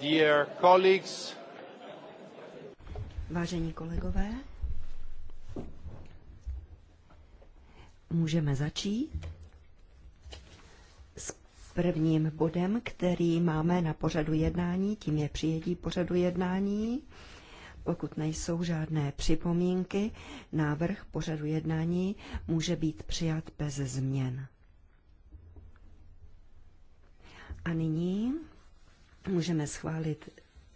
Dear colleagues. Vážení kolegové, můžeme začít s prvním bodem, který máme na pořadu jednání, tím je přijetí pořadu jednání. Pokud nejsou žádné připomínky, návrh pořadu jednání může být přijat bez změn. A nyní můžeme schválit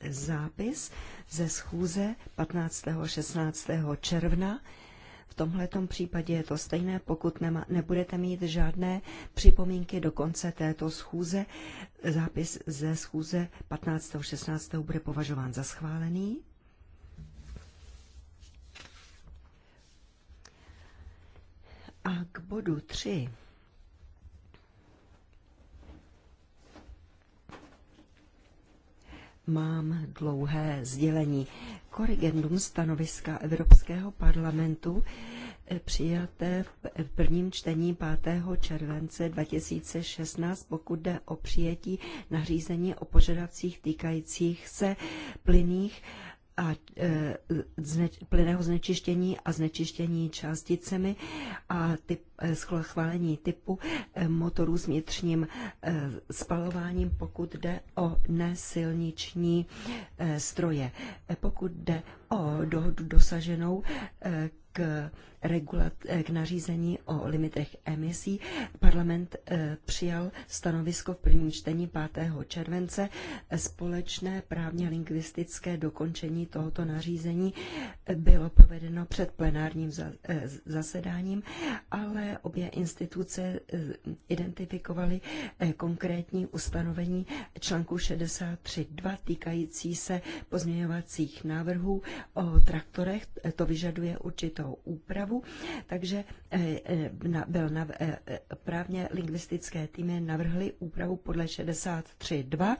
zápis ze schůze 15. a 16. června. V tomhletom případě je to stejné, pokud nema, nebudete mít žádné připomínky do konce této schůze. Zápis ze schůze 15. a 16. bude považován za schválený. A k bodu 3 mám dlouhé sdělení. Korigendum stanoviska Evropského parlamentu eh, přijaté eh, v prvním čtení 5. července 2016, pokud jde o přijetí nařízení o požadavcích týkajících se plyných a e, plyného znečištění a znečištění částicemi a typ, e, schválení typu e, motorů s vnitřním e, spalováním, pokud jde o nesilniční e, stroje. E, pokud jde o dohodu dosaženou e, k regulat, eh, k nařízení o limitech emisí. Parlament eh, přijal stanovisko v prvním čtení 5. července. Společné právně lingvistické dokončení tohoto nařízení eh, bylo provedeno před plenárním zasedáním, ale obě instituce identifikovaly konkrétní ustanovení článku 63.2 týkající se pozměňovacích návrhů o traktorech. To vyžaduje určitou úpravu stavu, takže eh, eh, byl na, eh, právně lingvistické týmy navrhly úpravu podle 63.2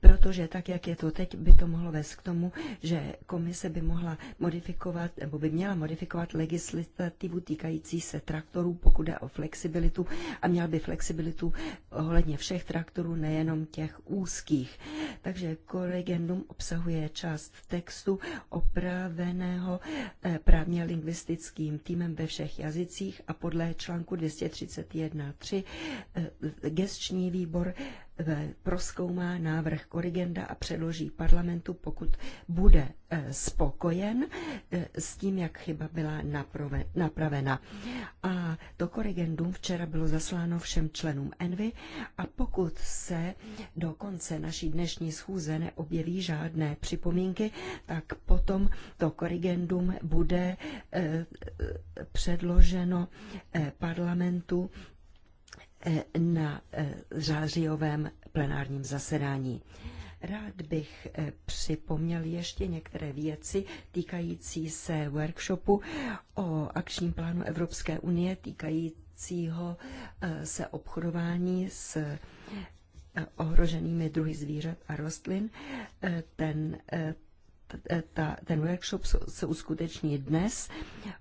Protože tak, jak je to teď, by to mohlo vést k tomu, že komise by mohla modifikovat, nebo by měla modifikovat legislativu týkající se traktorů, pokud jde o flexibilitu, a měla by flexibilitu ohledně všech traktorů, nejenom těch úzkých. Takže kolegendum obsahuje část textu opraveného eh, právně lingvistickým týmem ve všech jazycích a podle článku 231.3 eh, gesční výbor proskoumá návrh korigenda a předloží parlamentu, pokud bude e, spokojen e, s tím, jak chyba byla napravena. A to korigendum včera bylo zasláno všem členům Envy a pokud se do konce naší dnešní schůze neobjeví žádné připomínky, tak potom to korigendum bude e, předloženo parlamentu na e, zářijovém plenárním zasedání. Rád bych e, připomněl ještě některé věci týkající se workshopu o akčním plánu Evropské unie týkajícího e, se obchodování s ohroženými druhy zvířat a rostlin. Ten ta, ten workshop se uskuteční dnes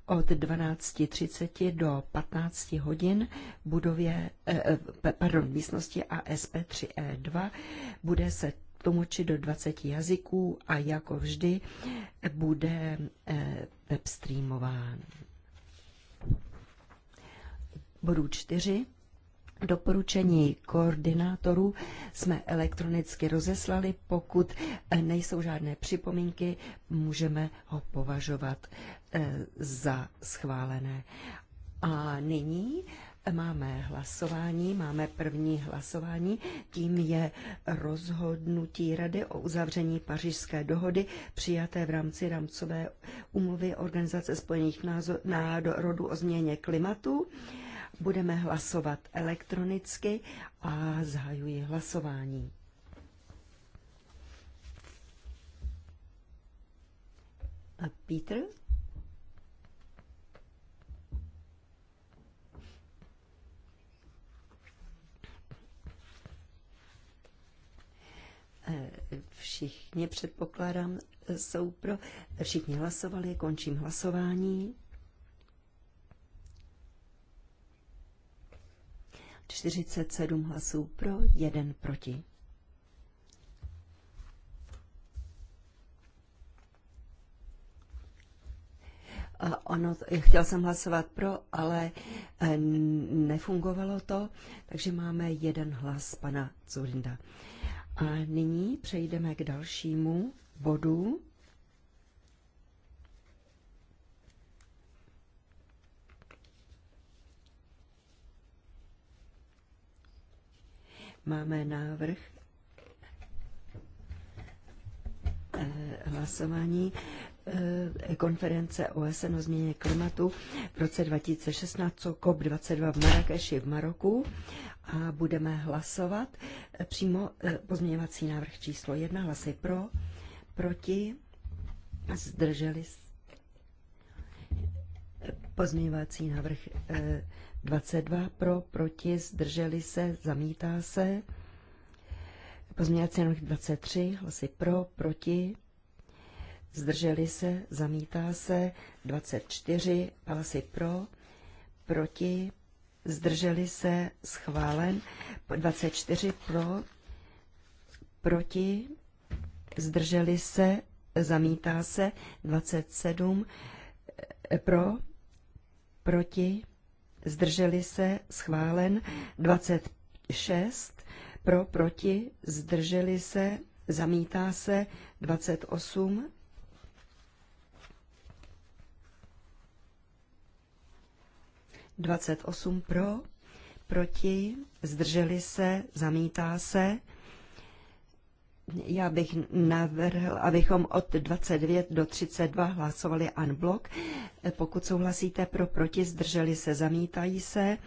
od 12.30 do 15 hodin v budově, eh, eh, pardon, v místnosti ASP 3E2. Bude se tlumočit do 20 jazyků a jako vždy bude eh, webstreamován. Bodu 4 Doporučení koordinátorů jsme elektronicky rozeslali. Pokud eh, nejsou žádné připomínky, můžeme ho považovat eh, za schválené. A nyní eh, máme hlasování, máme první hlasování, tím je rozhodnutí Rady o uzavření pařížské dohody přijaté v rámci rámcové umluvy Organizace spojených národů o změně klimatu. Budeme hlasovat elektronicky a zahajuji hlasování. A Peter? Eh, všichni předpokládám jsou pro. Všichni hlasovali, končím hlasování. 47 hlasů pro, 1 proti. Ono, chtěl jsem hlasovat pro, ale eh, nefungovalo to, takže máme jeden hlas pana Zurinda. A nyní přejdeme k dalšímu bodu. Máme návrh eh, hlasování eh, konference OSN o změně klimatu v roce 2016, co COP22 v Marrakeši v Maroku a budeme hlasovat eh, přímo pozměňovací návrh číslo 1, hlasy pro, proti, zdrželi pozměňovací návrh 22 pro, proti, zdrželi se, zamítá se. Pozměňovací návrh 23, hlasy pro, proti, zdrželi se, zamítá se. 24, hlasy pro, proti, zdrželi se, schválen. 24 pro, proti, zdrželi se, zamítá se. 27 eh, pro, proti, zdrželi se, schválen. 26 pro, proti, zdrželi se, zamítá se. 28 28 pro, proti, zdrželi se, zamítá se. Já bych navrhl, abychom od 29 do 32 hlasovali unblock. Pokud souhlasíte pro, proti, zdrželi se, zamítají se.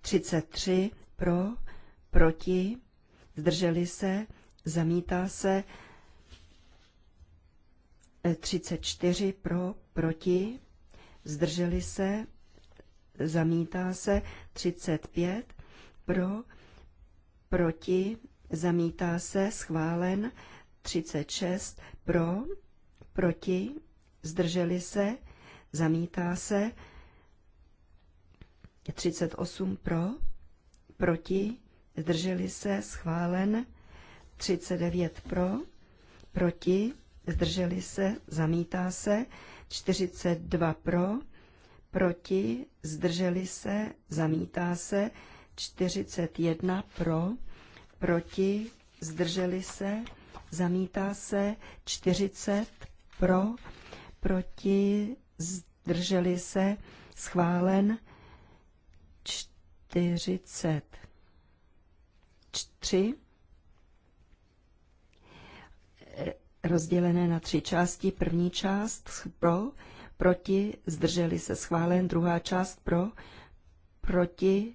33 pro, proti, zdrželi se, zamítá se. 34 pro, proti, zdrželi se, zamítá se. 35 pro, proti, zamítá se, schválen, 36 pro, proti, zdrželi se, zamítá se, 38 pro, proti, zdrželi se, schválen, 39 pro, proti, zdrželi se, zamítá se, 42 pro, proti, zdrželi se, zamítá se, 41 pro, proti, zdrželi se, zamítá se 40 pro, proti, zdrželi se, schválen 40 43, rozdělené na tři části. První část pro, proti, zdrželi se, schválen, druhá část pro, proti,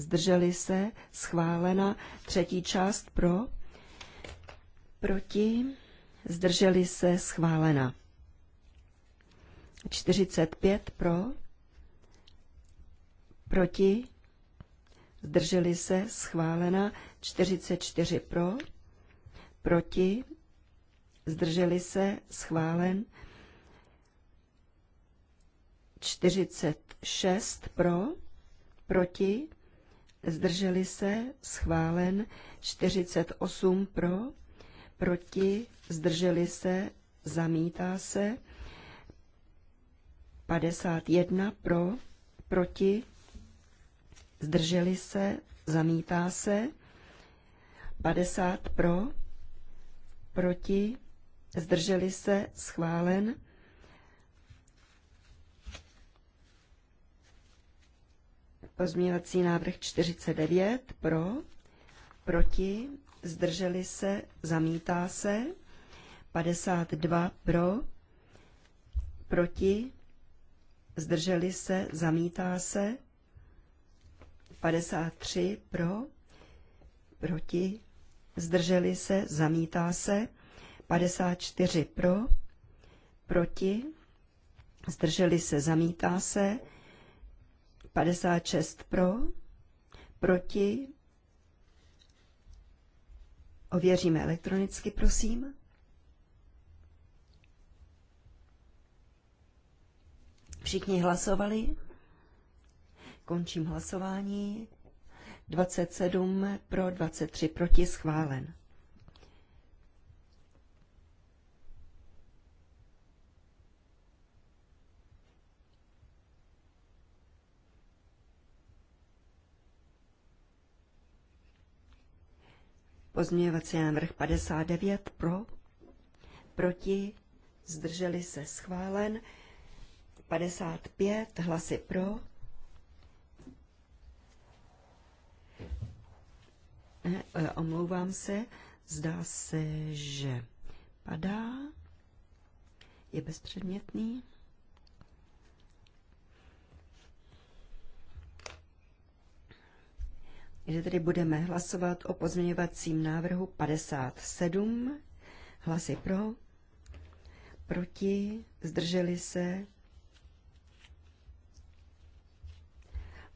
zdrželi se, schválena. Třetí část pro, proti, zdrželi se, schválena. 45 pro, proti, zdrželi se, schválena. 44 pro, proti, zdrželi se, schválen. 46 pro, proti, zdrželi se, schválen, 48 pro, proti, zdrželi se, zamítá se, 51 pro, proti, zdrželi se, zamítá se, 50 pro, proti, zdrželi se, schválen, Pozměňovací návrh 49 pro, proti, zdrželi se, zamítá se. 52 pro, proti, zdrželi se, zamítá se. 53 pro, proti, zdrželi se, zamítá se. 54 pro, proti, zdrželi se, zamítá se. 56 pro, proti. Ověříme elektronicky, prosím. Všichni hlasovali? Končím hlasování. 27 pro, 23 proti, schválen. Pozměňovací návrh 59 pro, proti, zdrželi se schválen. 55 hlasy pro. E, omlouvám se, zdá se, že padá, je bezpředmětný. Takže tedy budeme hlasovat o pozměňovacím návrhu 57. Hlasy pro, proti, zdrželi se.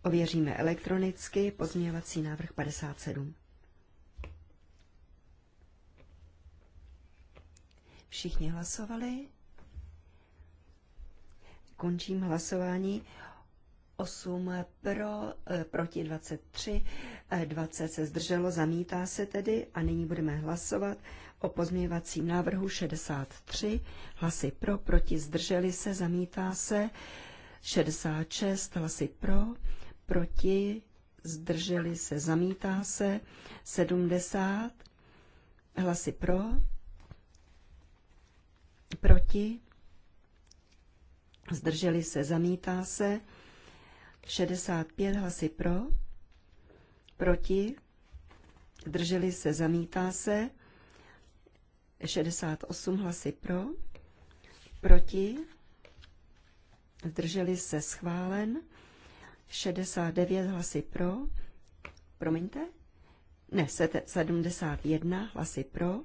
Ověříme elektronicky pozměňovací návrh 57. Všichni hlasovali. Končím hlasování 8 pro, eh, proti 23, 20 eh, se zdrželo, zamítá se tedy a nyní budeme hlasovat o pozměňovacím návrhu 63, hlasy pro, proti zdrželi se, zamítá se, 66 hlasy pro, proti zdrželi se, zamítá se, 70 hlasy pro, proti zdrželi se, zamítá se, 65 hlasy pro, proti, drželi se, zamítá se, 68 hlasy pro, proti, drželi se, schválen, 69 hlasy pro, promiňte, ne, 71 hlasy pro,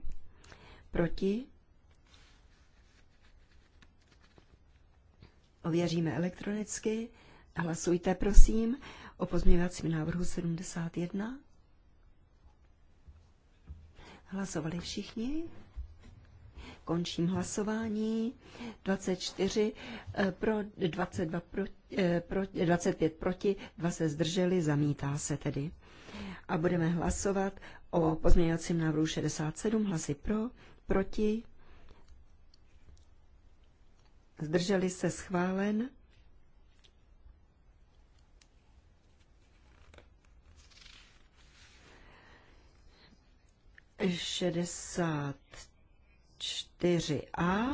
proti, ověříme elektronicky, Hlasujte, prosím, o pozměňovacím návrhu 71. Hlasovali všichni? Končím hlasování. 24 eh, pro, 22 pro, eh, pro, 25 proti, 2 se zdrželi, zamítá se tedy. A budeme hlasovat o pozměňovacím návrhu 67, hlasy pro, proti, zdrželi se schválen. 64a.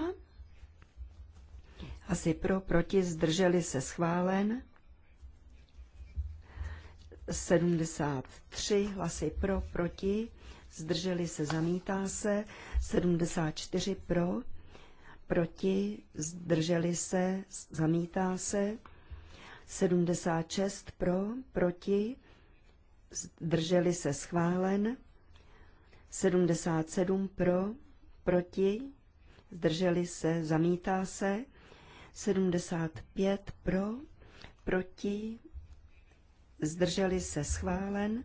Asi pro, proti, zdrželi se schválen. 73 hlasy pro, proti, zdrželi se, zamítá se. 74 pro, proti, zdrželi se, zamítá se. 76 pro, proti, zdrželi se, schválen. 77 pro, proti, zdrželi se, zamítá se. 75 pro, proti, zdrželi se, schválen.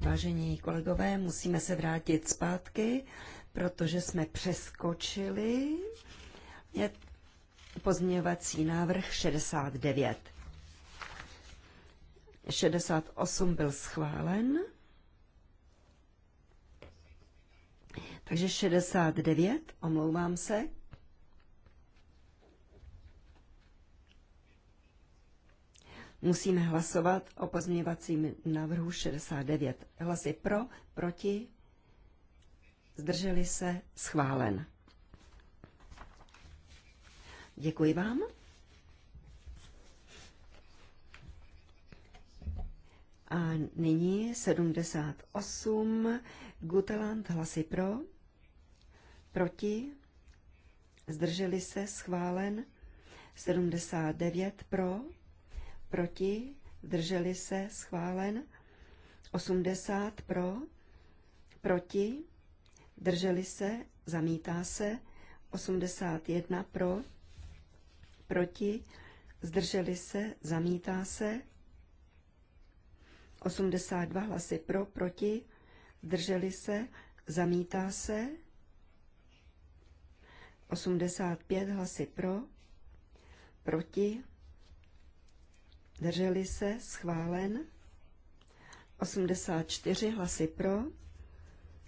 Vážení kolegové, musíme se vrátit zpátky, protože jsme přeskočili je pozměňovací návrh 69. 68 byl schválen, takže 69, omlouvám se, Musíme hlasovat o pozměňovacím návrhu 69. Hlasy pro, proti, zdrželi se, schválen. Děkuji vám. A nyní 78. Guteland hlasy pro, proti, zdrželi se, schválen. 79 pro, proti, drželi se, schválen. 80 pro, proti, drželi se, zamítá se. 81 pro, proti, zdrželi se, zamítá se. 82 hlasy pro, proti, zdrželi se, zamítá se. 85 hlasy pro, proti, Drželi se? Schválen. 84 hlasy pro.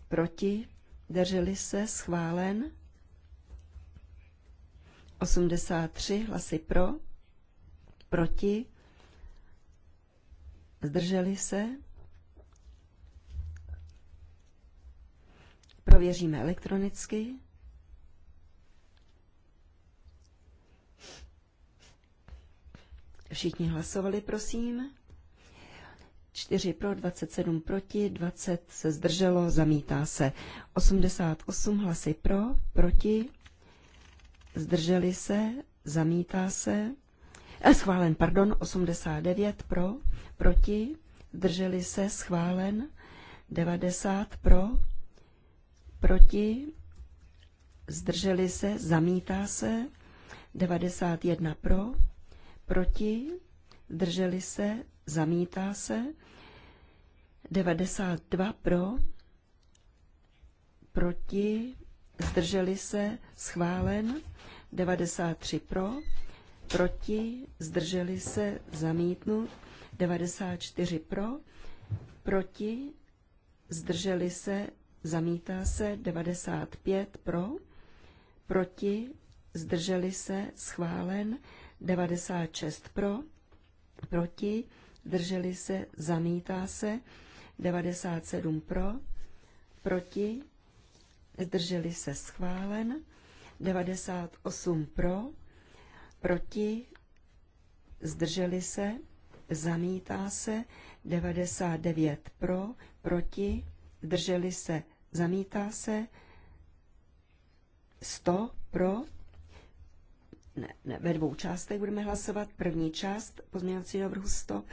Proti? Drželi se? Schválen. 83 hlasy pro. Proti? Zdrželi se? Prověříme elektronicky. Všichni hlasovali, prosím. 4 pro, 27 proti, 20 se zdrželo, zamítá se. 88 hlasy pro, proti, zdrželi se, zamítá se. Eh, schválen, pardon, 89 pro, proti, zdrželi se, schválen. 90 pro, proti, zdrželi se, zamítá se. 91 pro, proti, zdrželi se, zamítá se, 92 pro, proti, zdrželi se, schválen, 93 pro, proti, zdrželi se, zamítnut, 94 pro, proti, zdrželi se, zamítá se, 95 pro, proti, zdrželi se, schválen, 96 pro, proti, zdrželi se, zamítá se, 97 pro, proti, zdrželi se, schválen, 98 pro, proti, zdrželi se, zamítá se, 99 pro, proti, zdrželi se, zamítá se, 100 pro, ne, ne, ve dvou částech budeme hlasovat. První část pozměňovacího návrhu 100,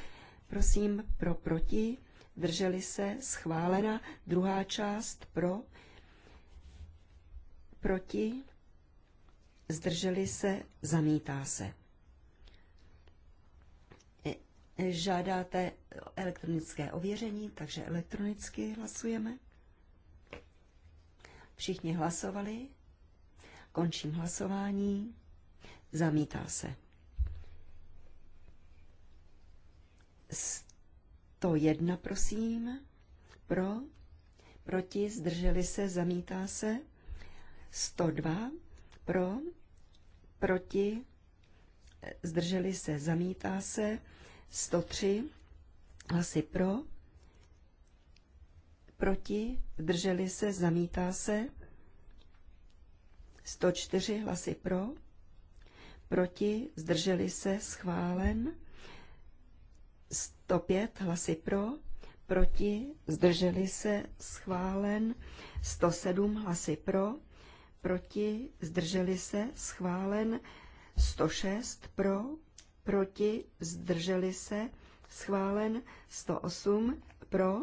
prosím, pro proti, drželi se, schválena. Druhá část pro, proti, zdrželi se, zamítá se. E, e, žádáte elektronické ověření, takže elektronicky hlasujeme. Všichni hlasovali. Končím hlasování. Zamítá se. 101, prosím. Pro, proti, zdrželi se, zamítá se. 102, pro, proti, zdrželi se, zamítá se. 103, hlasy pro, proti, zdrželi se, zamítá se. 104, hlasy pro, proti, zdrželi se, schválen. 105 hlasy pro, proti, zdrželi se, schválen. 107 hlasy pro, proti, zdrželi se, schválen. 106 pro, proti, zdrželi se, schválen. 108 pro,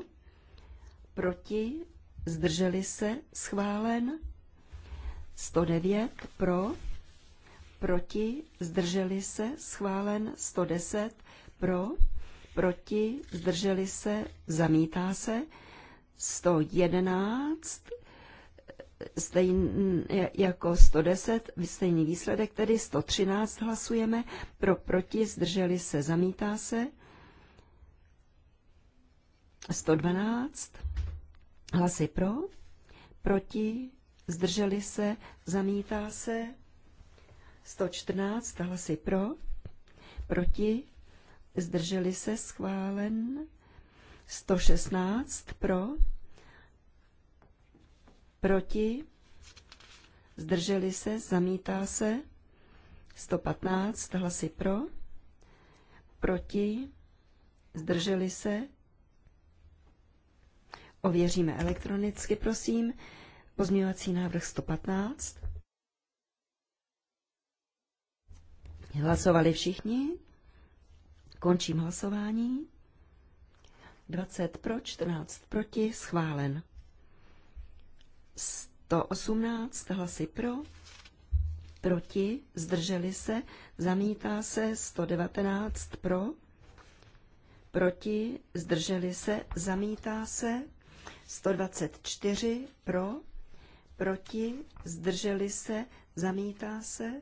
proti, zdrželi se, schválen. 109 pro, proti, zdrželi se, schválen 110, pro, proti, zdrželi se, zamítá se, 111, stejn, jako 110, stejný výsledek, tedy 113 hlasujeme, pro, proti, zdrželi se, zamítá se, 112, hlasy pro, proti, zdrželi se, zamítá se, 114 hlasy pro, proti, zdrželi se schválen, 116 pro, proti, zdrželi se, zamítá se, 115 hlasy pro, proti, zdrželi se, ověříme elektronicky, prosím, pozměňovací návrh 115, Hlasovali všichni? Končím hlasování. 20 pro, 14 proti, schválen. 118 hlasy pro, proti, zdrželi se, zamítá se 119 pro, proti, zdrželi se, zamítá se 124 pro, proti, zdrželi se, zamítá se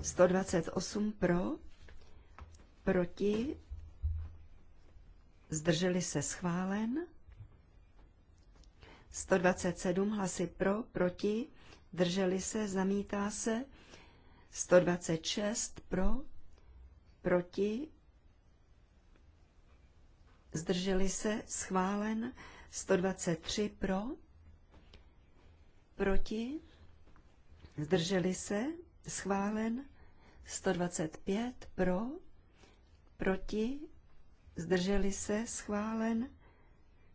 128 pro, proti, zdrželi se schválen. 127 hlasy pro, proti, drželi se, zamítá se. 126 pro, proti, zdrželi se, schválen. 123 pro, proti, zdrželi se, schválen, 125 pro, proti, zdrželi se, schválen,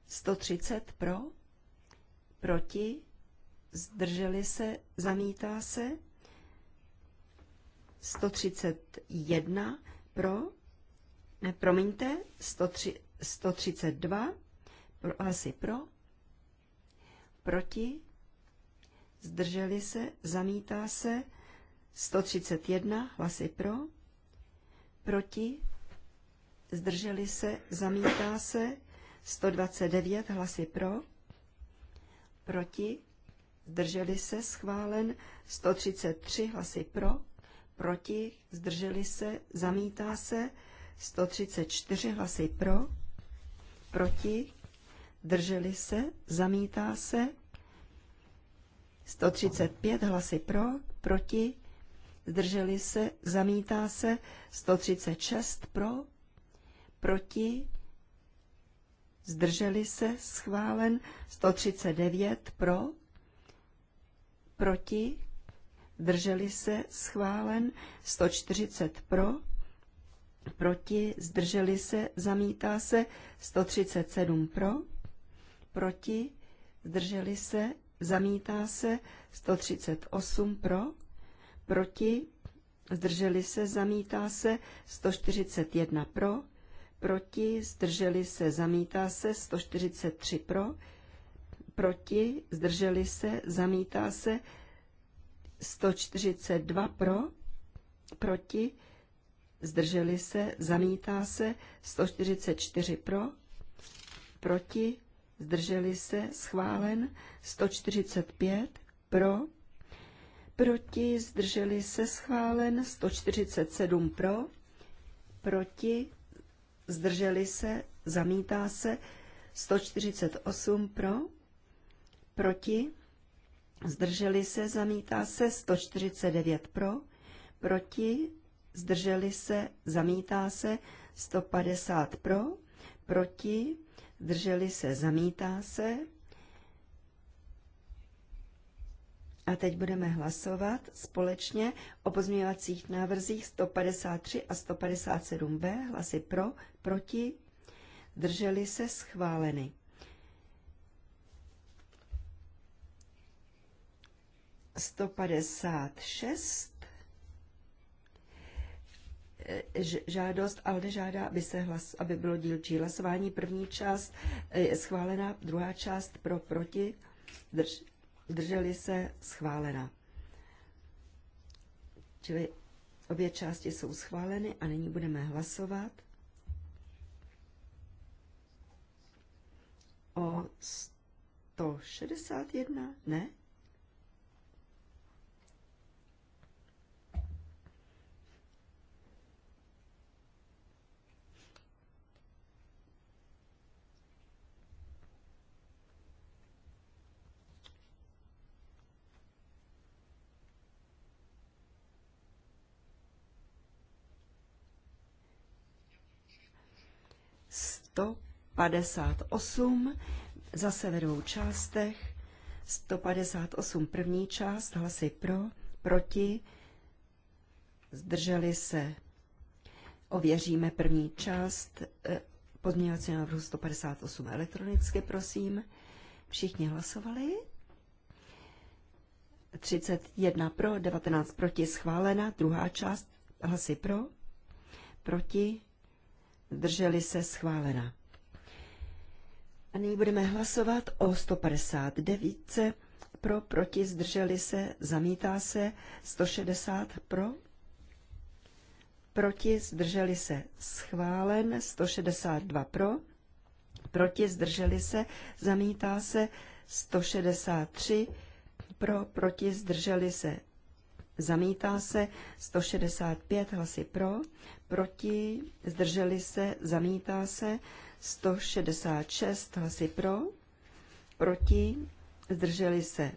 130 pro, proti, zdrželi se, zamítá se, 131 pro, ne, promiňte, 103, 132 pro, pro, proti, zdrželi se, zamítá se, 131 hlasy pro, proti, zdrželi se, zamítá se, 129 hlasy pro, proti, zdrželi se, schválen, 133 hlasy pro, proti, zdrželi se, zamítá se, 134 hlasy pro, proti, zdrželi se, zamítá se, 135 hlasy pro, proti, zdrželi se, zamítá se, 136 pro, proti, zdrželi se, schválen, 139 pro, proti, zdrželi se, schválen, 140 pro, proti, zdrželi se, zamítá se, 137 pro, proti, zdrželi se, zamítá se, 138 pro, proti, zdrželi se, zamítá se, 141 pro, proti, zdrželi se, zamítá se, 143 pro, proti, zdrželi se, zamítá se, 142 pro, proti, zdrželi se, zamítá se, 144 pro, proti, zdrželi se, schválen, 145 pro, proti, zdrželi se schválen, 147 pro, proti, zdrželi se, zamítá se, 148 pro, proti, zdrželi se, zamítá se, 149 pro, proti, zdrželi se, zamítá se, 150 pro, proti, zdrželi se, zamítá se, A teď budeme hlasovat společně o pozměňovacích návrzích 153 a 157b. Hlasy pro, proti, drželi se schváleny. Sto padesát šest. E, žádost Alde žádá, aby, se hlas, aby bylo dílčí hlasování. První část e, je schválená, druhá část pro proti. Drž, zdrželi se, schválena. Čili obě části jsou schváleny a nyní budeme hlasovat o 161, ne? 158, zase ve dvou částech. 158 první část, hlasy pro, proti, zdrželi se. Ověříme první část eh, pozměňovací návrhu 158 elektronicky, prosím. Všichni hlasovali. 31 pro, 19 proti, schválena. Druhá část, hlasy pro, proti, Drželi se schválena. A nyní budeme hlasovat o 159. Pro, proti, zdrželi se, zamítá se. 160 pro, proti, zdrželi se, schválen. 162 pro, proti, zdrželi se, zamítá se. 163 pro, proti, zdrželi se, zamítá se, 165 hlasy pro, proti, zdrželi se, zamítá se, 166 hlasy pro, proti, zdrželi se,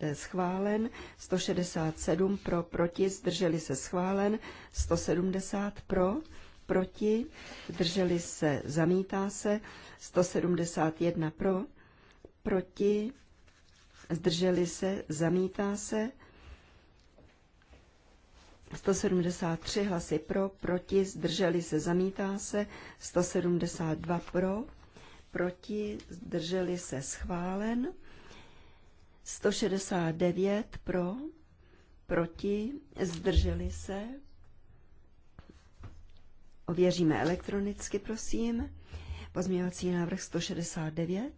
e, schválen, 167 pro, proti, zdrželi se, schválen, 170 pro, proti, zdrželi se, zamítá se, 171 pro, proti, zdrželi se, zamítá se, 173 hlasy pro, proti, zdrželi se, zamítá se. 172 pro, proti, zdrželi se, schválen. 169 pro, proti, zdrželi se. Ověříme elektronicky, prosím. Pozměňovací návrh 169.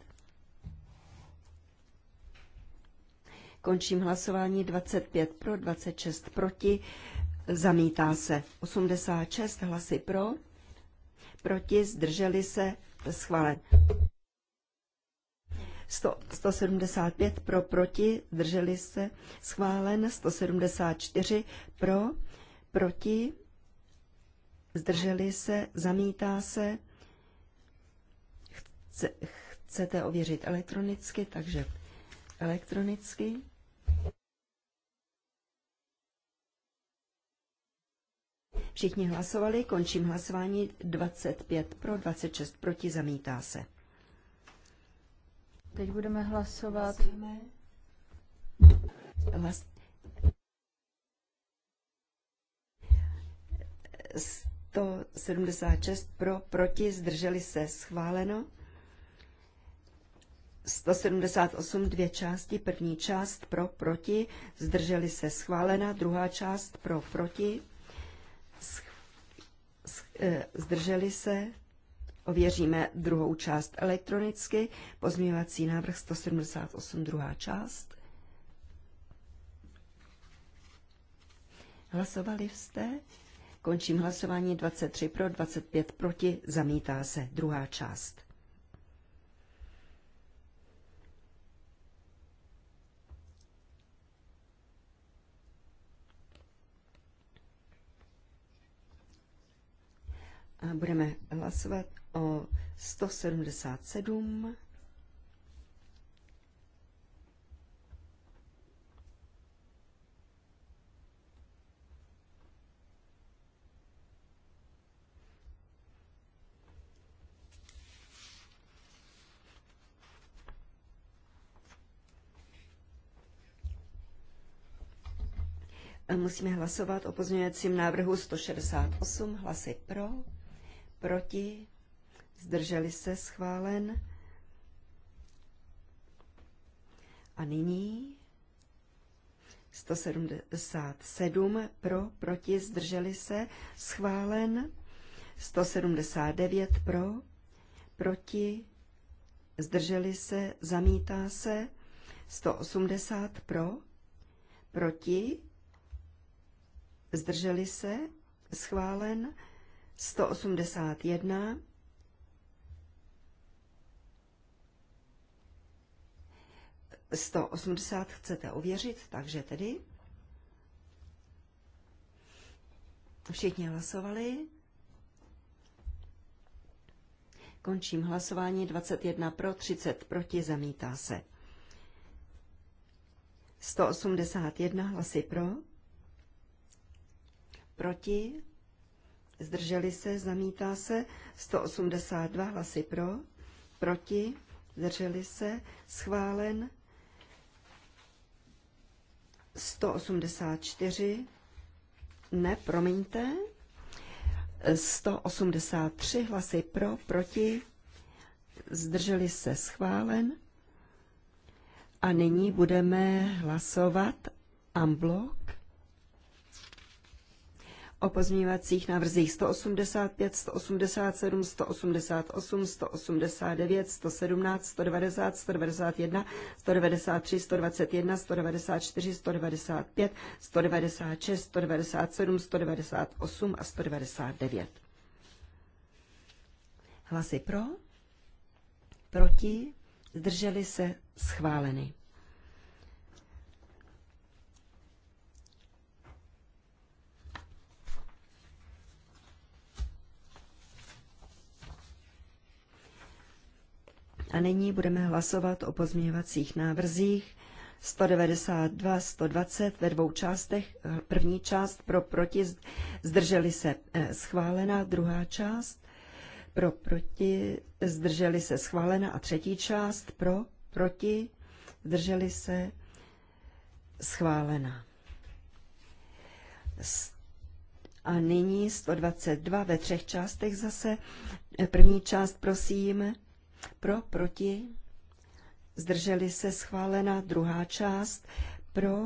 Končím hlasování 25 pro, 26 proti zamítá se. 86 hlasy pro, proti, zdrželi se, schválen. 100, 175 pro, proti, zdrželi se, schválen. 174 pro, proti, zdrželi se, zamítá se. Chce, chcete ověřit elektronicky, takže elektronicky. Všichni hlasovali, končím hlasování 25 pro, 26 proti, zamítá se. Teď budeme hlasovat. Hlas... 176 pro, proti, zdrželi se, schváleno. 178 dvě části, první část pro, proti, zdrželi se, schválena, druhá část pro, proti, Eh, zdrželi se, ověříme druhou část elektronicky, pozměňovací návrh 178, druhá část. Hlasovali jste? Končím hlasování 23 pro, 25 proti, zamítá se druhá část. budeme hlasovat o 177. Musíme hlasovat o pozměňovacím návrhu 168. Hlasy pro proti, zdrželi se schválen. A nyní 177 pro, proti, zdrželi se schválen. 179 pro, proti, zdrželi se, zamítá se. 180 pro, proti, zdrželi se, schválen. 181. Sto osmdesát chcete ověřit, takže tedy. Všichni hlasovali. Končím hlasování 21 pro, 30 proti, zamítá se. 181 hlasy pro, proti, zdrželi se, zamítá se, 182 hlasy pro, proti, zdrželi se, schválen, 184, ne, promiňte, 183 hlasy pro, proti, zdrželi se, schválen. A nyní budeme hlasovat amblok o pozměňovacích návrzích 185, 187, 188, 189, 117, 190, 191, 193, 121, 194, 195, 196, 197, 198 a 199. Hlasy pro, proti, zdrželi se schváleny. A nyní budeme hlasovat o pozměňovacích návrzích 192, 120 ve dvou částech. První část pro proti zdrželi se eh, schválena, druhá část pro proti zdrželi se schválena a třetí část pro proti zdrželi se schválena. A nyní 122 ve třech částech zase. Eh, první část prosím pro, proti, zdrželi se schválena druhá část. Pro,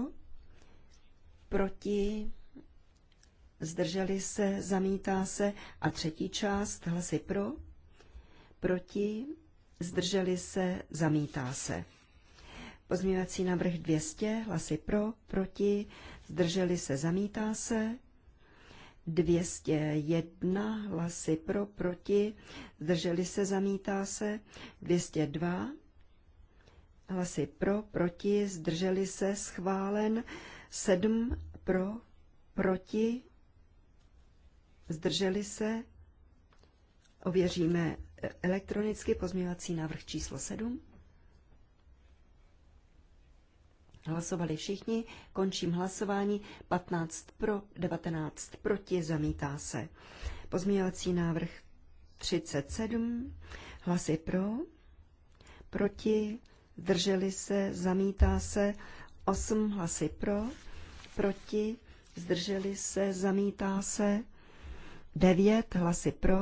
proti, zdrželi se, zamítá se. A třetí část, hlasy pro, proti, zdrželi se, zamítá se. Pozměňovací návrh 200, hlasy pro, proti, zdrželi se, zamítá se. 201 hlasy pro, proti, zdrželi se, zamítá se. 202 hlasy pro, proti, zdrželi se, schválen. 7 pro, proti, zdrželi se. Ověříme e, elektronicky pozměňovací návrh číslo 7. Hlasovali všichni, končím hlasování, 15 pro, 19 proti, zamítá se. Pozměňovací návrh 37, hlasy pro, proti, zdrželi se, zamítá se, 8 hlasy pro, proti, zdrželi se, zamítá se, 9 hlasy pro,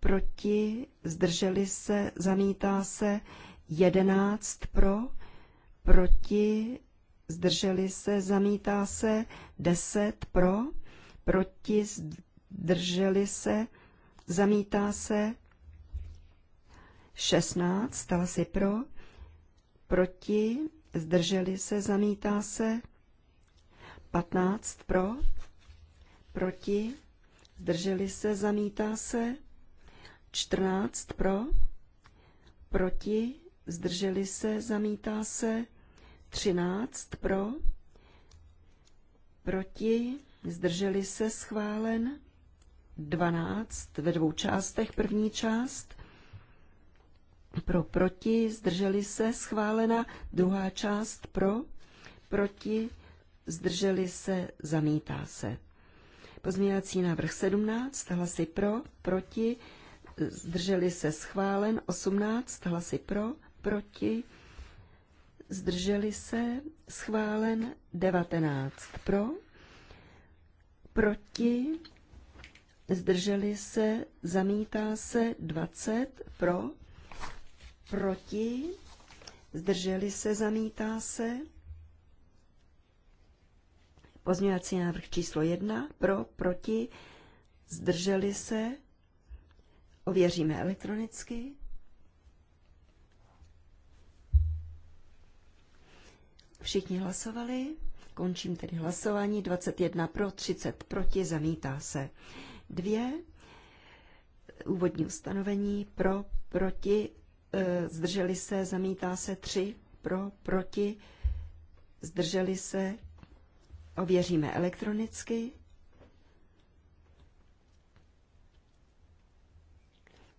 proti, zdrželi se, zamítá se, 11 pro, proti, zdrželi se, zamítá se, deset pro, proti, zdrželi se, zamítá se, šestnáct stala si pro, proti, zdrželi se, zamítá se, patnáct pro, proti, zdrželi se, zamítá se, čtrnáct pro, proti, zdrželi se, zamítá se, 13 pro, proti, zdrželi se, schválen, 12 ve dvou částech, první část, pro, proti, zdrželi se, schválena, druhá část pro, proti, zdrželi se, zamítá se. Pozměňovací návrh 17, hlasy pro, proti, zdrželi se schválen 18 hlasy pro, proti, zdrželi se, schválen 19 pro, proti, zdrželi se, zamítá se 20 pro, proti, zdrželi se, zamítá se, pozměňovací návrh číslo 1 pro, proti, zdrželi se, ověříme elektronicky, Všichni hlasovali. Končím tedy hlasování. 21 pro, 30 proti, zamítá se. Dvě. Úvodní ustanovení pro, proti, e, zdrželi se, zamítá se. Tři pro, proti, zdrželi se. Ověříme elektronicky.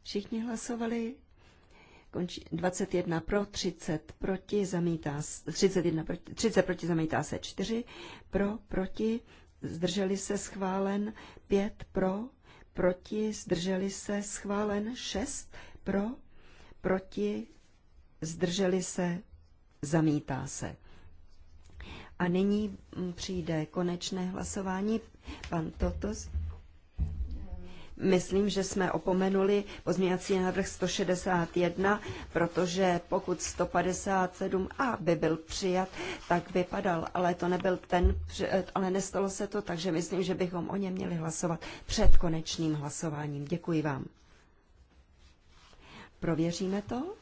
Všichni hlasovali končí 21 pro, 30 proti, zamítá, 31 proti, 30 proti zamítá se 4, pro, proti, zdrželi se schválen 5 pro, proti, zdrželi se schválen 6 pro, proti, zdrželi se, zamítá se. A nyní mm, přijde konečné hlasování. Pan Totos Myslím, že jsme opomenuli pozměňovací návrh 161, protože pokud 157a by byl přijat, tak by padal, ale to nebyl ten, ale nestalo se to, takže myslím, že bychom o něm měli hlasovat před konečným hlasováním. Děkuji vám. Prověříme to?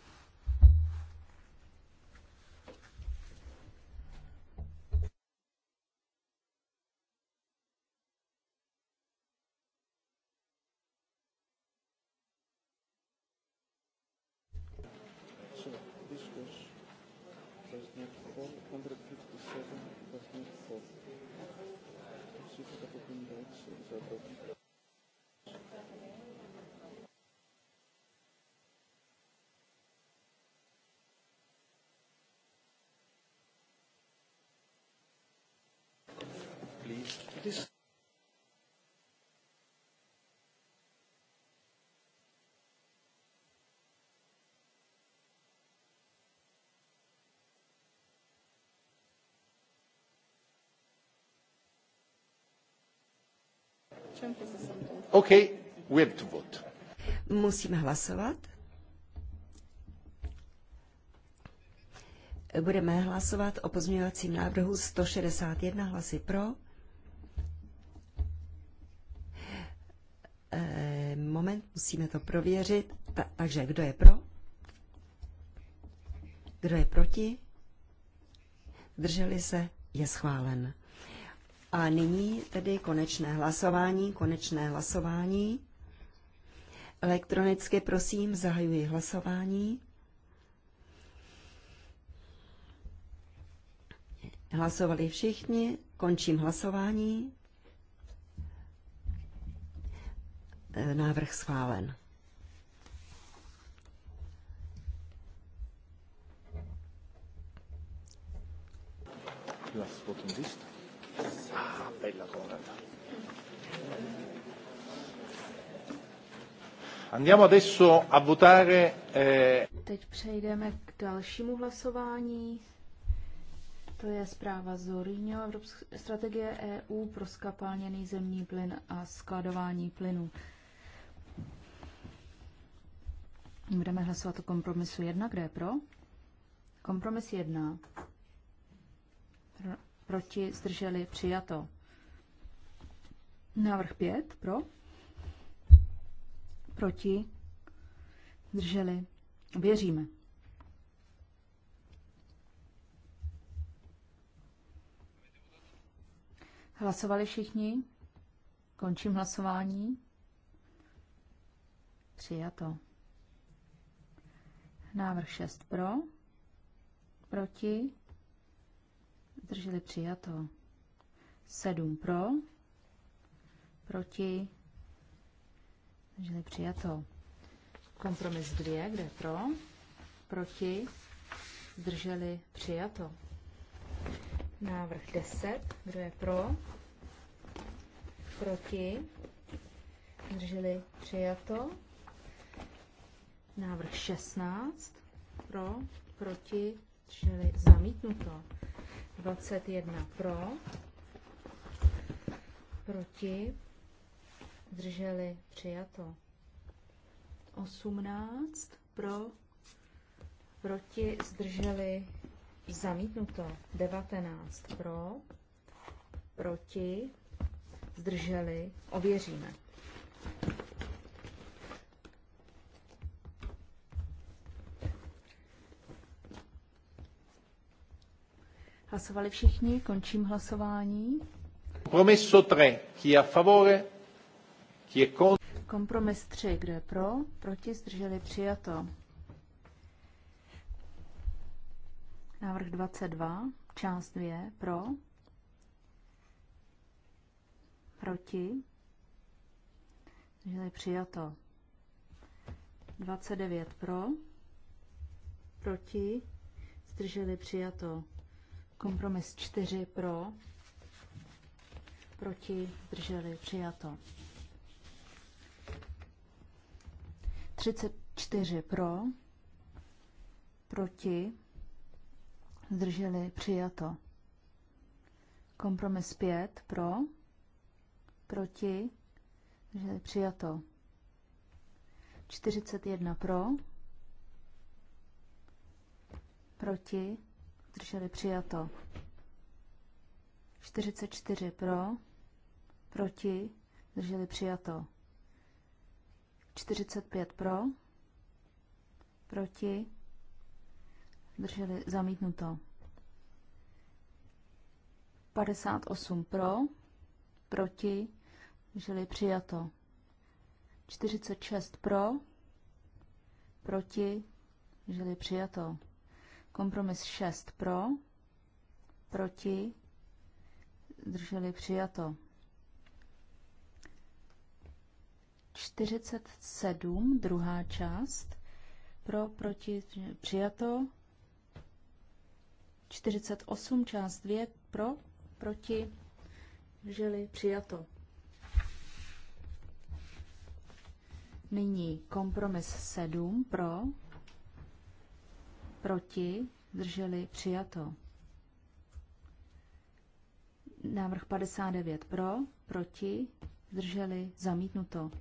Okay, we have to vote. Musíme hlasovat. Budeme hlasovat o pozměňovacím návrhu 161 hlasy pro. Eh, moment, musíme to prověřit. Takže kdo je pro? Kdo je proti? Drželi se? Je schválen. A nyní tedy konečné hlasování, konečné hlasování. Elektronicky prosím zahajuji hlasování. Hlasovali všichni, končím hlasování. E, návrh schválen. Last voting list bella serata. Andiamo adesso a votare. Eh... Teď přejdeme k dalšímu hlasování. To je zpráva Zorinho, strategie EU pro skapalněný zemní plyn a skladování plynu. Budeme hlasovat o kompromisu 1. kde je pro? Kompromis 1. Proti zdrželi přijato. Návrh 5 pro. Proti. Drželi. Věříme. Hlasovali všichni? Končím hlasování. Přijato. Návrh 6 pro. Proti. Zdrželi přijato. 7 pro proti, zdrželi přijato. Kompromis 2, kde pro, proti, zdrželi přijato. Návrh 10, kdo je pro, proti, zdrželi přijato. Návrh 16, pro, proti, zdrželi zamítnuto. 21 pro, proti, zdrželi, přijato. 18 pro, proti, zdrželi, zamítnuto. 19 pro, proti, zdrželi, ověříme. Hlasovali všichni, končím hlasování. Promesso 3, chi a favore, Kompromis 3. Kdo je pro? Proti? Zdrželi? Přijato. Návrh 22. Část 2. Pro? Proti? Zdrželi? Přijato. 29 pro, proti, zdrželi přijato. Kompromis 4 pro, proti, zdrželi přijato. 34 pro, proti, zdrželi, přijato. Kompromis 5 pro, proti, zdrželi, přijato. 41 pro, proti, zdrželi, přijato. 44 pro, proti, zdrželi, přijato. 45 pro, proti, drželi zamítnuto. 58 pro, proti, drželi přijato. 46 pro, proti, drželi přijato. Kompromis 6 pro, proti, drželi přijato. 47, druhá část, pro, proti, přijato. 48, část 2, pro, proti, žili, přijato. Nyní kompromis 7 pro, proti, drželi, přijato. Návrh 59 pro, proti, drželi, zamítnuto.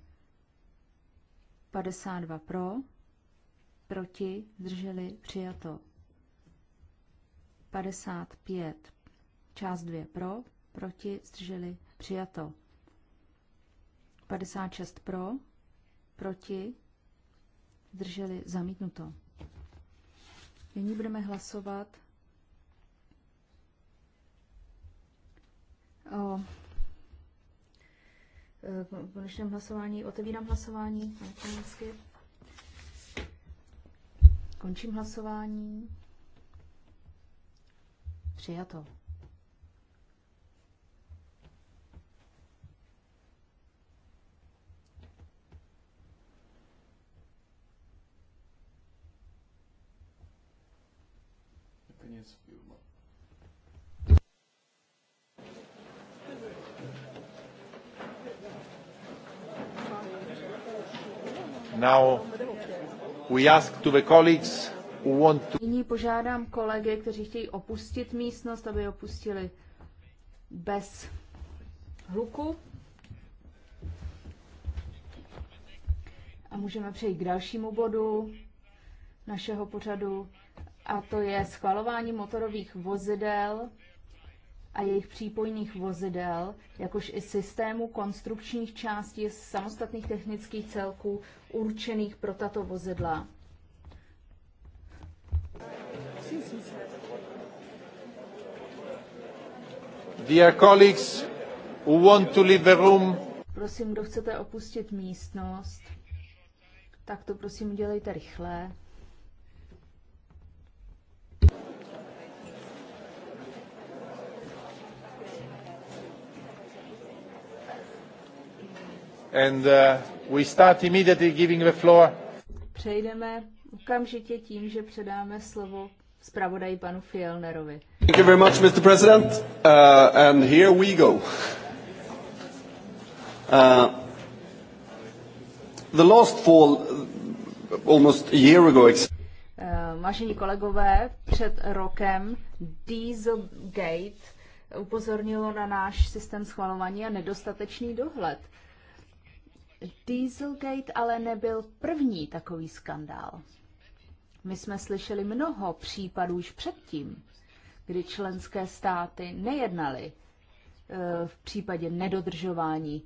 52 pro, proti, zdrželi, přijato. 55, část 2 pro, proti, zdrželi, přijato. 56 pro, proti, zdrželi, zamítnuto. Nyní budeme hlasovat o Eh, v konečném hlasování. Otevírám hlasování Končím hlasování. Přijato. peněz. Nyní požádám kolegy, kteří chtějí opustit místnost, aby opustili bez hluku. A můžeme přejít k dalšímu bodu našeho pořadu, a to je schvalování motorových vozidel a jejich přípojných vozidel, jakož i systému konstrukčních částí z samostatných technických celků určených pro tato vozidla. Dear colleagues who want to leave the room. Prosím, kdo chcete opustit místnost, tak to prosím udělejte rychle. and uh, we start immediately giving the floor. Přejdeme okamžitě tím, že předáme slovo zpravodaji panu Fielnerovi. Thank you very much, Mr. President. Uh, and here we go. Uh, the last fall, almost a year ago, uh, Vážení kolegové, před rokem Dieselgate upozornilo na náš systém schvalování a nedostatečný dohled. Dieselgate ale nebyl první takový skandál. My jsme slyšeli mnoho případů už předtím, kdy členské státy nejednaly eh, v případě nedodržování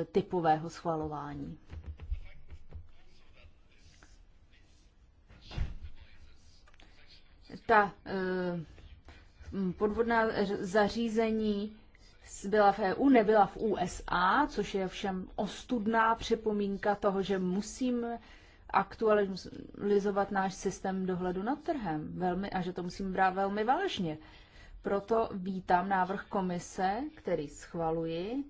eh, typového schvalování. Ta eh, podvodná zařízení byla v EU, nebyla v USA, což je všem ostudná připomínka toho, že musím aktualizovat náš systém dohledu nad trhem velmi, a že to musím brát velmi vážně. Proto vítám návrh komise, který schvaluji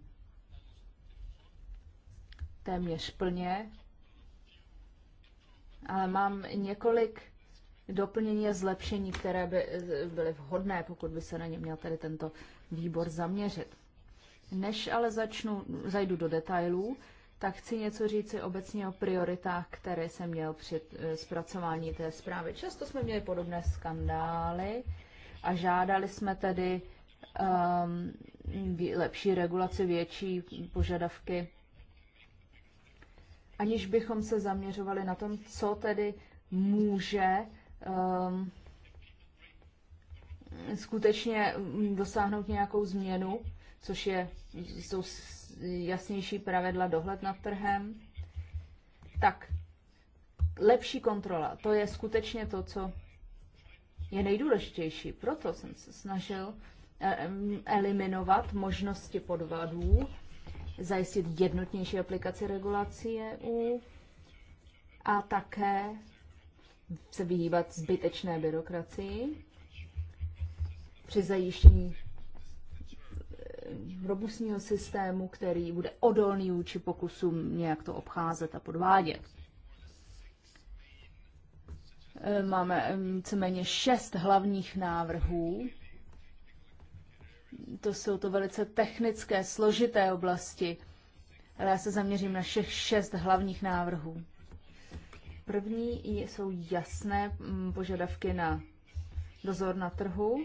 téměř plně, ale mám několik doplnění a zlepšení, které by byly vhodné, pokud by se na ně měl tady tento výbor zaměřit. Než ale začnu, zajdu do detailů, tak chci něco říci obecně o prioritách, které jsem měl při eh, zpracování té zprávy. Často jsme měli podobné skandály a žádali jsme tedy um, lepší regulaci, větší požadavky, aniž bychom se zaměřovali na tom, co tedy může um, skutečně dosáhnout nějakou změnu, což je, jsou jasnější pravidla dohled nad trhem. Tak, lepší kontrola, to je skutečně to, co je nejdůležitější. Proto jsem se snažil eh, eliminovat možnosti podvadů, zajistit jednotnější aplikaci regulací EU a také se vyhýbat zbytečné byrokracii při zajištění eh, robustního systému, který bude odolný vůči pokusům nějak to obcházet a podvádět. Eh, máme eh, víceméně šest hlavních návrhů. To jsou to velice technické, složité oblasti, ale já se zaměřím na všech šest hlavních návrhů. První jsou jasné mm, požadavky na dozor na trhu,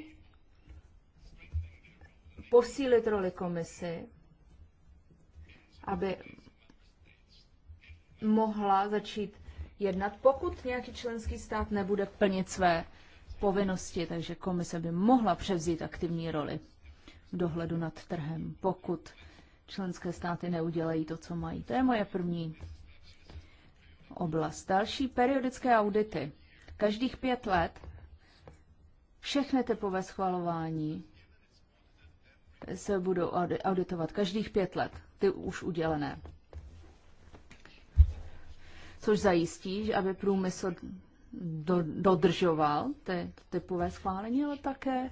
posílit roli komisy, aby mohla začít jednat, pokud nějaký členský stát nebude plnit své povinnosti, takže komise by mohla převzít aktivní roli v dohledu nad trhem, pokud členské státy neudělají to, co mají. To je moje první oblast. Další periodické audity. Každých pět let všechny typové schvalování se budou auditovat každých pět let, ty už udělené. Což zajistí, že aby průmysl do, dodržoval ty typové schválení, ale také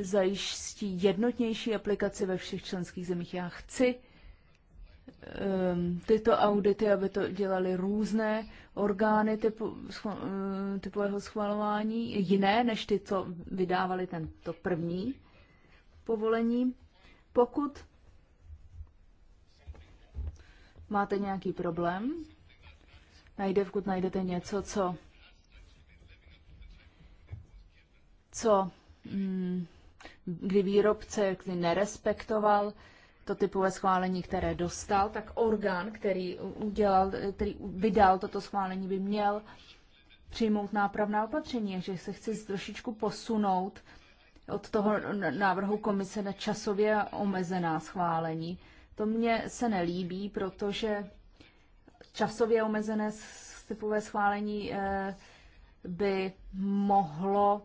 zajistí jednotnější aplikaci ve všech členských zemích. Já chci um, tyto audity, aby to dělali různé orgány typu, scho, ehm, typového schvalování, jiné než ty, co vydávali tento první povolení. Pokud máte nějaký problém, najde, vkud najdete něco, co, co mm, kdy výrobce kdy nerespektoval to typové schválení, které dostal, tak orgán, který, udělal, který vydal toto schválení, by měl přijmout nápravná opatření, takže se chci trošičku posunout od toho návrhu komise na časově omezená schválení. To mně se nelíbí, protože časově omezené typové schválení eh, by mohlo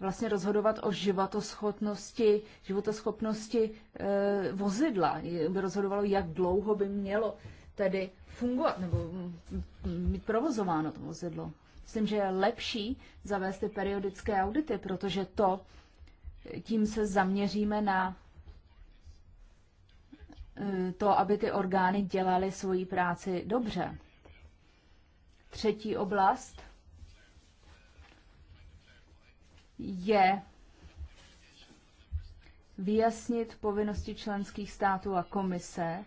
vlastně rozhodovat o životoschopnosti, životoschopnosti eh, vozidla. By rozhodovalo, jak dlouho by mělo tedy fungovat nebo mít mm, mm, provozováno to vozidlo. Myslím, že je lepší zavést ty periodické audity, protože to tím se zaměříme na eh, to, aby ty orgány dělaly svoji práci dobře. Třetí oblast je vyjasnit povinnosti členských států a komise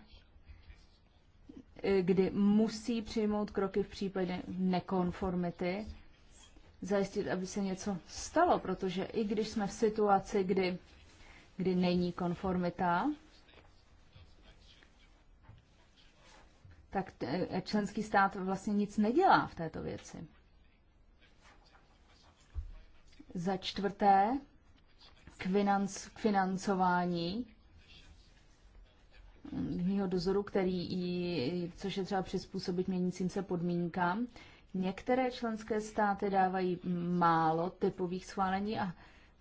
kdy musí přijmout kroky v případě nekonformity, zajistit, aby se něco stalo, protože i když jsme v situaci, kdy, kdy není konformita, tak eh, členský stát vlastně nic nedělá v této věci. Za čtvrté, k, financ, k financování mýho dozoru, který, což je třeba přizpůsobit měnícím se podmínkám. Některé členské státy dávají málo typových schválení a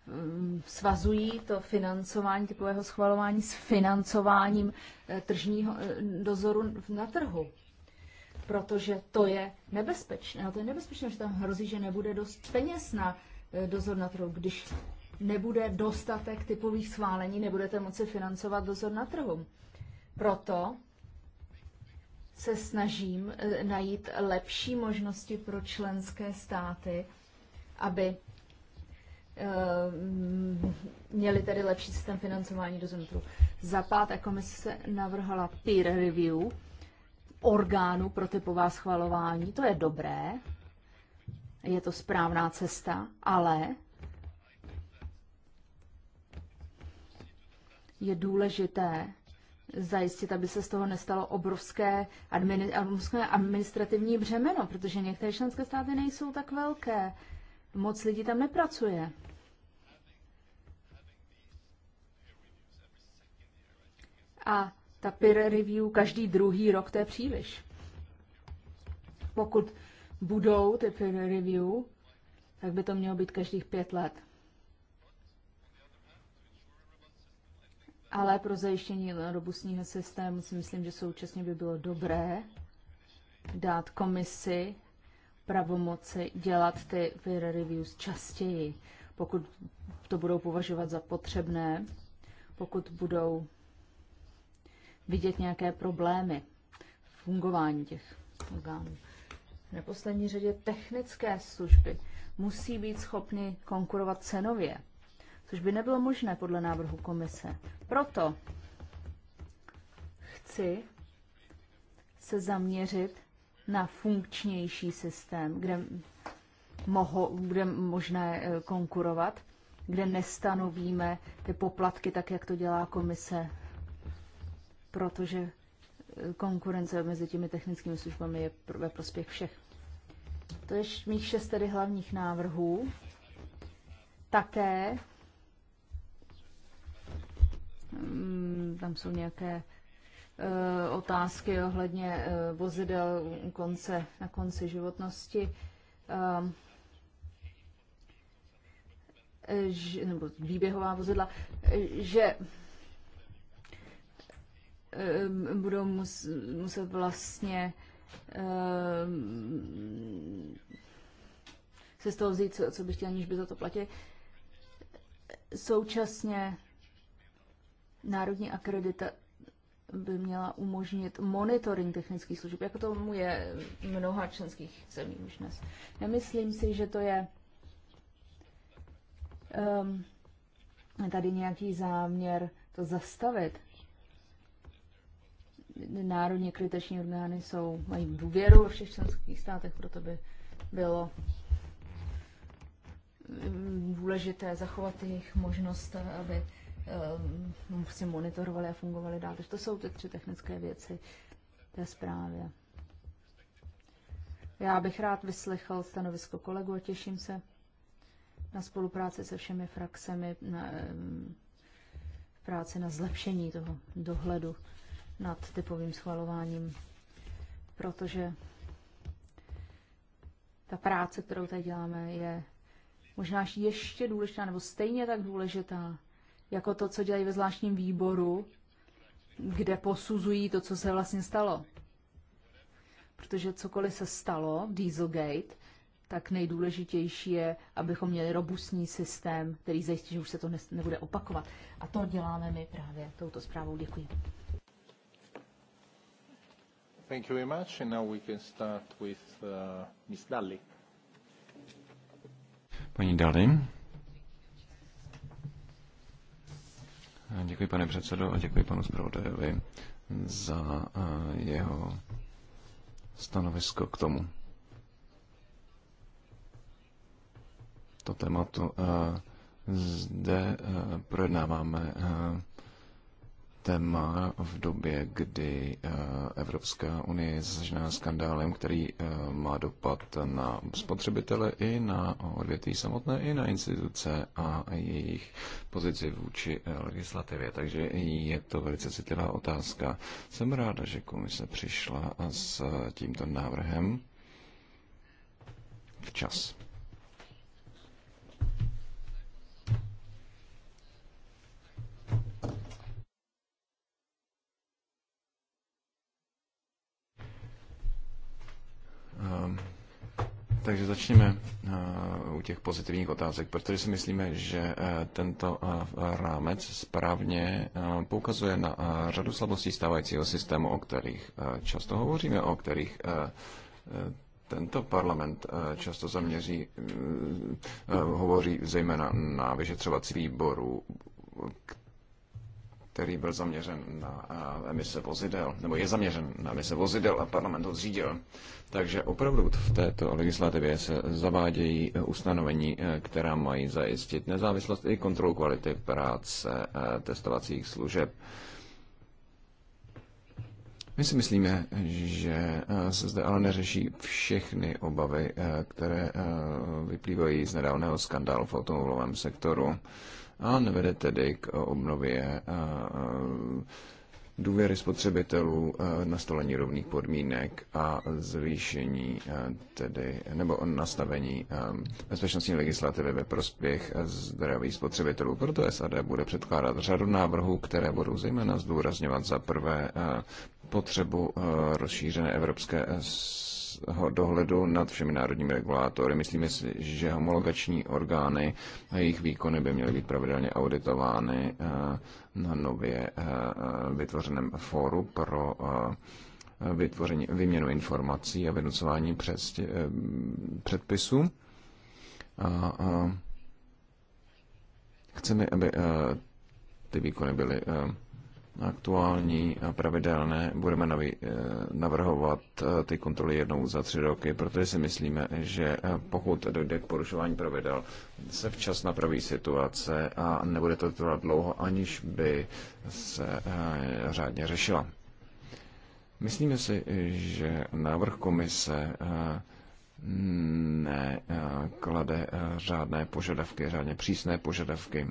mm, svazují to financování, typového schvalování s financováním eh, tržního eh, dozoru na trhu. Protože to je nebezpečné. A to je nebezpečné, že tam hrozí, že nebude dost peněz na eh, dozor na trhu. Když nebude dostatek typových schválení, nebudete moci financovat dozor na trhu. Proto se snažím eh, najít lepší možnosti pro členské státy, aby eh, měli tedy lepší systém financování zemtru. Za páté komise navrhala peer review orgánu pro typová schvalování. To je dobré, je to správná cesta, ale je důležité zajistit, aby se z toho nestalo obrovské administrativní břemeno, protože některé členské státy nejsou tak velké. Moc lidí tam nepracuje. A ta peer review každý druhý rok, to je příliš. Pokud budou ty peer review, tak by to mělo být každých pět let. Ale pro zajištění robustního systému si myslím, že současně by bylo dobré dát komisi pravomoci dělat ty peer reviews častěji, pokud to budou považovat za potřebné, pokud budou vidět nějaké problémy v fungování těch orgánů. V neposlední řadě technické služby musí být schopny konkurovat cenově což by nebylo možné podle návrhu komise. Proto chci se zaměřit na funkčnější systém, kde, moho, kde možné eh, konkurovat, kde nestanovíme ty poplatky tak, jak to dělá komise, protože eh, konkurence mezi těmi technickými službami je ve prospěch všech. To je mých šest tedy hlavních návrhů. Také Mm, tam jsou nějaké eh, otázky ohledně eh, vozidel konce, na konci životnosti. Ehm, eh, že, nebo výběhová vozidla, že ehm, budou mus, muset vlastně ehm, se z toho vzít, co, co by chtěl, aniž by za to platili. Současně Národní akredita by měla umožnit monitoring technických služeb, jako tomu je mnoha členských zemí už dnes. Nemyslím si, že to je um, tady nějaký záměr to zastavit. Národní kritiční orgány jsou, mají důvěru ve všech členských státech, proto by bylo ehm, důležité zachovat jejich možnost, aby Ehm, no, si prostě monitorovali a fungovali dál. Takže to jsou ty tři technické věci té zprávě. Já bych rád vyslechl stanovisko kolegu a těším se na spolupráci se všemi frakcemi, na ehm, práci na zlepšení toho dohledu nad typovým schvalováním, protože ta práce, kterou tady děláme, je možná ještě důležitá nebo stejně tak důležitá jako to, co dělají ve zvláštním výboru, kde posuzují to, co se vlastně stalo. Protože cokoliv se stalo, Dieselgate, tak nejdůležitější je, abychom měli robustní systém, který zajistí, že už se to nebude opakovat. A to děláme my právě touto zprávou. Děkuji. Thank you very much. And now we can start with uh, Miss Dalli. Pani Dalli. Děkuji, pane předsedo, a děkuji panu zpravodajovi za eh, jeho stanovisko k tomu. To tématu eh, zde eh, projednáváme téma v době, kdy eh, Evropská unie je zažená skandálem, který eh, má dopad na spotřebitele i na odvětví samotné, i na instituce a jejich pozici vůči eh, legislativě. Takže je to velice citlivá otázka. Jsem ráda, že komise přišla s tímto návrhem včas. Ehm, takže začněme eh, u těch pozitivních otázek, protože si myslíme, že eh, tento eh, rámec správně poukazuje na řadu slabostí stávajícího systému, o kterých často hovoříme, o kterých tento parlament často zaměří, hovoří zejména na vyšetřovací výboru, který byl zaměřen na emise vozidel, nebo je zaměřen na emise vozidel a parlament ho zřídil. Takže opravdu v této legislativě se zavádějí ustanovení, eh, která mají zajistit nezávislost i kontrolu kvality práce eh, testovacích služeb. My si myslíme, že eh, se zde ale neřeší všechny obavy, které vyplývají z nedávného skandálu v automobilovém sektoru a nevede tedy k obnově důvěry spotřebitelů, eh, nastolení rovných podmínek a zvýšení eh, tedy, nebo nastavení eh, bezpečnostní legislativy ve prospěch zdravých spotřebitelů. Proto SAD bude předkládat řadu návrhů, které budou zejména zdůrazňovat za prvé potřebu rozšířené evropské dohledu nad všemi národními regulátory. Myslíme si, že homologační orgány a jejich výkony by měly být pravidelně auditovány eh, na nově eh, eh, vytvořeném fóru pro vytvoření, vyměnu informací a vynucování předpisů. A, a chceme, aby ty výkony byly aktuální a pravidelné, budeme eh, navrhovat eh, ty kontroly jednou za tři roky, protože si myslíme, že eh, pokud dojde k porušování pravidel, se včas napraví situace a nebude to trvat dlouho, aniž by se řádně řešila. Myslíme si, že návrh komise neklade řádné požadavky, řádně přísné požadavky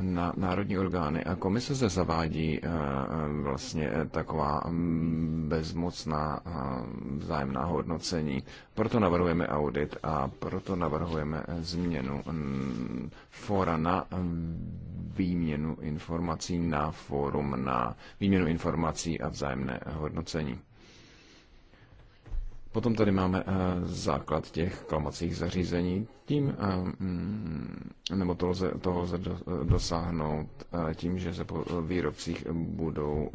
na národní orgány a komise se zavádí eh, eh, vlastně eh, taková mm, bezmocná vzájemná hodnocení. Proto navrhujeme audit a proto navrhujeme změnu mm, fora na výměnu informací na fórum na výměnu informací a vzájemné hodnocení. Potom tady máme eh, základ těch klamacích zařízení. Tím, eh, mm, nebo to lze, toho lze eh, dosáhnout tím, že se po výrobcích budou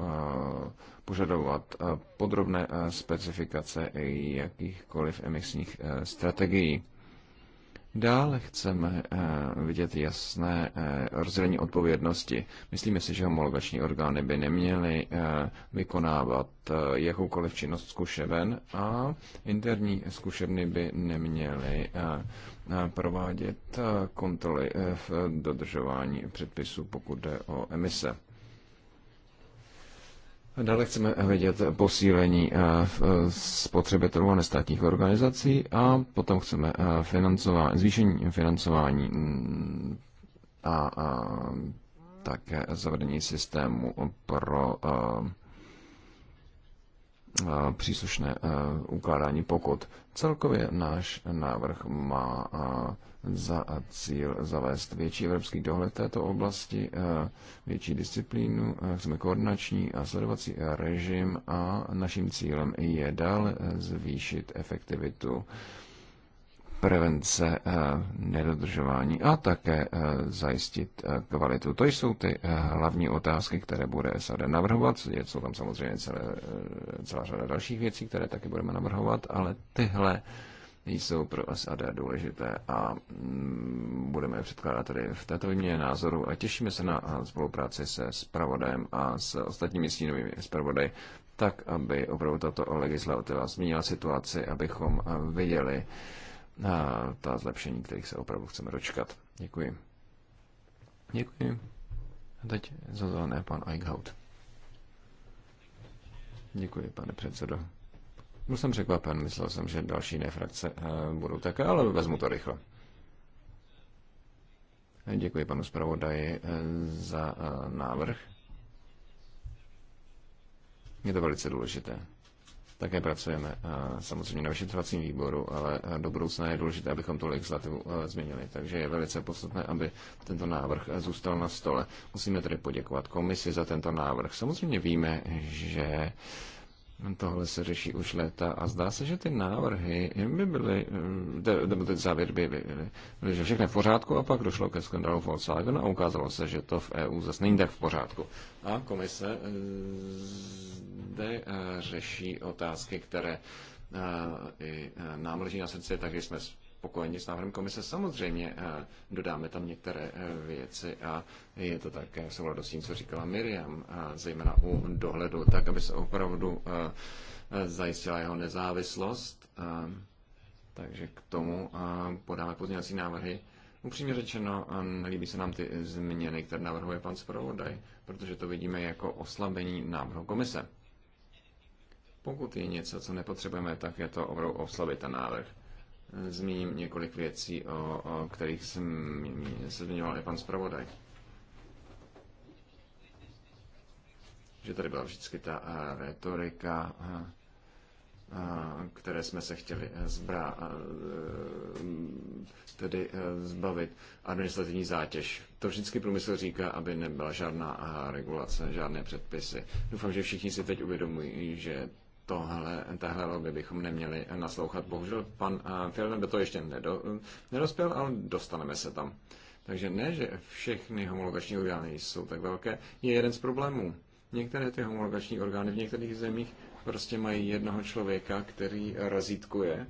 požadovat podrobné specifikace jakýchkoliv emisních strategií. Dále chceme eh, vidět jasné eh, rozdělení odpovědnosti. Myslíme si, že homologační orgány by neměly eh, vykonávat jakoukoliv činnost zkušeben a interní zkušebny by neměly provádět kontroly v dodržování předpisů, pokud jde o emise. Dále chceme vidět posílení eh, eh, spotřebitelů a nestátních organizací a potom chceme eh, financování, zvýšení financování mm, a, a také zavedení systému pro a, a příslušné a, ukládání pokut. Celkově náš návrh má a, za cíl zavést větší evropský dohled této oblasti, eh, větší disciplínu, eh, chceme koordinační a sledovací režim a naším cílem je dál eh, zvýšit efektivitu prevence nedodržování a také zajistit kvalitu. To jsou ty hlavní otázky, které bude SAD navrhovat. Je jsou tam samozřejmě celé, celá řada dalších věcí, které taky budeme navrhovat, ale tyhle jsou pro SAD důležité a mm, budeme je předkládat tady v této výměně názoru a těšíme se na spolupráci se spravodajem a s ostatními stínovými zpravodaj, tak aby opravdu tato legislativa změnila situaci, abychom viděli ta zlepšení, kterých se opravdu chceme dočkat. Děkuji. Děkuji. A teď zazvané pan Eichhout. Děkuji, pane předsedo. Byl no, jsem překvapen, myslel jsem, že další jiné frakce eh, budou také, ale vezmu to rychle. Děkuji panu zpravodaji eh, za eh, návrh. Je to velice důležité. Také pracujeme samozřejmě na vyšetřovacím výboru, ale do budoucna je důležité, abychom tu legislativu změnili. Takže je velice podstatné, aby tento návrh zůstal na stole. Musíme tedy poděkovat komisi za tento návrh. Samozřejmě víme, že Tohle se řeší už léta a zdá se, že ty návrhy by byly, eh, nebo ten závěr by byly, byly, že všechno v pořádku a pak došlo ke skandalu Volkswagen a ukázalo se, že to v EU zase není tak v pořádku. A komise eh, zde eh, řeší otázky, které i nám leží na srdci, takže jsme spokojeni s návrhem komise. Samozřejmě eh, dodáme tam některé eh, věci a je to také v souladu s tím, co říkala Miriam, eh, zejména u dohledu, tak aby se opravdu zajistila jeho nezávislost. Takže k tomu podáme pozměňovací návrhy. Upřímně řečeno, nelíbí se nám ty změny, které navrhuje pan zpravodaj, protože to vidíme jako oslabení návrhu komise. Pokud je něco, co nepotřebujeme, tak je to opravdu oslabit ten návrh zmíním několik věcí, o, o kterých jsem, se zmiňoval i pan zpravodaj. Že tady byla vždycky ta retorika, které jsme se chtěli zbra, e, tedy e, zbavit, administrativní zátěž. To vždycky průmysl říká, aby nebyla žádná regulace, žádné předpisy. Doufám, že všichni si teď uvědomují, že tohle, tahle lobby bychom neměli naslouchat. Bohužel pan eh, Fielner do toho ještě nedo, nedospěl, ale dostaneme se tam. Takže ne, že všechny homologační orgány jsou tak velké, je jeden z problémů. Některé ty homologační orgány v některých zemích prostě mají jednoho člověka, který razítkuje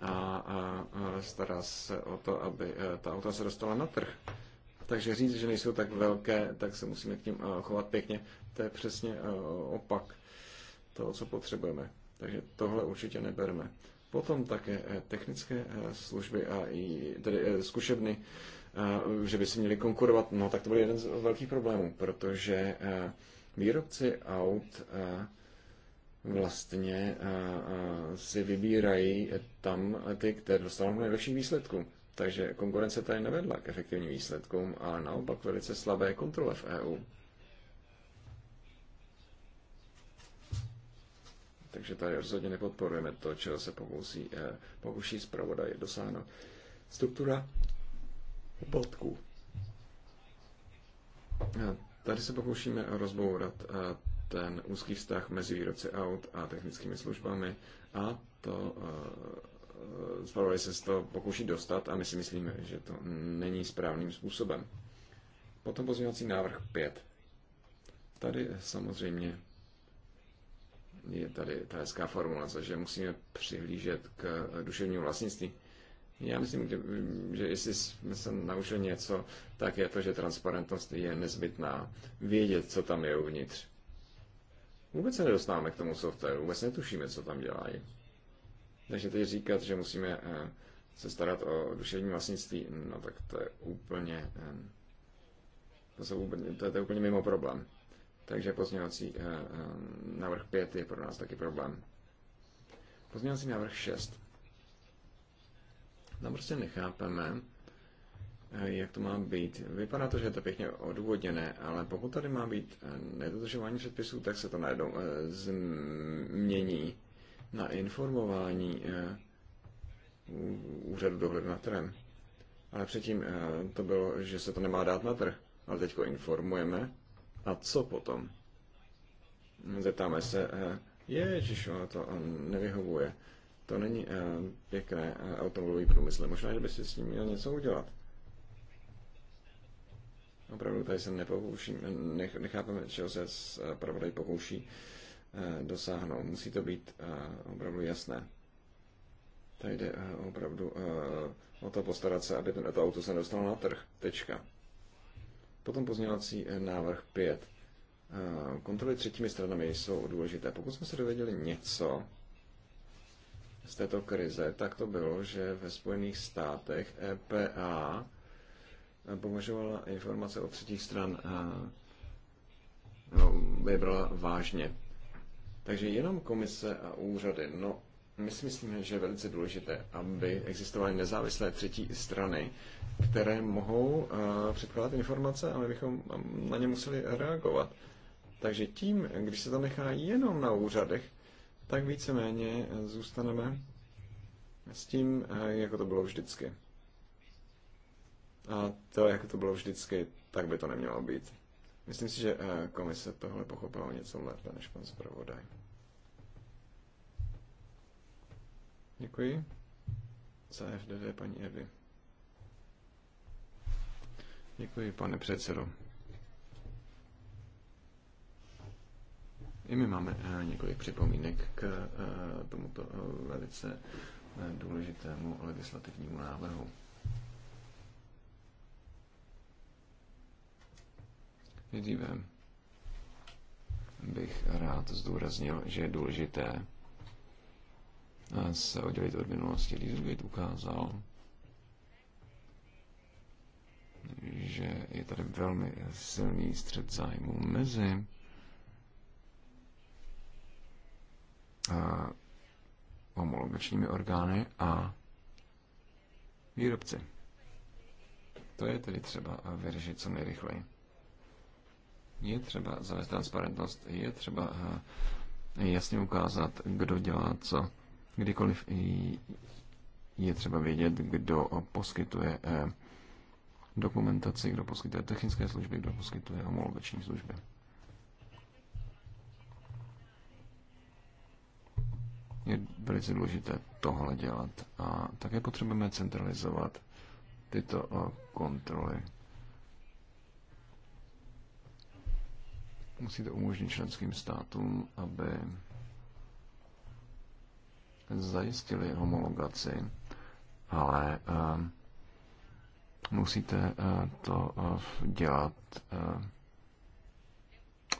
a, a, a stará se o to, aby eh, ta auta se dostala na trh. Takže říct, že nejsou tak velké, tak se musíme k ním eh, chovat pěkně. To je přesně opak toho, co potřebujeme. Takže tohle určitě neberme. Potom také eh, technické eh, služby a i tedy eh, zkušebny, že by si měli konkurovat, no tak to byl jeden z velkých problémů, protože výrobci aut vlastně si vybírají tam ty, které dostanou největší výsledku. Takže konkurence tady nevedla k efektivním výsledkům, ale naopak velice slabé kontrole v EU. Takže tady rozhodně nepodporujeme to, čeho se pokusí, eh, pokuší zpravodaj dosáhnout. Struktura bodků. Eh, tady se pokoušíme rozbourat eh, ten úzký vztah mezi výrobci aut a technickými službami a to zpravodaj se z toho pokouší dostat a my si myslíme, že to není správným způsobem. Potom pozměňovací návrh 5. Tady samozřejmě je tady ta hezká formulace, že musíme přihlížet k duševnímu vlastnictví. Já myslím, že jestli jsme se naučili něco, tak je to, že transparentnost je nezbytná. Vědět, co tam je uvnitř. Vůbec se nedostáváme k tomu softwaru, vůbec netušíme, co tam dělají. Takže teď říkat, že musíme eh, se starat o duševní vlastnictví, no tak to je úplně, eh, to, jsou úplně, to, je, to je úplně mimo problém. Takže pozměňovací eh, eh, návrh 5 je pro nás taky problém. Pozměňovací návrh 6. Tam prostě nechápeme, eh, jak to má být. Vypadá to, že je to pěkně odůvodněné, ale pokud tady má být nedodržování předpisů, tak se to najednou změní na informování úřadu dohledu na trhem. Ale předtím to bylo, že se to nemá dát na trh. Ale teď informujeme a co potom? Zeptáme se, eh, ježiš, to eh, nevyhovuje. To není eh, pěkné automobilový průmysl. Možná, že by si s tím měl něco udělat. Opravdu tady se nepokouším, nechápeme, čeho se s zpravodaj pokouší dosáhnout. Musí to být opravdu jasné. Tady jde opravdu o to postarat se, aby to auto se nedostalo na trh. Tečka. Potom pozměňovací eh, návrh 5. Eh, kontroly třetími stranami jsou důležité. Pokud jsme se dověděli něco z této krize, tak to bylo, že ve Spojených státech EPA eh, považovala informace o třetích stran no, vybrala vážně. Takže jenom komise a úřady, no my si myslíme, že je velice důležité, aby existovaly nezávislé třetí strany, které mohou eh, předkládat informace a my bychom eh, na ně museli reagovat. Takže tím, když se to nechá jenom na úřadech, tak víceméně eh, zůstaneme s tím, jako to bylo vždycky. A to, jako to bylo vždycky, tak by to nemělo být. Myslím si, že komise tohle pochopila něco lépe než pan zpravodaj. Děkuji. Za FDD paní Evy. Děkuji, pane předsedo. I my máme eh, několik připomínek k eh, tomuto eh, velice důležitému legislativnímu návrhu. Nejdříve bych rád zdůraznil, že je důležité se oddělit od minulosti. Dieselgate ukázal, že je tady velmi silný střed zájmu mezi homologačními orgány a výrobci. To je tedy třeba vyřešit co nejrychleji. Je třeba zavést transparentnost, je třeba jasně ukázat, kdo dělá co kdykoliv je třeba vědět, kdo poskytuje eh, dokumentaci, kdo poskytuje technické služby, kdo poskytuje homologační služby. Je velice důležité tohle dělat a také potřebujeme centralizovat tyto eh, kontroly. Musíte umožnit členským státům, aby zajistili homologaci, ale ehm, musíte eh, to eh, dělat, ehm,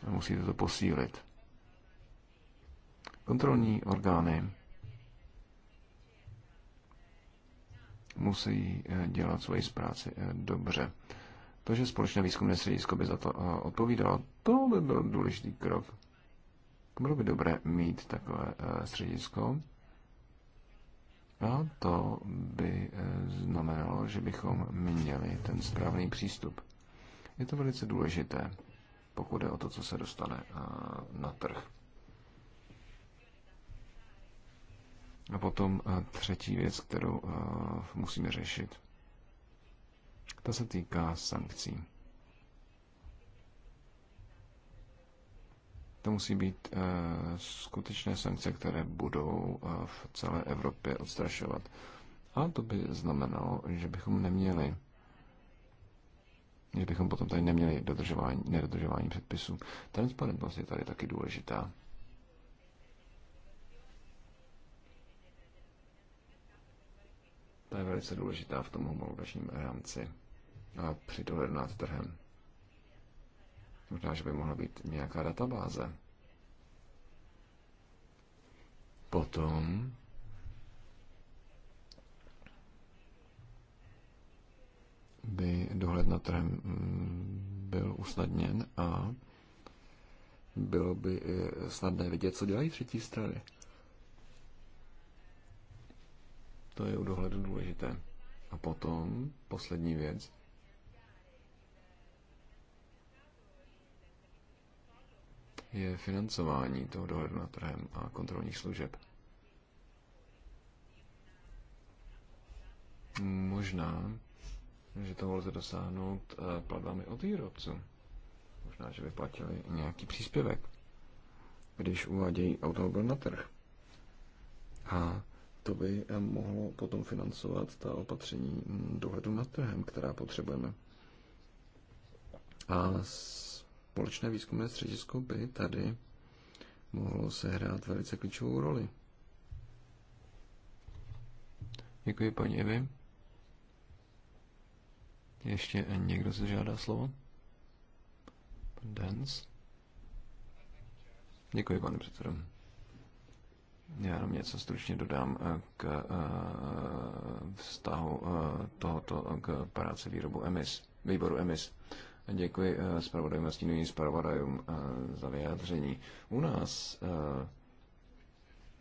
musíte to posílit. Kontrolní orgány musí eh, dělat svoji práci dobře. To, že společné výzkumné středisko by za to odpovídalo, to by byl důležitý krok. Bylo by dobré mít takové středisko, No, to by eh, znamenalo, že bychom měli ten správný přístup. Je to velice důležité, pokud je o to, co se dostane eh, na trh. A potom eh, třetí věc, kterou musíme řešit. Ta se týká sankcí. To musí být eh, skutečné sankce, které budou eh, v celé Evropě odstrašovat. A to by znamenalo, že bychom neměli že bychom potom tady neměli dodržování, nedodržování předpisů. Transparentnost je tady taky důležitá. Ta je velice důležitá v tom homologačním rámci a při dohledu nad trhem. Možná, že by mohla být nějaká databáze. Potom by dohled na trhem mm, byl usnadněn a bylo by eh, snadné vidět, co dělají třetí strany. To je u dohledu důležité. A potom poslední věc. je financování toho dohledu nad trhem a kontrolních služeb. Možná, že toho lze dosáhnout eh, platbami od výrobců. Možná, že by platili nějaký příspěvek, když uvádějí automobil na trh. A to by eh, mohlo potom financovat ta opatření dohledu nad trhem, která potřebujeme. A s společné výzkumné středisko by tady mohlo sehrát velice klíčovou roli. Děkuji, paní Evy. Ještě někdo se žádá slovo? Pan Dens. Děkuji, pane předsedo. Já jenom něco stručně dodám eh, k eh, vztahu eh, tohoto k práci výrobu EMIS, výboru EMIS. Děkuji eh, zpravodajům a stínovým zpravodajům eh, za vyjádření. U nás eh,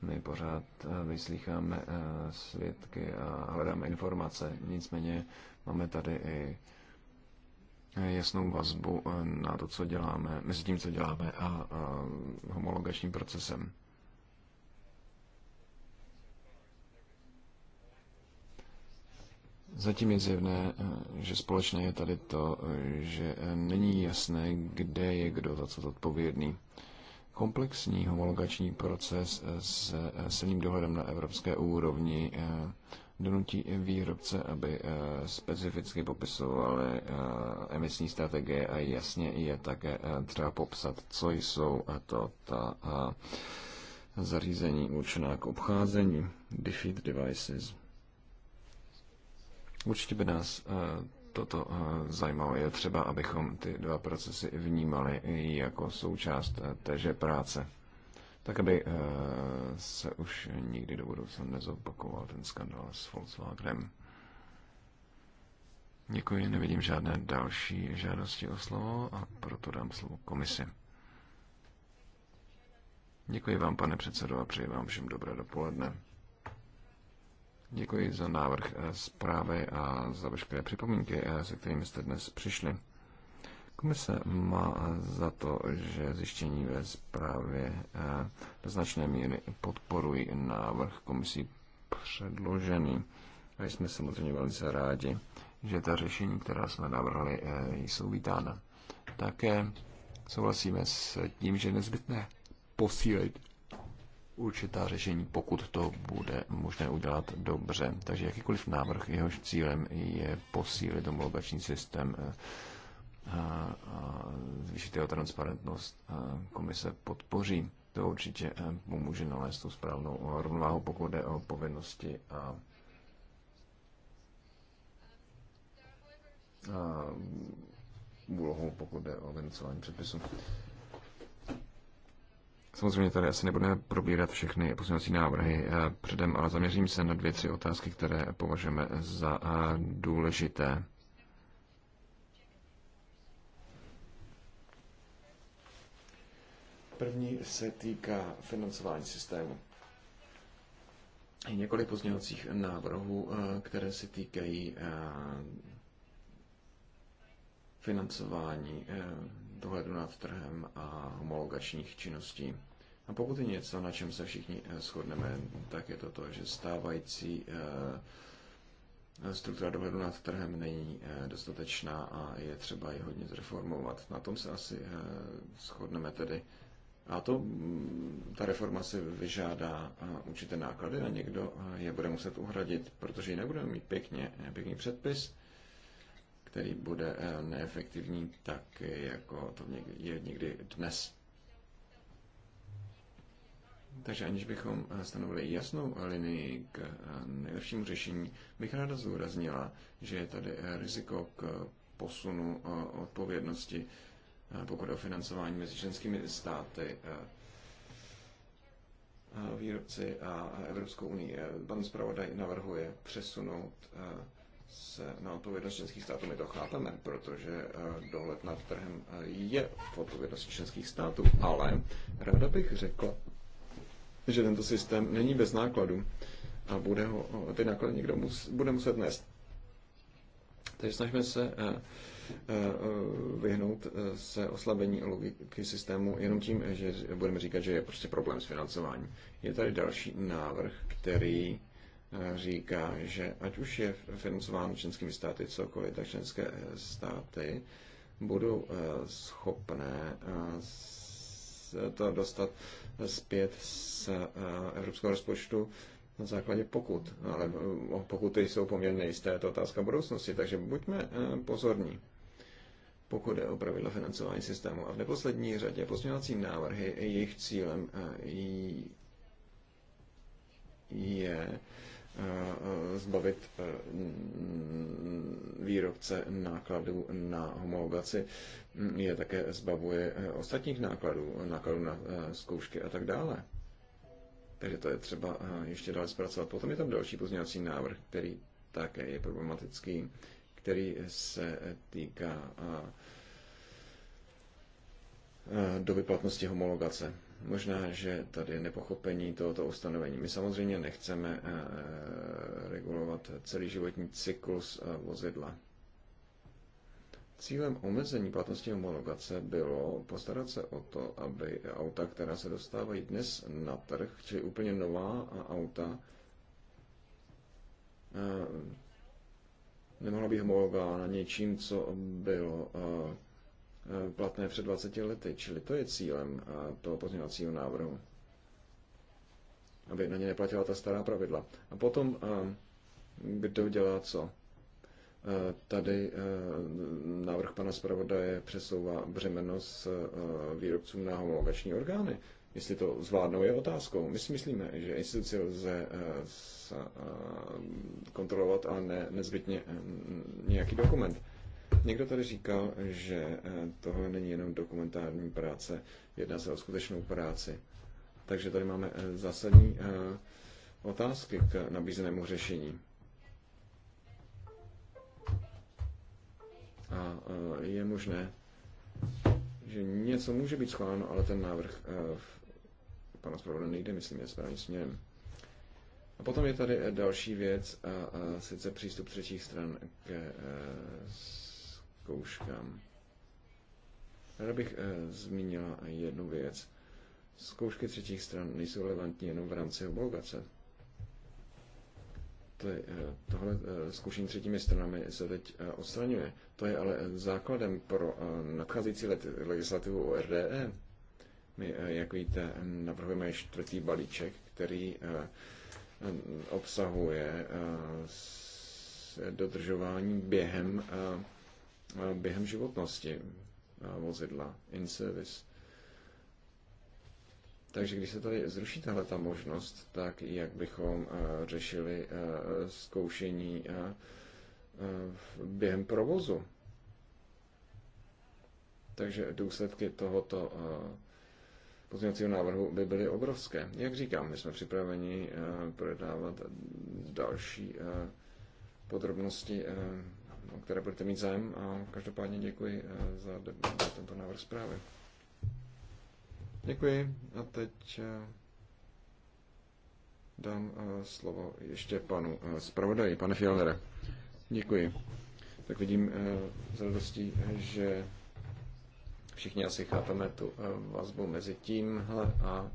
my pořád vyslýcháme svědky a hledáme informace, nicméně máme tady i jasnou vazbu na to, co děláme, mezi tím, co děláme a homologačním procesem. Zatím je zjevné, eh, že společné je tady to, eh, že eh, není jasné, kde je kdo za co zodpovědný. Komplexní homologační proces s silným dohledem na evropské úrovni donutí výrobce, aby specificky popisovali emisní strategie a jasně je také třeba popsat, co jsou a to ta zařízení určená k obcházení, defeat devices. Určitě by nás eh, toto eh, zajímalo. Je třeba, abychom ty dva procesy vnímali jako součást eh, téže práce, tak aby se už nikdy do budoucna nezopakoval ten skandal s Volkswagenem. Děkuji, nevidím žádné další žádosti o slovo a proto dám slovo komisi. Děkuji vám, pane předsedo, a přeji vám všem dobré dopoledne. Děkuji za návrh eh, zprávy a za veškeré připomínky, eh, se kterými jste dnes přišli. Komise má eh, za to, že zjištění ve zprávě do značné míry podporují návrh komisí předložený. A jsme samozřejmě velice rádi, že ta řešení, která jsme navrhli, jsou vítána. Také souhlasíme s tím, že je nezbytné posílit určitá řešení, pokud to bude možné udělat dobře. Takže jakýkoliv návrh, jehož cílem je posílit homologační systém eh, a zvýšit jeho transparentnost, eh, komise podpoří. To určitě eh, pomůže nalézt tu správnou rovnováhu, pokud jde o povinnosti a úlohu, pokud jde o vynucování předpisů. Samozřejmě tady asi nebudeme probírat všechny pozměňovací návrhy eh, předem, ale zaměřím se na dvě, tři otázky, které považujeme za eh, důležité. První se týká financování systému. několik pozměňovacích návrhů, eh, které se týkají financování dohledu nad trhem a homologačních činností. A pokud je něco, na čem se všichni eh, shodneme, tak je to to, že stávající eh, struktura dohledu nad trhem není eh, dostatečná a je třeba ji hodně zreformovat. Na tom se asi shodneme tedy. A to, mm, ta reforma si vyžádá určité náklady a někdo je bude muset uhradit, protože ji nebudeme mít pěkně, pěkný předpis, který bude neefektivní tak, jako to je někdy dnes. Takže aniž bychom eh, stanovili jasnou linii k eh, nejlepšímu řešení, bych ráda zúraznila, že je tady eh, riziko k posunu odpovědnosti, pokud o financování mezi členskými státy, výrobci a Evropskou unii. Pan zpravodaj navrhuje přesunout se na odpovědnost členských států. My to chápeme, protože dohled nad trhem je v odpovědnosti členských států, ale ráda bych řekl, že tento systém není bez nákladů a bude ho, ty náklady někdo mus, bude muset nést. Takže snažíme se eh, eh, vyhnout eh, se oslabení logiky systému jenom tím, že budeme říkat, že je prostě problém s financováním. Je tady další návrh, který říká, že ať už je financován členskými státy cokoliv, tak členské státy budou schopné to dostat zpět z eh, evropského rozpočtu na základě pokut. Ale eh, pokuty jsou poměrně jisté, je to otázka budoucnosti, takže buďme eh, pozorní pokud je o pravidla financování systému. A v neposlední řadě pozměňovací návrhy, jejich cílem je Eh, zbavit eh, výrobce nákladů na homologaci, je také zbavuje eh, ostatních nákladů, nákladů na zkoušky a tak dále. Takže to je třeba ještě dále zpracovat. Potom je tam další pozměňovací návrh, který také je problematický, který se týká do vyplatnosti homologace. Možná, že tady je nepochopení tohoto ustanovení. My samozřejmě nechceme eh, regulovat celý životní cyklus eh, vozidla. Cílem omezení platnosti homologace bylo postarat se o to, aby auta, která se dostávají dnes na trh, čili úplně nová eh, auta, nemohla být homologována něčím, co bylo Eh, platné před 20 lety. Čili to je cílem eh, toho pozměňovacího návrhu. Aby na ně neplatila ta stará pravidla. A potom, eh, kdo dělá co? Tady návrh pana zpravodaje přesouvá břemeno z výrobců na homologační orgány. Jestli to zvládnou, je otázkou. My si myslíme, že instituci lze kontrolovat, ale ne nezbytně nějaký dokument. Někdo tady říkal, že eh, tohle není jenom dokumentární práce, jedná se o skutečnou práci. Takže tady máme eh, zásadní eh, otázky k nabízenému řešení. A je možné, že něco může být schváleno, ale ten návrh pana zpravodaje nejde, myslím, je správným směrem. A potom je tady další věc, a, a sice přístup třetích stran ke zkouškám. Ráda bych eh, zmínila jednu věc. Zkoušky třetích stran nejsou relevantní jenom v rámci homologace. To je, eh, tohle eh, zkušení třetími stranami se teď odstraňuje. To je ale základem pro nadcházející legislativu o RDE. My, jak víte, navrhujeme čtvrtý balíček, který obsahuje dodržování během během životnosti vozidla, in service. Takže když se tady zruší tahle ta možnost, tak jak bychom řešili zkoušení během provozu. Takže důsledky tohoto pozměňovacího návrhu by byly obrovské. Jak říkám, my jsme připraveni projednávat další podrobnosti které budete mít zájem a každopádně děkuji eh, za tento návrh zprávy. Děkuji a teď eh, dám eh, slovo ještě panu zpravodaji, pane Fjellere. Děkuji. Tak vidím s radostí, že všichni asi chápeme tu vazbu mezi tímhle a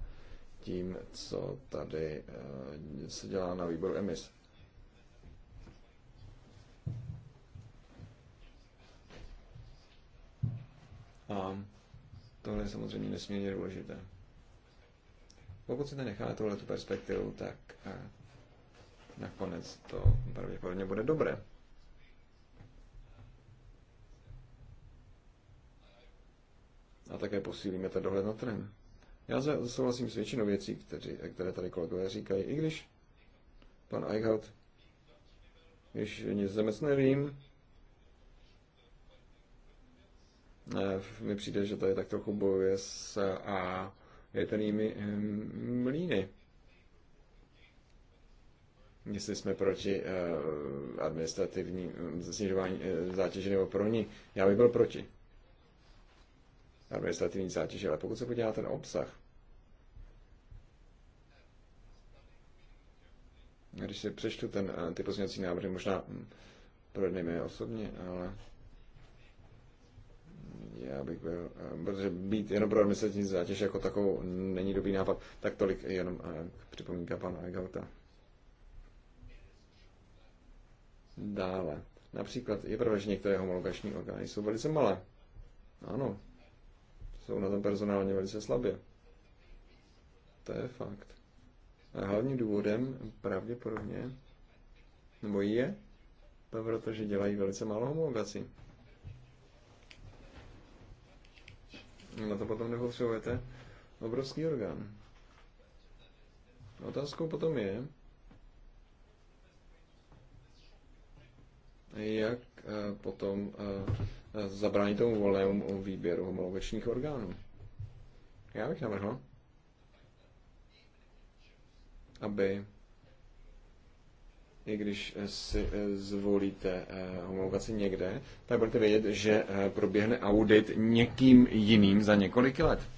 tím, co tady se dělá na výboru EMIS. A tohle je samozřejmě nesmírně důležité. Pokud si necháte tohle tu perspektivu, tak eh, nakonec to pravděpodobně bude dobré. A také posílíme ten dohled na trhem. Já souhlasím s většinou věcí, které tady kolegové říkají, i když pan Eichhout, když nic zemec nevím, Eh, mi přijde, že to je tak trochu bojuje s a větrnými ehm, mlíny. Jestli jsme proti eh, administrativní hm, snižování eh, zátěže nebo pro ní, já bych byl proti administrativní zátěže, ale pokud se podívá na obsah, když si přečtu ten, ty pozměňovací návrhy, možná hm, projednejme je osobně, ale já bych byl, eh, protože být jenom pro administrativní zátěž jako takovou není dobrý nápad. Tak tolik jenom eh, připomínka pana Egauta. Dále. Například je pravda, že některé homologační orgány jsou velice malé. Ano. Jsou na tom personálně velice slabě. To je fakt. A hlavním důvodem pravděpodobně, nebo je, to protože dělají velice málo homologací. Na to potom nepotřebujete obrovský orgán. Otázkou potom je, jak eh, potom eh, zabránit tomu volnému výběru homologačních orgánů. Já bych navrhl, aby i když eh, si eh, zvolíte eh, homologaci někde, tak budete vědět, že proběhne audit někým jiným za několik let.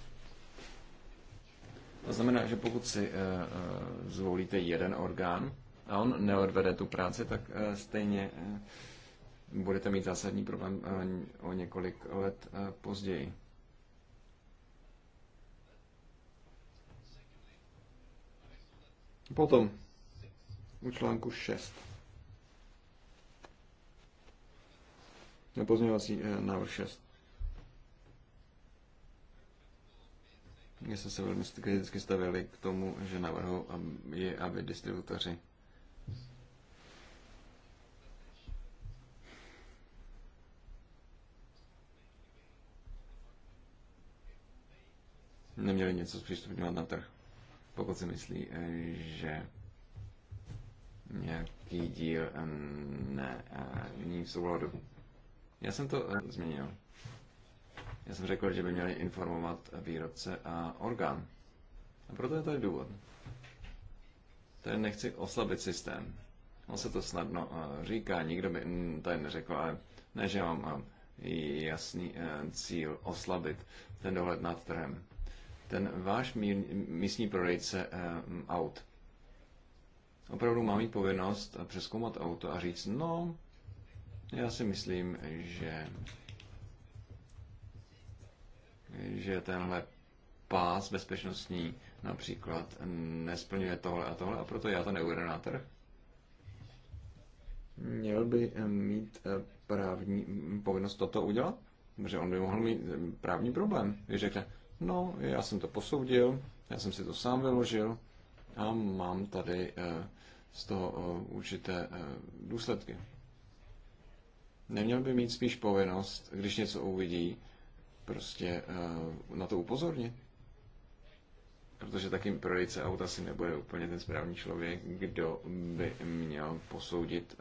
To znamená, že pokud si zvolíte jeden orgán a on neodvede tu práci, tak stejně budete mít zásadní problém o několik let později. Potom u článku 6. Pozměňovací eh, návrh 6. Mně se se velmi kriticky stavili k tomu, že navrhu je, aby distributoři neměli něco zpřístupňovat na trh, pokud si myslí, eh, že nějaký díl ne, není v souladu. Já jsem to změnil. Já jsem řekl, že by měli informovat výrobce a orgán. A proto je to důvod. Tady nechci oslabit systém. On se to snadno eh, říká, nikdo by tady neřekl, ale ne, že mám eh, jasný eh, cíl oslabit ten dohled nad trhem. Ten váš místní prodejce aut opravdu má mít povinnost přeskoumat auto a říct, no, já si myslím, že že tenhle pás bezpečnostní například nesplňuje tohle a tohle a proto já to neuvedu na trh? Měl by eh, mít eh, právní mm, povinnost toto udělat? Protože on by mohl mít eh, právní problém. Když řekne, no, já jsem to posoudil, já jsem si to sám vyložil, a mám tady eh, z toho eh, určité eh, důsledky. Neměl by mít spíš povinnost, když něco uvidí, prostě na to upozornit. Protože taky prodejce auta si nebude úplně ten správný člověk, kdo by měl posoudit,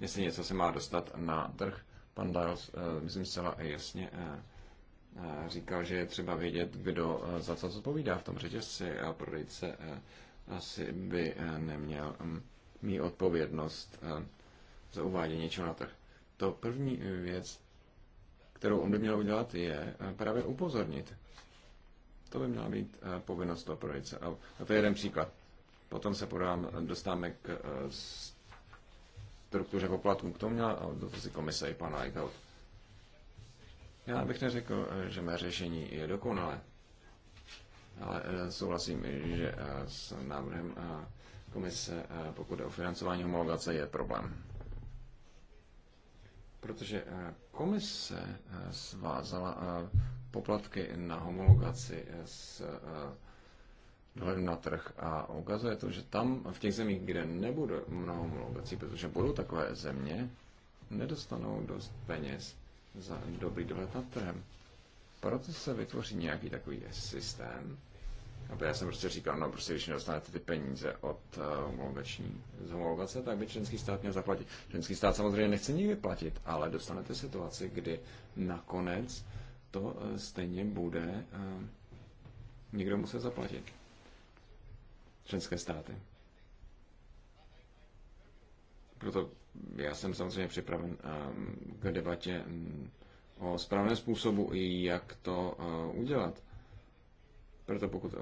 jestli něco se má dostat na trh. Pan Dials, myslím, zcela jasně říkal, že je třeba vědět, kdo za co zodpovídá v tom řetězci a prodejce asi by eh, neměl mm, mít odpovědnost eh, za uvádění něčeho na trh. To první věc, kterou on by měl udělat, je eh, právě upozornit. To by měla být povinnost toho prodejce. A to je jeden příklad. Potom se podám, dostáme k struktuře poplatků. K tomu měla si komise i pan Eichhout. Já bych neřekl, že mé řešení je dokonalé ale eh, souhlasím, že eh, s návrhem eh, komise, pokud je o financování homologace, je problém. Protože komise svázala poplatky na homologaci s dohledem na trh a ukazuje to, že tam v těch zemích, kde nebude mnoho homologací, protože budou takové země, nedostanou dost peněz za dobrý dohled nad trhem proto se vytvoří nějaký takový systém, a já jsem prostě říkal, no prostě když nedostanete ty peníze od eh, homologační z homologace, tak by členský stát měl zaplatit. Členský stát samozřejmě nechce nikdy platit, ale dostanete situaci, kdy nakonec to eh, stejně bude eh, někdo muset zaplatit. Členské státy. Proto já jsem samozřejmě připraven k debatě mm, o správném způsobu, jak to eh, udělat. Proto pokud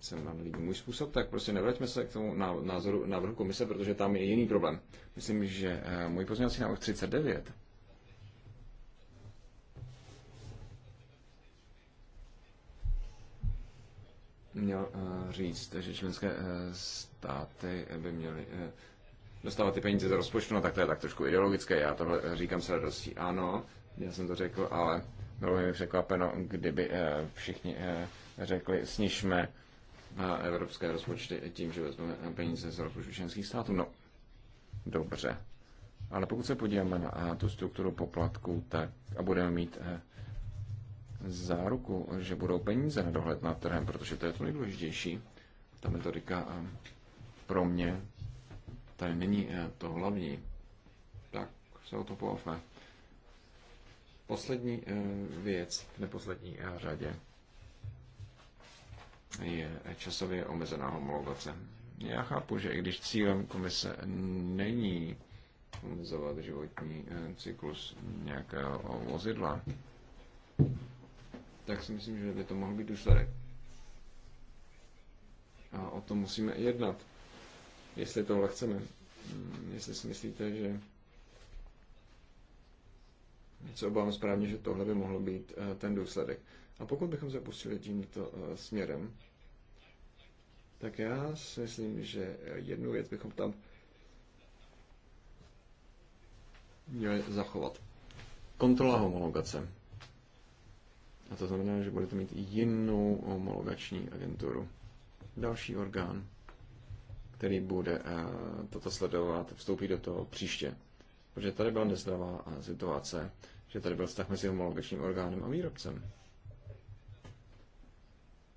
se nám líbí můj způsob, tak prostě nevraťme se k tomu názoru, návrhu komise, protože tam je jiný problém. Myslím, že eh, můj pozměňovací návrh 39 měl eh, říct, že členské státy by měly dostávat ty peníze z rozpočtu, no tak to je tak trošku ideologické, já tohle eh, říkám s radostí, ano, já jsem to řekl, ale bylo by mi překvapeno, kdyby eh, všichni eh, řekli, snižme evropské rozpočty tím, že vezmeme peníze z rozpočtu členských států. No, dobře. Ale pokud se podíváme na tu strukturu poplatků, tak a budeme mít záruku, že budou peníze na dohled nad trhem, protože to je to nejdůležitější. Ta metodika pro mě tady není eh, to hlavní, tak se o to pobavme. Poslední eh, věc, v neposlední eh, řadě, je časově omezená homologace. Já chápu, že i když cílem komise není omezovat životní cyklus nějakého vozidla, tak si myslím, že by to mohl být důsledek. A o tom musíme jednat jestli tohle chceme. Mm, jestli si myslíte, že se obávám správně, že tohle by mohlo být eh, ten důsledek. A pokud bychom se pustili tímto eh, směrem, tak já si myslím, že jednu věc bychom tam měli zachovat. Kontrola homologace. A to znamená, že budete mít jinou homologační agenturu. Další orgán, který bude eh, toto sledovat, vstoupí do toho příště. Protože tady byla nezdravá eh, situace, že tady byl vztah mezi homologačním orgánem a výrobcem.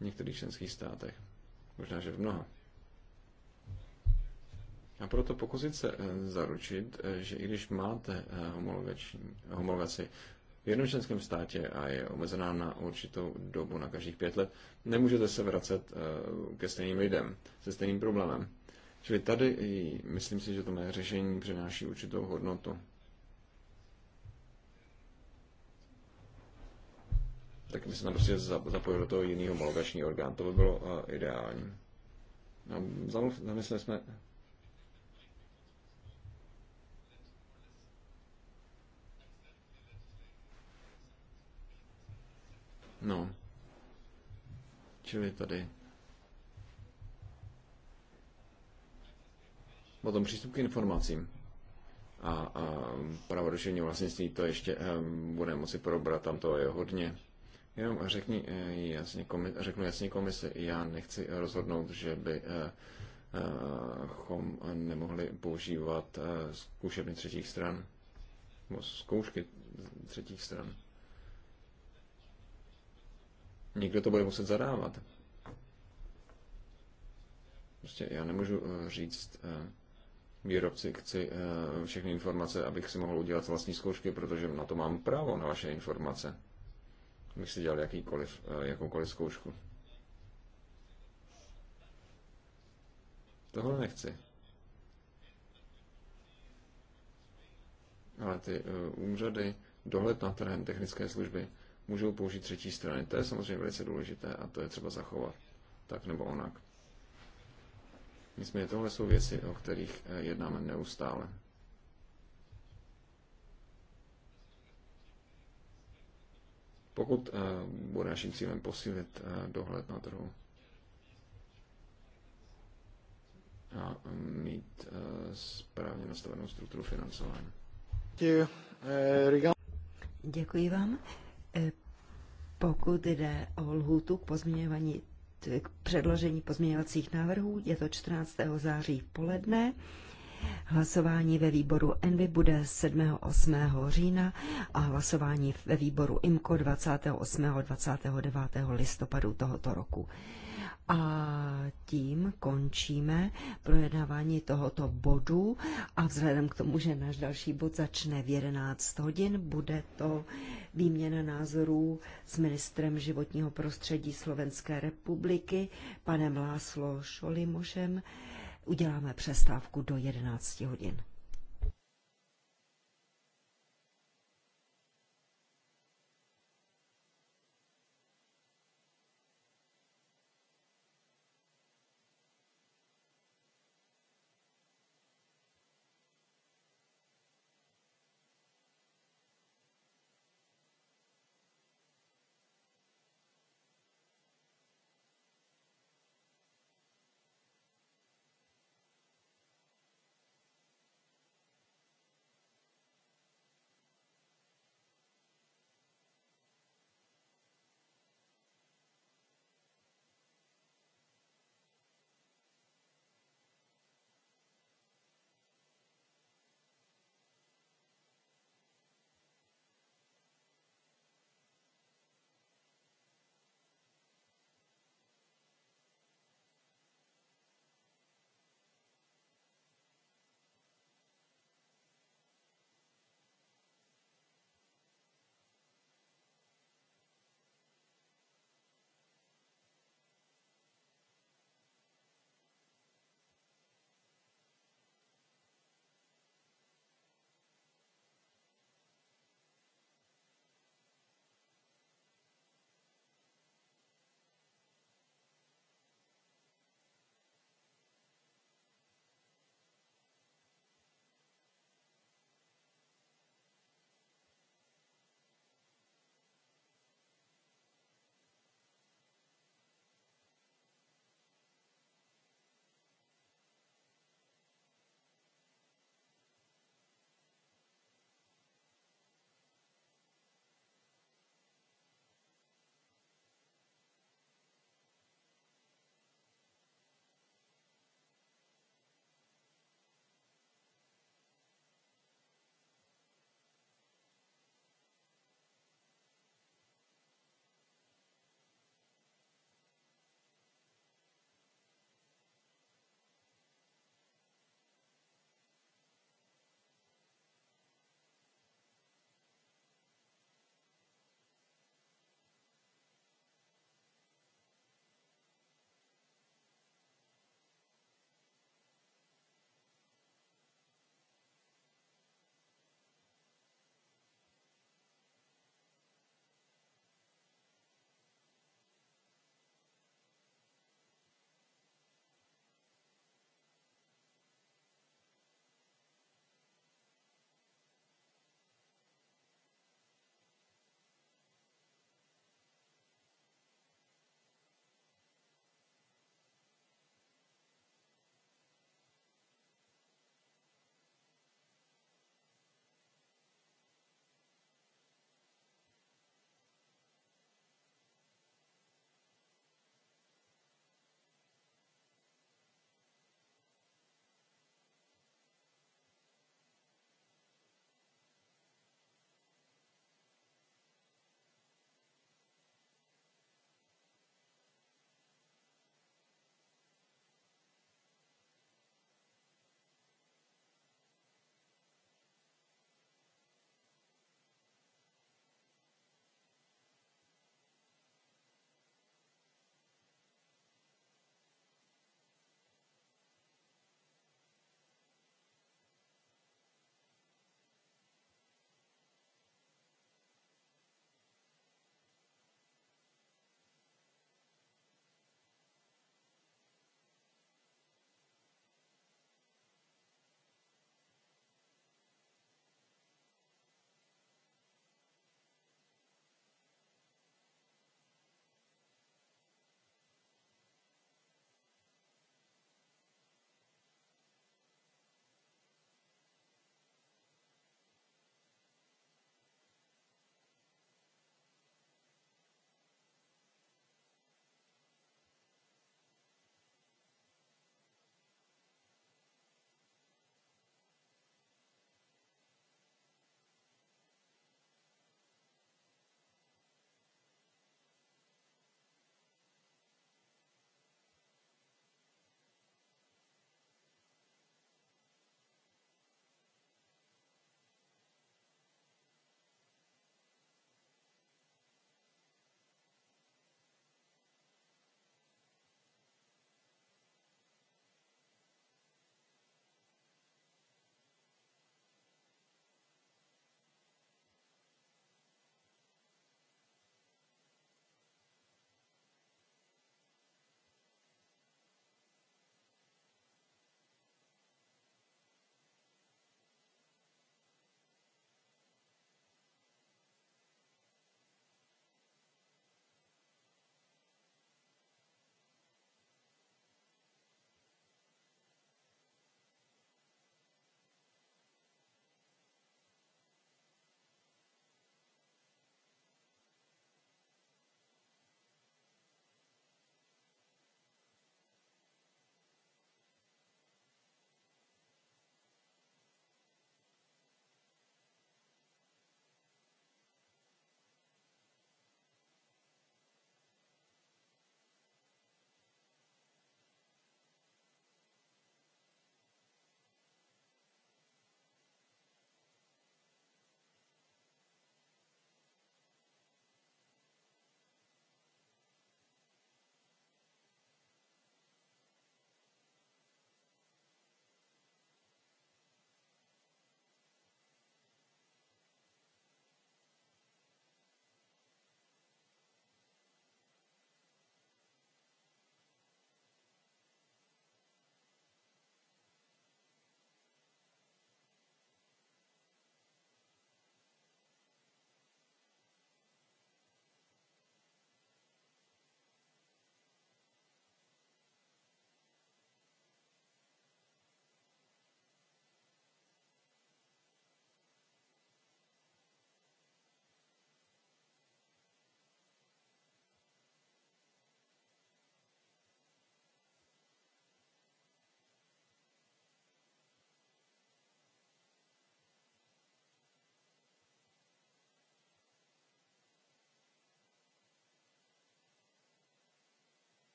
V některých členských státech. Možná, že v mnoha. A proto pokusit se eh, zaručit, že i když máte homologaci v jednom členském státě a je omezená na určitou dobu, na každých pět let, nemůžete se vracet ke stejným lidem se stejným problémem. Čili tady myslím si, že to mé řešení přináší určitou hodnotu. Tak my jsme prostě zapojili do toho jiného homologační orgán. To by bylo eh, ideální. No, zamysleli jsme, No. Čili tady Potom přístup k informacím a, a právo duševní vlastnictví, to ještě um, eh, budeme moci probrat, tam to je hodně. Jenom řekni, eh, jasně, komi, řeknu jasně komisi, já nechci rozhodnout, že by eh, chom nemohli používat zkušebny třetích stran, nebo zkoušky třetích stran. Někdo to bude muset zadávat. Prostě já nemůžu říct, výrobci chci eh, všechny informace, abych si mohl udělat vlastní zkoušky, protože na to mám právo, na vaše informace. Abych si dělal jakýkoliv, eh, jakoukoliv zkoušku. Tohle nechci. Ale ty eh, úřady, dohled na trhem, technické služby můžou použít třetí strany. To je samozřejmě velice důležité a to je třeba zachovat. Tak nebo onak. Nicméně tohle jsou věci, o kterých eh, jednáme neustále. Pokud eh, bude naším cílem posílit eh, dohled na trhu a mm, mít správně nastavenou strukturu financování. Děkuji vám. Pokud jde o lhůtu k pozměňování k předložení pozměňovacích návrhů. Je to 14. září v poledne. Hlasování ve výboru Envy bude 7. 8. října a hlasování ve výboru IMKO 28. 29. listopadu tohoto roku. A tím končíme projednávání tohoto bodu a vzhledem k tomu, že náš další bod začne v 11 hodin, bude to výměna názorů s ministrem životního prostředí Slovenské republiky, panem Láslo Šolimošem. Uděláme přestávku do 11 hodin.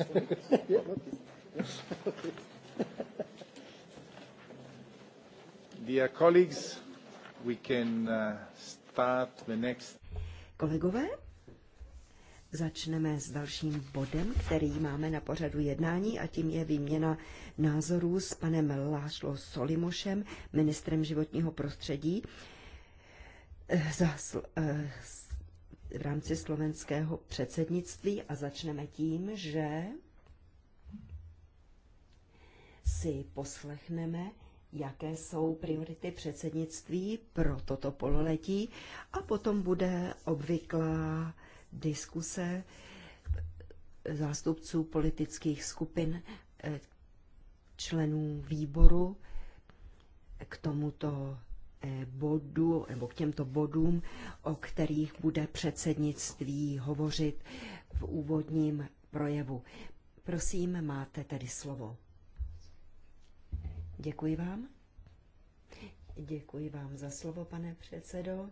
Uh, Kolegové, začneme s dalším bodem, který máme na pořadu jednání a tím je výměna názorů s panem Lášlo Solimošem, ministrem životního prostředí, eh, za eh, v rámci slovenského předsednictví a začneme tím, že si poslechneme, jaké jsou priority předsednictví pro toto pololetí a potom bude obvyklá diskuse zástupců politických skupin, eh, členů výboru k tomuto bodu, nebo k těmto bodům, o kterých bude předsednictví hovořit v úvodním projevu. Prosím, máte tedy slovo. Děkuji vám. Děkuji vám za slovo, pane předsedo.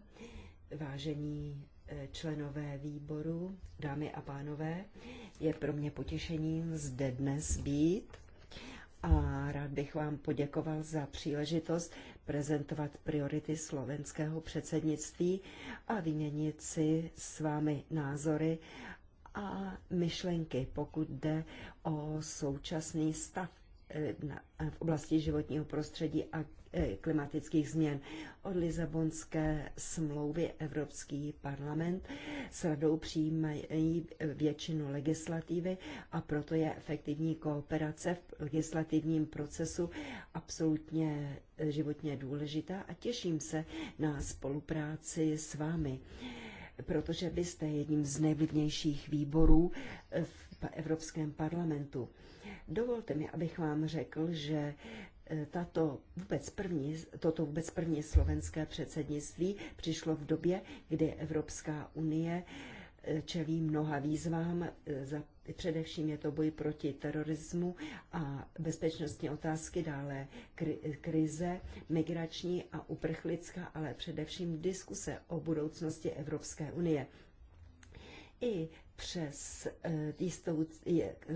Vážení eh, členové výboru, dámy a pánové, je pro mě potěšením zde dnes být a rád bych vám poděkoval za příležitost prezentovat priority slovenského předsednictví a vyměnit si s vámi názory a myšlenky, pokud jde o současný stav Eh, v oblasti životního prostředí a eh, klimatických změn. Od Lizabonské smlouvy Evropský parlament s radou přijímají eh, většinu legislativy a proto je efektivní kooperace v legislativním procesu absolutně životně důležitá a těším se na spolupráci s vámi protože vy jste jedním z nejvlivnějších výborů v Evropském parlamentu. Dovolte mi, abych vám řekl, že e, tato vůbec první, toto vůbec první slovenské předsednictví přišlo v době, kdy Evropská unie e, čelí mnoha výzvám. E, za, především je to boj proti terorismu a bezpečnostní otázky, dále kri, krize, migrační a uprchlická, ale především diskuse o budoucnosti Evropské unie i přes eh, jistou,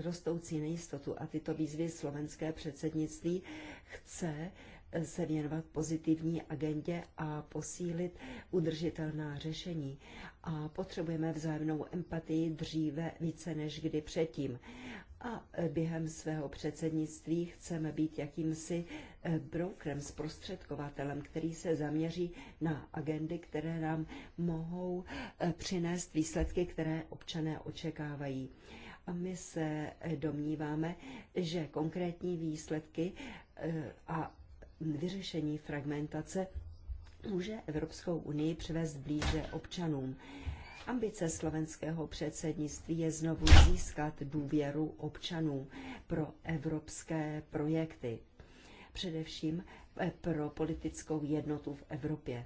rostoucí nejistotu a tyto výzvy slovenské předsednictví chce eh, se věnovat pozitivní agendě a posílit udržitelná řešení. A potřebujeme vzájemnou empatii dříve více než kdy předtím a během svého předsednictví chceme být jakýmsi eh, brokerem, zprostředkovatelem, který se zaměří na agendy, které nám mohou eh, přinést výsledky, které občané očekávají. A my se eh, domníváme, že konkrétní výsledky a vyřešení fragmentace může Evropskou unii přivést blíže občanům. Ambice slovenského předsednictví je znovu získat důvěru občanů pro evropské projekty, především eh, pro politickou jednotu v Evropě.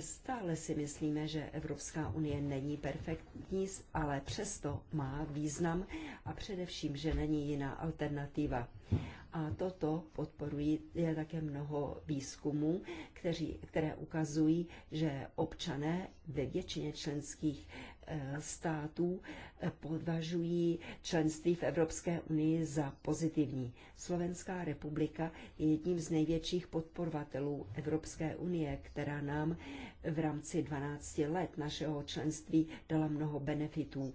Stále si myslíme, že Evropská unie není perfektní, ale přesto má význam a především, že není jiná alternativa. A toto podporují je také mnoho výzkumů, kteří, které ukazují, že občané ve většině členských eh, států eh, podvažují členství v Evropské unii za pozitivní. Slovenská republika je jedním z největších podporovatelů Evropské unie, která nám v rámci 12 let našeho členství dala mnoho benefitů.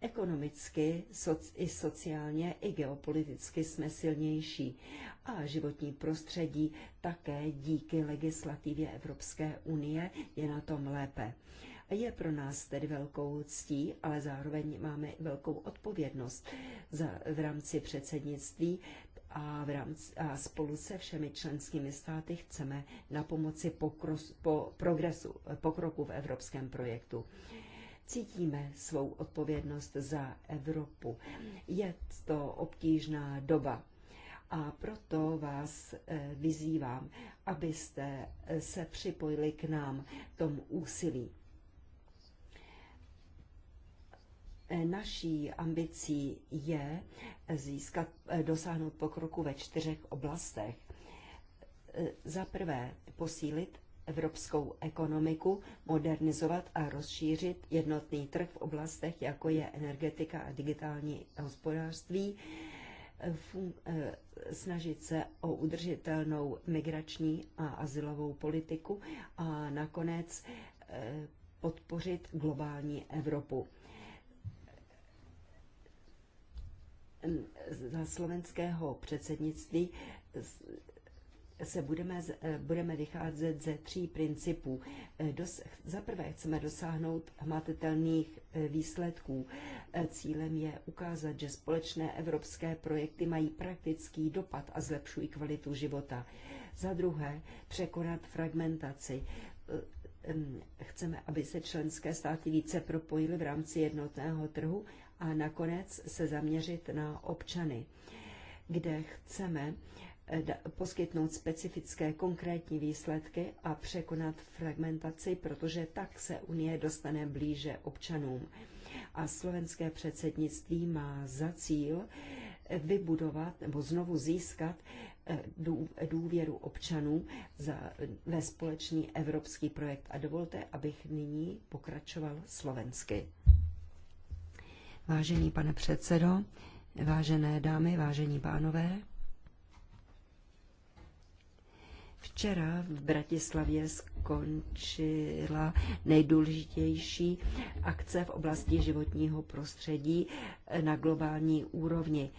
Ekonomicky, i sociálně, i geopoliticky jsme silnější. A životní prostředí také díky legislativě Evropské unie je na tom lépe. Je pro nás tedy velkou ctí, ale zároveň máme i velkou odpovědnost za, v rámci předsednictví a, v rámci, a spolu se všemi členskými státy chceme na pomoci pokros, po progresu, pokroku v evropském projektu. Cítíme svou odpovědnost za Evropu. Je to obtížná doba. A proto vás eh, vyzývám, abyste eh, se připojili k nám tomu tom úsilí. Eh, naší ambicí je získat, dosáhnout pokroku ve čtyřech oblastech. Za prvé posílit evropskou ekonomiku, modernizovat a rozšířit jednotný trh v oblastech, jako je energetika a digitální hospodářství, eh, snažit se o udržitelnou migrační a asilovou politiku a nakonec eh, podpořit globální Evropu. Za slovenského předsednictví se budeme, eh, budeme vycházet ze tří principů. Eh, dos, za prvé chceme dosáhnout hmatitelných eh, výsledků. Cílem je ukázat, že společné evropské projekty mají praktický dopad a zlepšují kvalitu života. Za druhé překonat fragmentaci chceme, aby se členské státy více propojily v rámci jednotného trhu a nakonec se zaměřit na občany, kde chceme Eh, poskytnout specifické konkrétní výsledky a překonat fragmentaci, protože tak se Unie dostane blíže občanům. A slovenské předsednictví má za cíl eh, vybudovat nebo znovu získat eh, důvěru občanů za, ve společný evropský projekt. A dovolte, abych nyní pokračoval slovensky. Vážený pane předsedo, vážené dámy, vážení pánové, Včera v Bratislavě skončila nejdůležitější akce v oblasti životního prostředí na globální úrovni.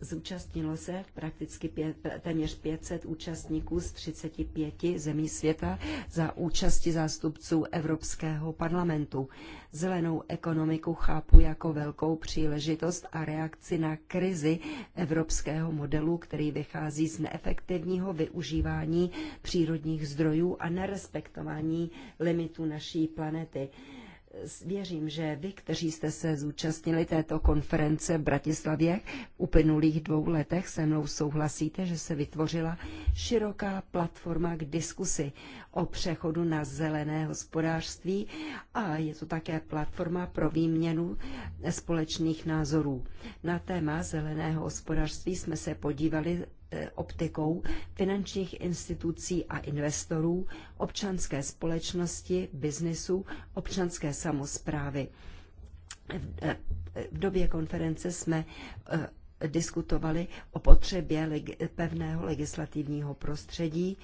Zúčastnilo se prakticky pět, téměř 500 účastníků z 35 zemí světa za účasti zástupců Evropského parlamentu. Zelenou ekonomiku chápu jako velkou příležitost a reakci na krizi evropského modelu, který vychází z neefektivního využívání přírodních zdrojů a nerespektování limitů naší planety. Věřím, že vy, kteří jste se zúčastnili této konference v Bratislavě v uplynulých dvou letech, se mnou souhlasíte, že se vytvořila široká platforma k diskusi o přechodu na zelené hospodářství a je to také platforma pro výměnu společných názorů. Na téma zeleného hospodářství jsme se podívali E, optikou finančních institucí a investorů, občanské společnosti, biznisu, občanské samozprávy. E, v době konference jsme e, diskutovali o potřebě pevného legislativního prostředí,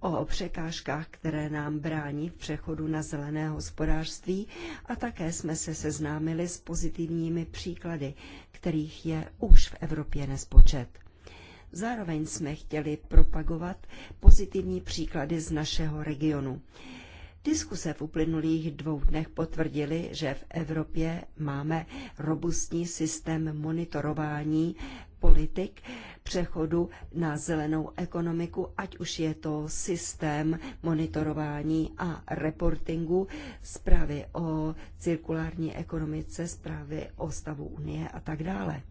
o překážkách, které nám brání v přechodu na zelené hospodářství a také jsme se seznámili s pozitivními příklady, kterých je už v Evropě nespočet. Zároveň jsme chtěli propagovat pozitivní příklady z našeho regionu. Diskuse v uplynulých dvou dnech potvrdily, že v Evropě máme robustní systém monitorování politik přechodu na zelenou ekonomiku, ať už je to systém monitorování a reportingu, zprávy o cirkulární ekonomice, zprávy o stavu Unie a tak dále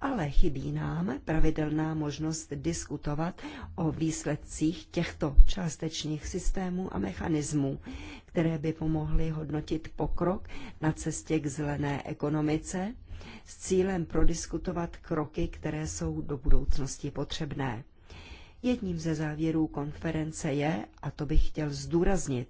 ale chybí nám pravidelná možnost diskutovat o výsledcích těchto částečných systémů a mechanismů, které by pomohly hodnotit pokrok na cestě k zelené ekonomice s cílem prodiskutovat kroky, které jsou do budoucnosti potřebné. Jedním ze závěrů konference je, a to bych chtěl zdůraznit,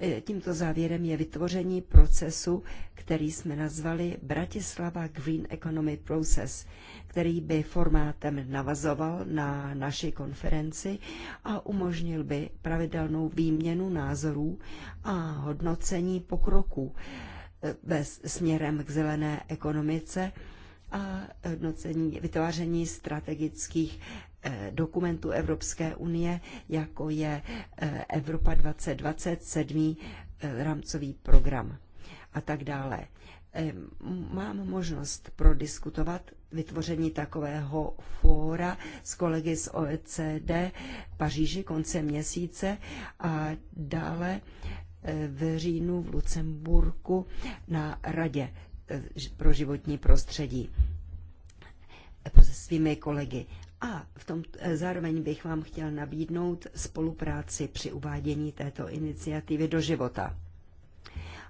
E, tímto závěrem je vytvoření procesu, který jsme nazvali Bratislava Green Economy Process, který by formátem navazoval na naši konferenci a umožnil by pravidelnou výměnu názorů a hodnocení pokroku e, bez směrem k zelené ekonomice a hodnocení, vytváření strategických Eh, dokumentů Evropské unie, jako je eh, Evropa 2020, sedmý eh, rámcový program a tak dále. Mám možnost prodiskutovat vytvoření takového fóra s kolegy z OECD v Paříži konce měsíce a dále v říjnu v Lucemburku na Radě pro životní prostředí se svými kolegy. A v tom, eh, zároveň bych vám chtěl nabídnout spolupráci při uvádění této iniciativy do života.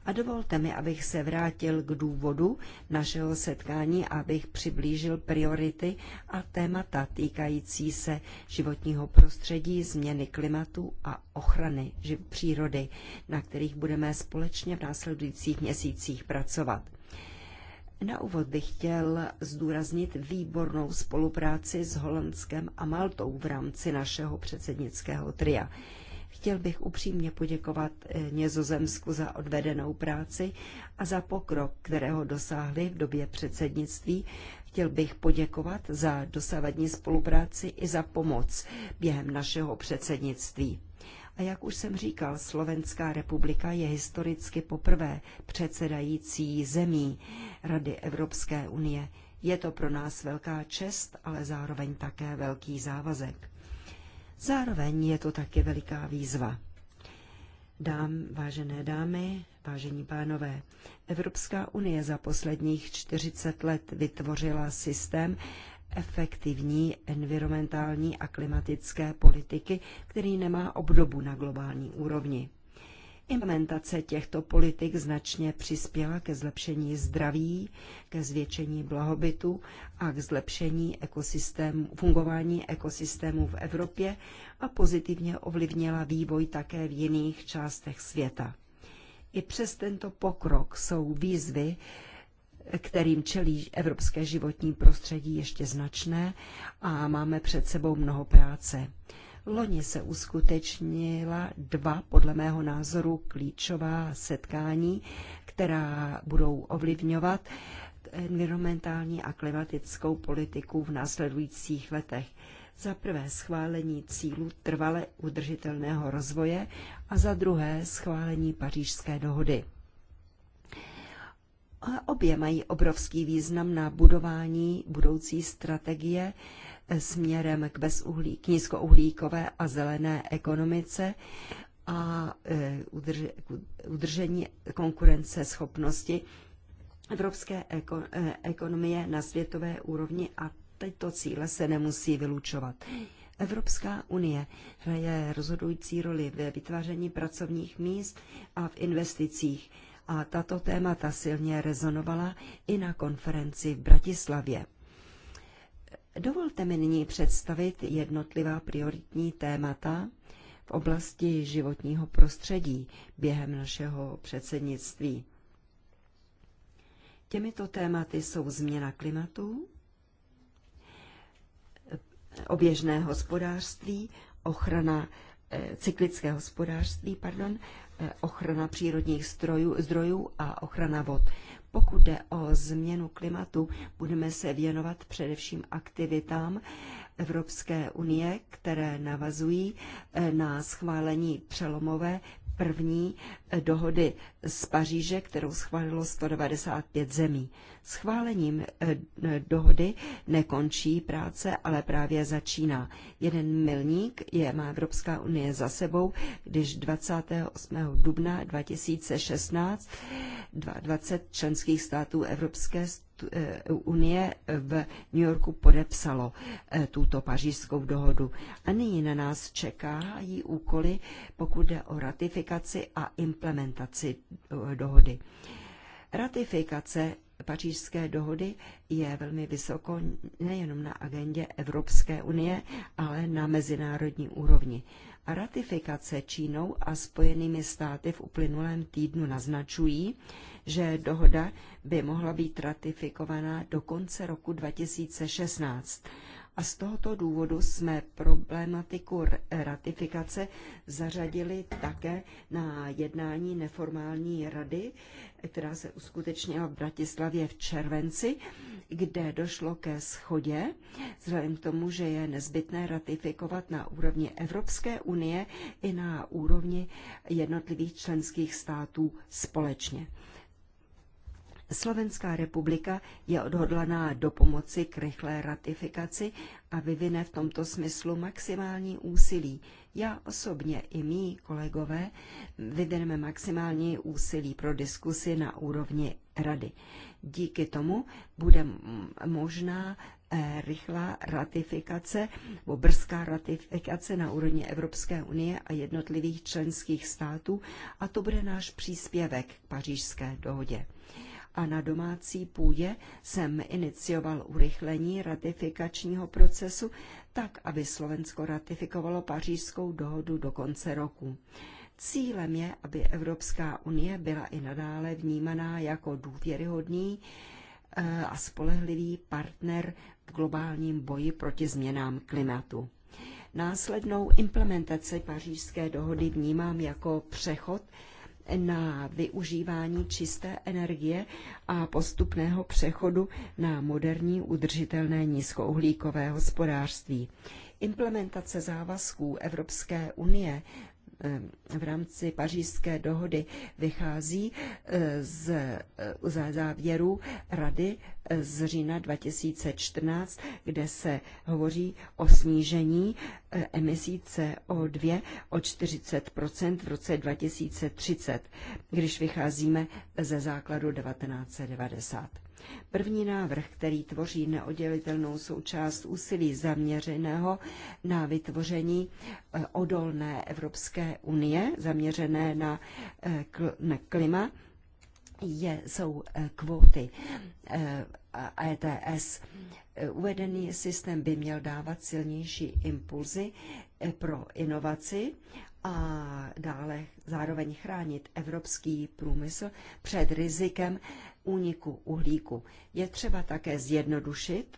A dovolte mi, abych se vrátil k důvodu našeho setkání, abych přiblížil priority a témata týkající se životního prostředí, změny klimatu a ochrany přírody, na kterých budeme společně v následujících měsících pracovat. Na úvod bych chtěl zdůraznit výbornou spolupráci s Holandskem a Maltou v rámci našeho předsednického tria. Chtěl bych upřímně poděkovat eh, Nězozemsku za odvedenou práci a za pokrok, kterého dosáhli v době předsednictví. Chtěl bych poděkovat za dosavadní spolupráci i za pomoc během našeho předsednictví. A jak už jsem říkal, Slovenská republika je historicky poprvé předsedající zemí Rady Evropské unie. Je to pro nás velká čest, ale zároveň také velký závazek. Zároveň je to také veliká výzva. Dám, vážené dámy, vážení pánové, Evropská unie za posledních 40 let vytvořila systém, efektivní environmentální a klimatické politiky, který nemá obdobu na globální úrovni. Implementace těchto politik značně přispěla ke zlepšení zdraví, ke zvětšení blahobytu a k zlepšení ekosystému, fungování ekosystému v Evropě a pozitivně ovlivnila vývoj také v jiných částech světa. I přes tento pokrok jsou výzvy, kterým čelí evropské životní prostředí ještě značné a máme před sebou mnoho práce. Loni se uskutečnila dva, podle mého názoru, klíčová setkání, která budou ovlivňovat environmentální a klimatickou politiku v následujících letech. Za prvé schválení cílů trvale udržitelného rozvoje a za druhé schválení pařížské dohody. Obě mají obrovský význam na budování budoucí strategie eh, směrem k, bezuhlí, k nízkouhlíkové a zelené ekonomice a eh, k udržení konkurenceschopnosti evropské eh, ekonomie na světové úrovni a tyto cíle se nemusí vylučovat. Evropská unie hraje rozhodující roli ve vytváření pracovních míst a v investicích a tato témata silně rezonovala i na konferenci v Bratislavě. Dovolte mi nyní představit jednotlivá prioritní témata v oblasti životního prostředí během našeho předsednictví. Těmito tématy jsou změna klimatu, oběžné hospodářství, ochrana eh, cyklické hospodářství, pardon, Eh, ochrana přírodních strojů, zdrojů a ochrana vod. Pokud jde o změnu klimatu, budeme se věnovat především aktivitám Evropské unie, které navazují eh, na schválení přelomové první eh, dohody z Paříže, kterou schválilo 195 zemí. Schválením eh, dohody nekončí práce, ale právě začíná. Jeden milník je má Evropská unie za sebou, když 28. dubna 2016 20 členských států Evropské unie v New Yorku podepsalo eh, tuto pařížskou dohodu. A nyní na nás čekají úkoly, pokud jde o ratifikaci a implementaci eh, dohody. Ratifikace pařížské dohody je velmi vysoko nejenom na agendě Evropské unie, ale na mezinárodní úrovni. A ratifikace Čínou a Spojenými státy v uplynulém týdnu naznačují, že dohoda by mohla být ratifikovaná do konce roku 2016. A z tohoto důvodu jsme problematiku ratifikace zařadili také na jednání neformální rady, která se uskutečnila v Bratislavě v červenci, kde došlo ke schodě, vzhledem k tomu, že je nezbytné ratifikovat na úrovni Evropské unie i na úrovni jednotlivých členských států společně. Slovenská republika je odhodlaná do pomoci k rychlé ratifikaci a vyvine v tomto smyslu maximální úsilí. Já osobně i mý kolegové vyvineme maximální úsilí pro diskusi na úrovni rady. Díky tomu bude možná eh, rychlá ratifikace, nebo brzká ratifikace na úrovni Evropské unie a jednotlivých členských států a to bude náš příspěvek k pařížské dohodě a na domácí půdě jsem inicioval urychlení ratifikačního procesu tak, aby Slovensko ratifikovalo pařížskou dohodu do konce roku. Cílem je, aby Evropská unie byla i nadále vnímaná jako důvěryhodný eh, a spolehlivý partner v globálním boji proti změnám klimatu. Následnou implementaci pařížské dohody vnímám jako přechod na využívání čisté energie a postupného přechodu na moderní udržitelné nízkouhlíkové hospodářství. Implementace závazků Evropské unie Eh, v rámci pařížské dohody vychází eh, z eh, závěru Rady z října 2014, kde se hovoří o snížení emisí CO2 o 40 v roce 2030, když vycházíme ze základu 1990. První návrh, který tvoří neodělitelnou součást úsilí zaměřeného na vytvoření eh, odolné Evropské unie, zaměřené na, eh, na klima, je, jsou eh, kvóty ETS. E uvedený systém by měl dávat silnější impulzy pro inovaci a dále zároveň chránit evropský průmysl před rizikem úniku uhlíku. Je třeba také zjednodušit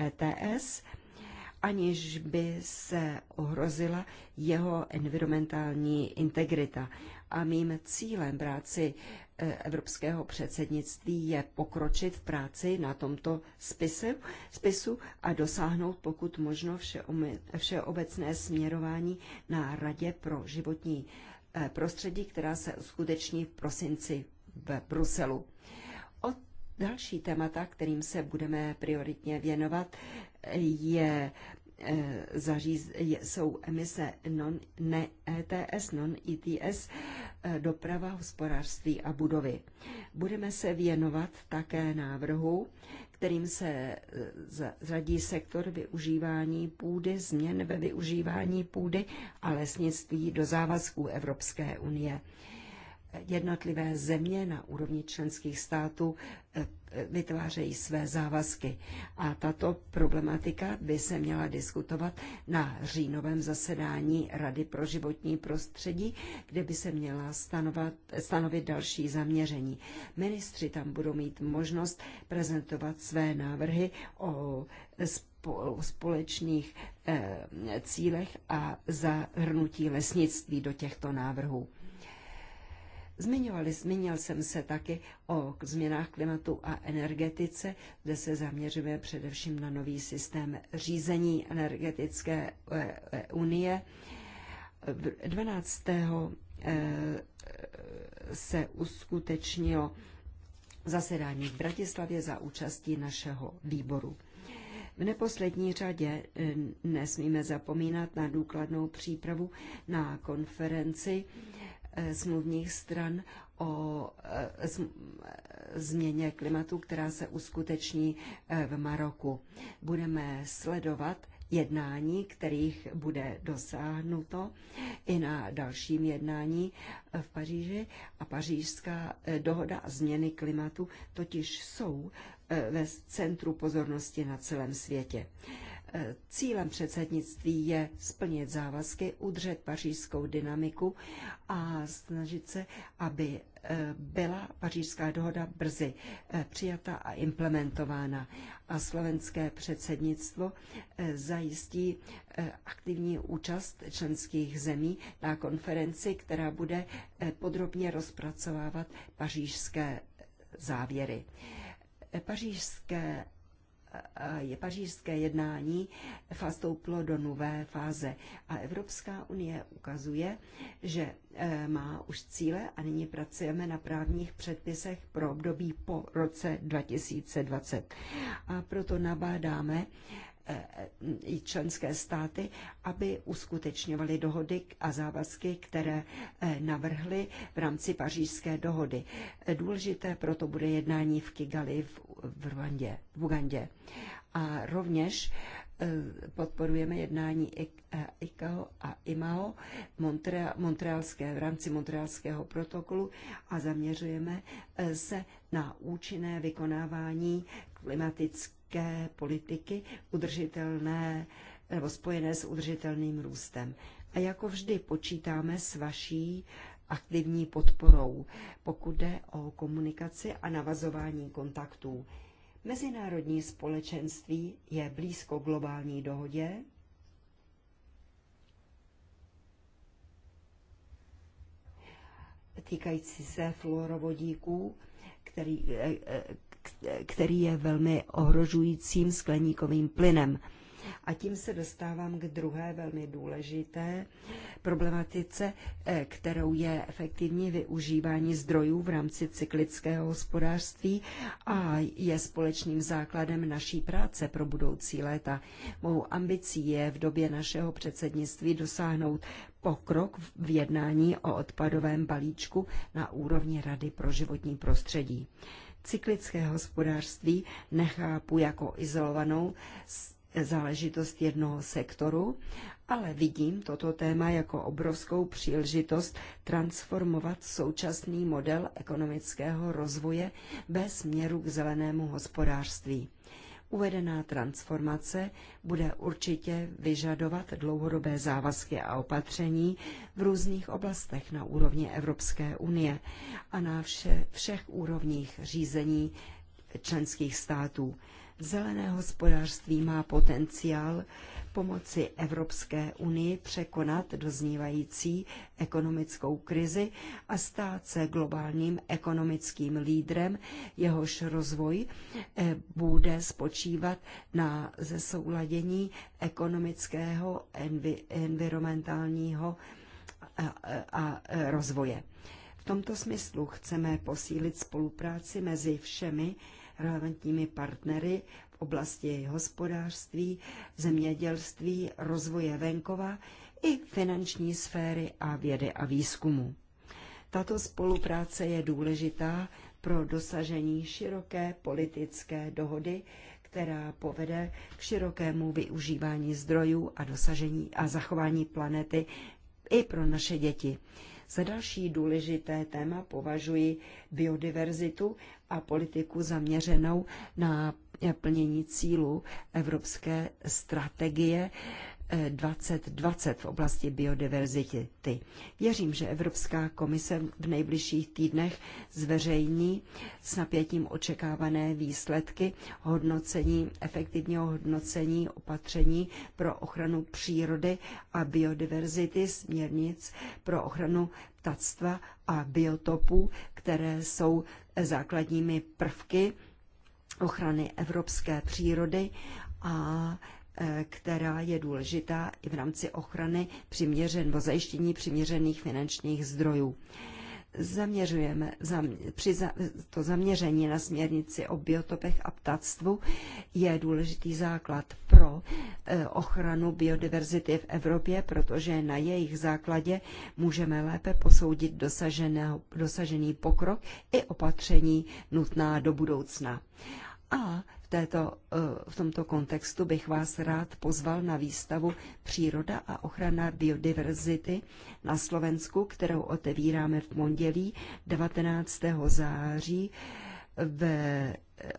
ETS, eh, e aniž by se ohrozila jeho environmentální integrita. A mým cílem práci eh, evropského předsednictví je pokročit v práci na tomto spisu, spisu a dosáhnout pokud možno všeobecné směrování na Radě pro životní eh, prostředí, která se uskuteční v prosinci v Bruselu. Další témata, kterým se budeme prioritně věnovat, je eh, zaříz, jsou emise non, ne ETS, non ETS, eh, doprava, hospodářství a budovy. Budeme se věnovat také návrhu, kterým se eh, zradí sektor využívání půdy, změn ve využívání půdy a lesnictví do závazků Evropské unie jednotlivé země na úrovni členských států eh, eh, vytvářejí své závazky. A tato problematika by se měla diskutovat na říjnovém zasedání Rady pro životní prostředí, kde by se měla stanovat, stanovit další zaměření. Ministři tam budou mít možnost prezentovat své návrhy o společných eh, cílech a zahrnutí lesnictví do těchto návrhů. Zmiňovali, zmínil jsem se taky o změnách klimatu a energetice, kde se zaměřuje především na nový systém řízení energetické eh, eh, unie. 12. Eh, se uskutečnilo zasedání v Bratislavě za účastí našeho výboru. V neposlední řadě nesmíme zapomínat na důkladnou přípravu na konferenci Eh, smluvních stran o eh, eh, změně klimatu, která se uskuteční v Maroku. Budeme sledovat jednání, kterých bude dosáhnuto i na dalším jednání v Paříži. A pařížská dohoda a změny klimatu totiž jsou ve centru pozornosti na celém světě. Cílem předsednictví je splnit závazky, udržet pařížskou dynamiku a snažit se, aby eh, byla pařížská dohoda brzy eh, přijata a implementována. A slovenské předsednictvo eh, zajistí aktivní účast členských zemí na konferenci, která bude podrobně rozpracovávat pařížské závěry. Pařížské je pařížské jednání vstoupilo do nové fáze a Evropská unie ukazuje, že eh, má už cíle a nyní pracujeme na právních předpisech pro období po roce 2020. A proto nabádáme Eh, členské státy, aby uskutečňovaly dohody a závazky, které eh, navrhly v rámci pařížské dohody. Eh, důležité proto bude jednání v Kigali v, v, Rwandě, v Ugandě. A rovněž podporujeme jednání ICAO a IMAO Montreal, Montrealské, v rámci Montrealského protokolu a zaměřujeme se na účinné vykonávání klimatické politiky udržitelné nebo spojené s udržitelným růstem. A jako vždy počítáme s vaší aktivní podporou, pokud jde o komunikaci a navazování kontaktů. Mezinárodní společenství je blízko globální dohodě, týkající se fluorovodíků, který, eh, eh, který je velmi ohrožujícím skleníkovým plynem. A tím se dostávám k druhé velmi důležité problematice, eh, kterou je efektivní využívání zdrojů v rámci cyklického hospodářství a je společným základem naší práce pro budoucí léta. Mou ambicí je v době našeho předsednictví dosáhnout pokrok v jednání o odpadovém balíčku na úrovni Rady pro životní prostředí cyklické hospodářství nechápu jako izolovanou záležitost jednoho sektoru, ale vidím toto téma jako obrovskou příležitost transformovat současný model ekonomického rozvoje ve směru k zelenému hospodářství. Uvedená transformace bude určitě vyžadovat dlouhodobé závazky a opatření v různých oblastech na úrovni Evropské unie a na vše, všech úrovních řízení členských států. Zelené hospodářství má potenciál pomoci Evropské unii překonat doznívající ekonomickou krizi a stát se globálním ekonomickým lídrem, jehož rozvoj eh, bude spočívat na zesouladění ekonomického, environmentálního eh, a eh, rozvoje. V tomto smyslu chceme posílit spolupráci mezi všemi relevantními partnery v oblasti hospodářství, zemědělství, rozvoje venkova i finanční sféry a vědy a výzkumu. Tato spolupráce je důležitá pro dosažení široké politické dohody, která povede k širokému využívání zdrojů a dosažení a zachování planety i pro naše děti. Za další důležité téma považuji biodiverzitu a politiku zaměřenou na plnění cílů Evropské strategie 2020 v oblasti biodiverzity. Věřím, že Evropská komise v nejbližších týdnech zveřejní s napětím očekávané výsledky hodnocení, efektivního hodnocení opatření pro ochranu přírody a biodiverzity směrnic pro ochranu ptactva a biotopů, které jsou základními prvky ochrany evropské přírody a Eh, která je důležitá i v rámci ochrany přiměřen, nebo zajištění přiměřených finančních zdrojů. Zaměřujeme zam, při za, to zaměření na směrnici o biotopech a ptactvu je důležitý základ pro e, ochranu biodiverzity v Evropě, protože na jejich základě můžeme lépe posoudit dosažený pokrok i opatření nutná do budoucna. A v, této, eh, v tomto kontextu bych vás rád pozval na výstavu Příroda a ochrana biodiverzity na Slovensku, kterou otevíráme v pondělí 19. září v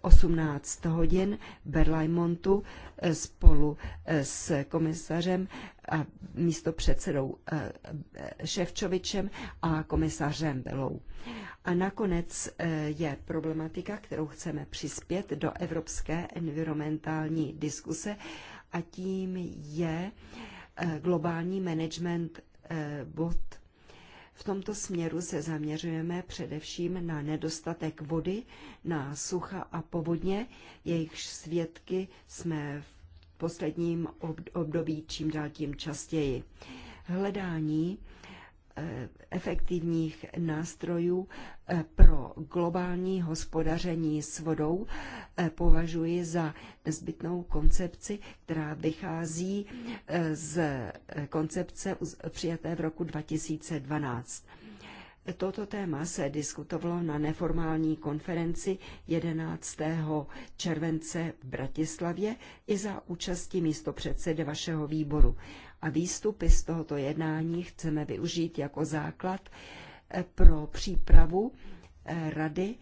18 hodin v eh, spolu eh, s komisařem a místopředsedou Ševčovičem a komisařem Belou. A nakonec eh, je problematika, kterou chceme přispět do evropské environmentální diskuse a tím je eh, globální management vod. Eh, v tomto směru se zaměřujeme především na nedostatek vody, na sucha a povodně, jejichž svědky jsme v posledním období čím dál tím častěji. Hledání efektivních nástrojů eh, pro globální hospodaření s vodou eh, považuji za nezbytnou koncepci, která vychází eh, z koncepce přijaté v roku 2012. Toto téma se diskutovalo na neformální konferenci 11. července v Bratislavě i za účasti místopředsedy vašeho výboru a výstupy z tohoto jednání chceme využít jako základ eh, pro přípravu eh, rady,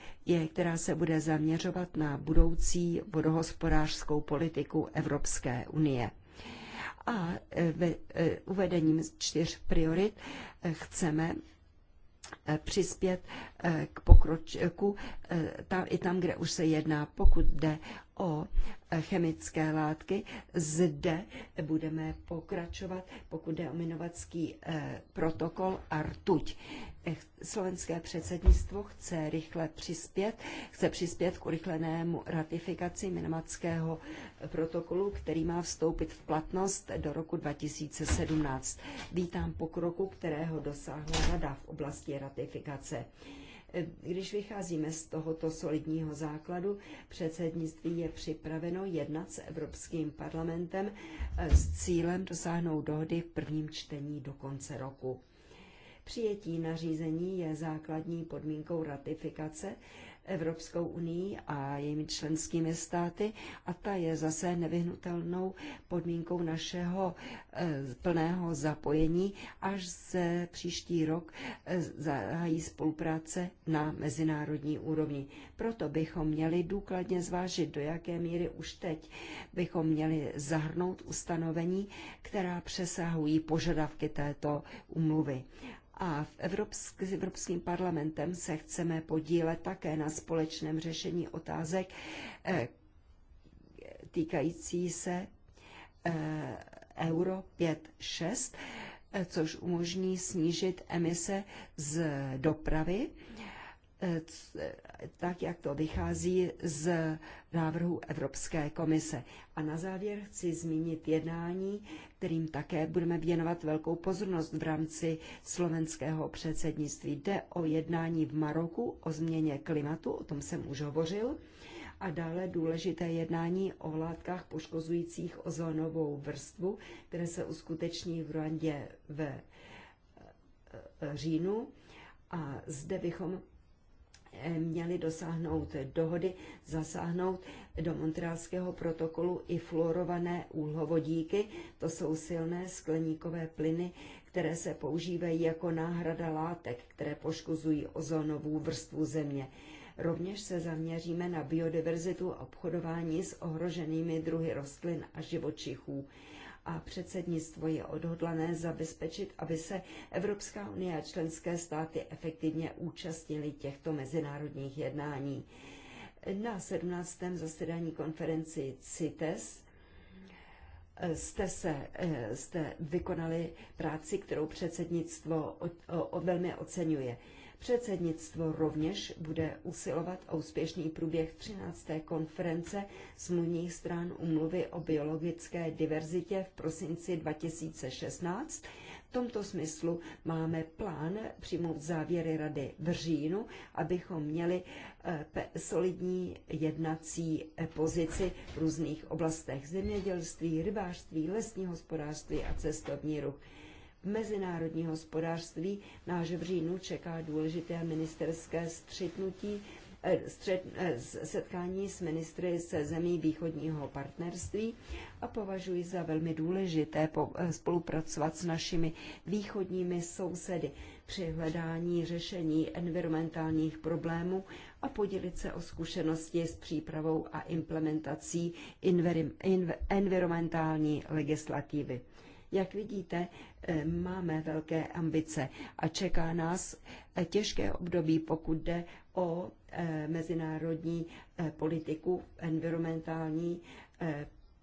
která se bude zaměřovat na budoucí vodohospodářskou politiku Evropské unie. A eh, ve, uvedením čtyř priorit chceme přispět k pokročku tam, i tam, kde už se jedná, pokud jde o chemické látky. Zde budeme pokračovat, pokud jde o minovacký eh, protokol a rtuť. Eh, slovenské předsednictvo chce rychle přispět, chce přispět k urychlenému ratifikaci minovackého eh, protokolu, který má vstoupit v platnost do roku 2017. Vítám pokroku, kterého dosáhla Rada v oblasti ratifikace. E, když vycházíme z tohoto solidního základu, předsednictví je připraveno jednat s Evropským parlamentem e, s cílem dosáhnout dohody v prvním čtení do konce roku. Přijetí nařízení je základní podmínkou ratifikace Evropskou unii a jejími členskými státy a ta je zase nevyhnutelnou podmínkou našeho eh, plného zapojení, až se příští rok eh, zahájí spolupráce na mezinárodní úrovni. Proto bychom měli důkladně zvážit, do jaké míry už teď bychom měli zahrnout ustanovení, která přesahují požadavky této umluvy a v Evropsk, s Evropským parlamentem se chceme podílet také na společném řešení otázek eh, týkající se eh, Euro 5 6, eh, což umožní snížit emise z dopravy Eh, eh, tak, jak to vychází z návrhu Evropské komise. A na závěr chci zmínit jednání, kterým také budeme věnovat velkou pozornost v rámci slovenského předsednictví. Jde o jednání v Maroku o změně klimatu, o tom jsem už hovořil, a dále důležité jednání o látkách poškozujících ozonovou vrstvu, které se uskuteční v Ruandě ve eh, říjnu. A zde bychom měli dosáhnout dohody, zasáhnout do Montrealského protokolu i fluorované úhlovodíky. To jsou silné skleníkové plyny, které se používají jako náhrada látek, které poškozují ozonovou vrstvu země. Rovněž se zaměříme na biodiverzitu a obchodování s ohroženými druhy rostlin a živočichů a předsednictvo je odhodlané zabezpečit, aby se Evropská unie a členské státy efektivně účastnili těchto mezinárodních jednání. Na 17. zasedání konferenci CITES eh, jste, se, eh, jste vykonali práci, kterou předsednictvo o, o, velmi oceňuje. Předsednictvo rovněž bude usilovat o úspěšný průběh 13. konference smluvních stran umluvy o biologické diverzitě v prosinci 2016. V tomto smyslu máme plán přijmout závěry rady v říjnu, abychom měli eh, solidní jednací eh, pozici v různých oblastech zemědělství, rybářství, lesní hospodářství a cestovní ruch mezinárodní hospodářství. Náš v říjnu čeká důležité ministerské střetnutí, eh, střet, eh, setkání s ministry se zemí východního partnerství a považuji za velmi důležité eh, spolupracovat s našimi východními sousedy při hledání řešení environmentálních problémů a podělit se o zkušenosti s přípravou a implementací environmentální legislativy. Jak vidíte, eh, máme velké ambice a čeká nás eh, těžké období, pokud jde o eh, mezinárodní politiku environmentální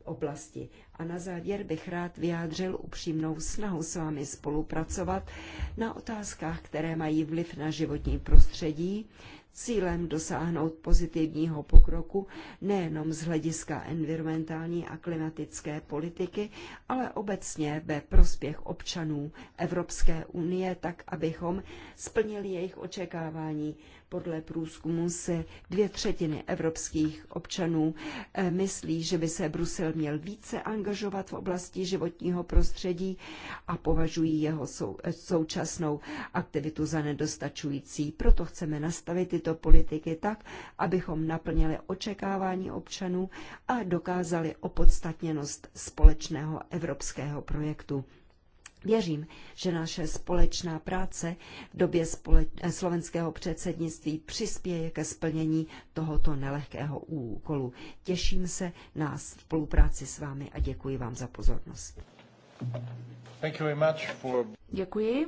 oblasti. A na závěr bych rád vyjádřil upřímnou snahu s vámi spolupracovat na otázkách, které mají vliv na životní prostředí, cílem dosáhnout pozitivního pokroku nejenom z hlediska environmentální a klimatické politiky, ale obecně ve prospěch občanů Evropské unie, tak abychom splnili jejich očekávání podle průzkumu se dvě třetiny evropských občanů eh, myslí, že by se Brusel měl více angažovat v oblasti životního prostředí a považují jeho eh, současnou aktivitu za nedostačující. Proto chceme nastavit tyto politiky tak, abychom naplnili očekávání občanů a dokázali opodstatněnost společného evropského projektu. Věřím, že naše společná práce v době slovenského předsednictví přispěje ke splnění tohoto nelehkého úkolu. Těším se na spolupráci s vámi a děkuji vám za pozornost. Thank you very much for... Děkuji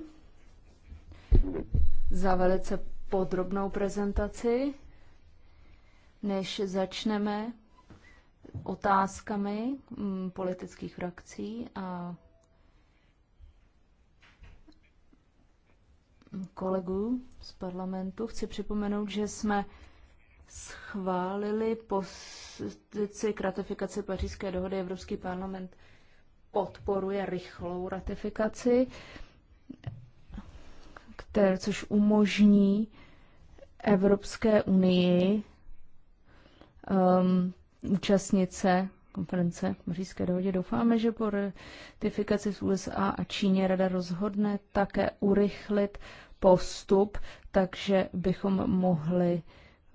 za velice podrobnou prezentaci. Než začneme otázkami mm, politických frakcí a kolegů z parlamentu chci připomenout, že jsme schválili pozici k ratifikaci pařížské dohody. Evropský parlament podporuje rychlou ratifikaci, které, což umožní Evropské unii um, účastnit se konference v Mařížské dohodě. Doufáme, že po ratifikaci z USA a Číně rada rozhodne také urychlit postup, takže bychom mohli,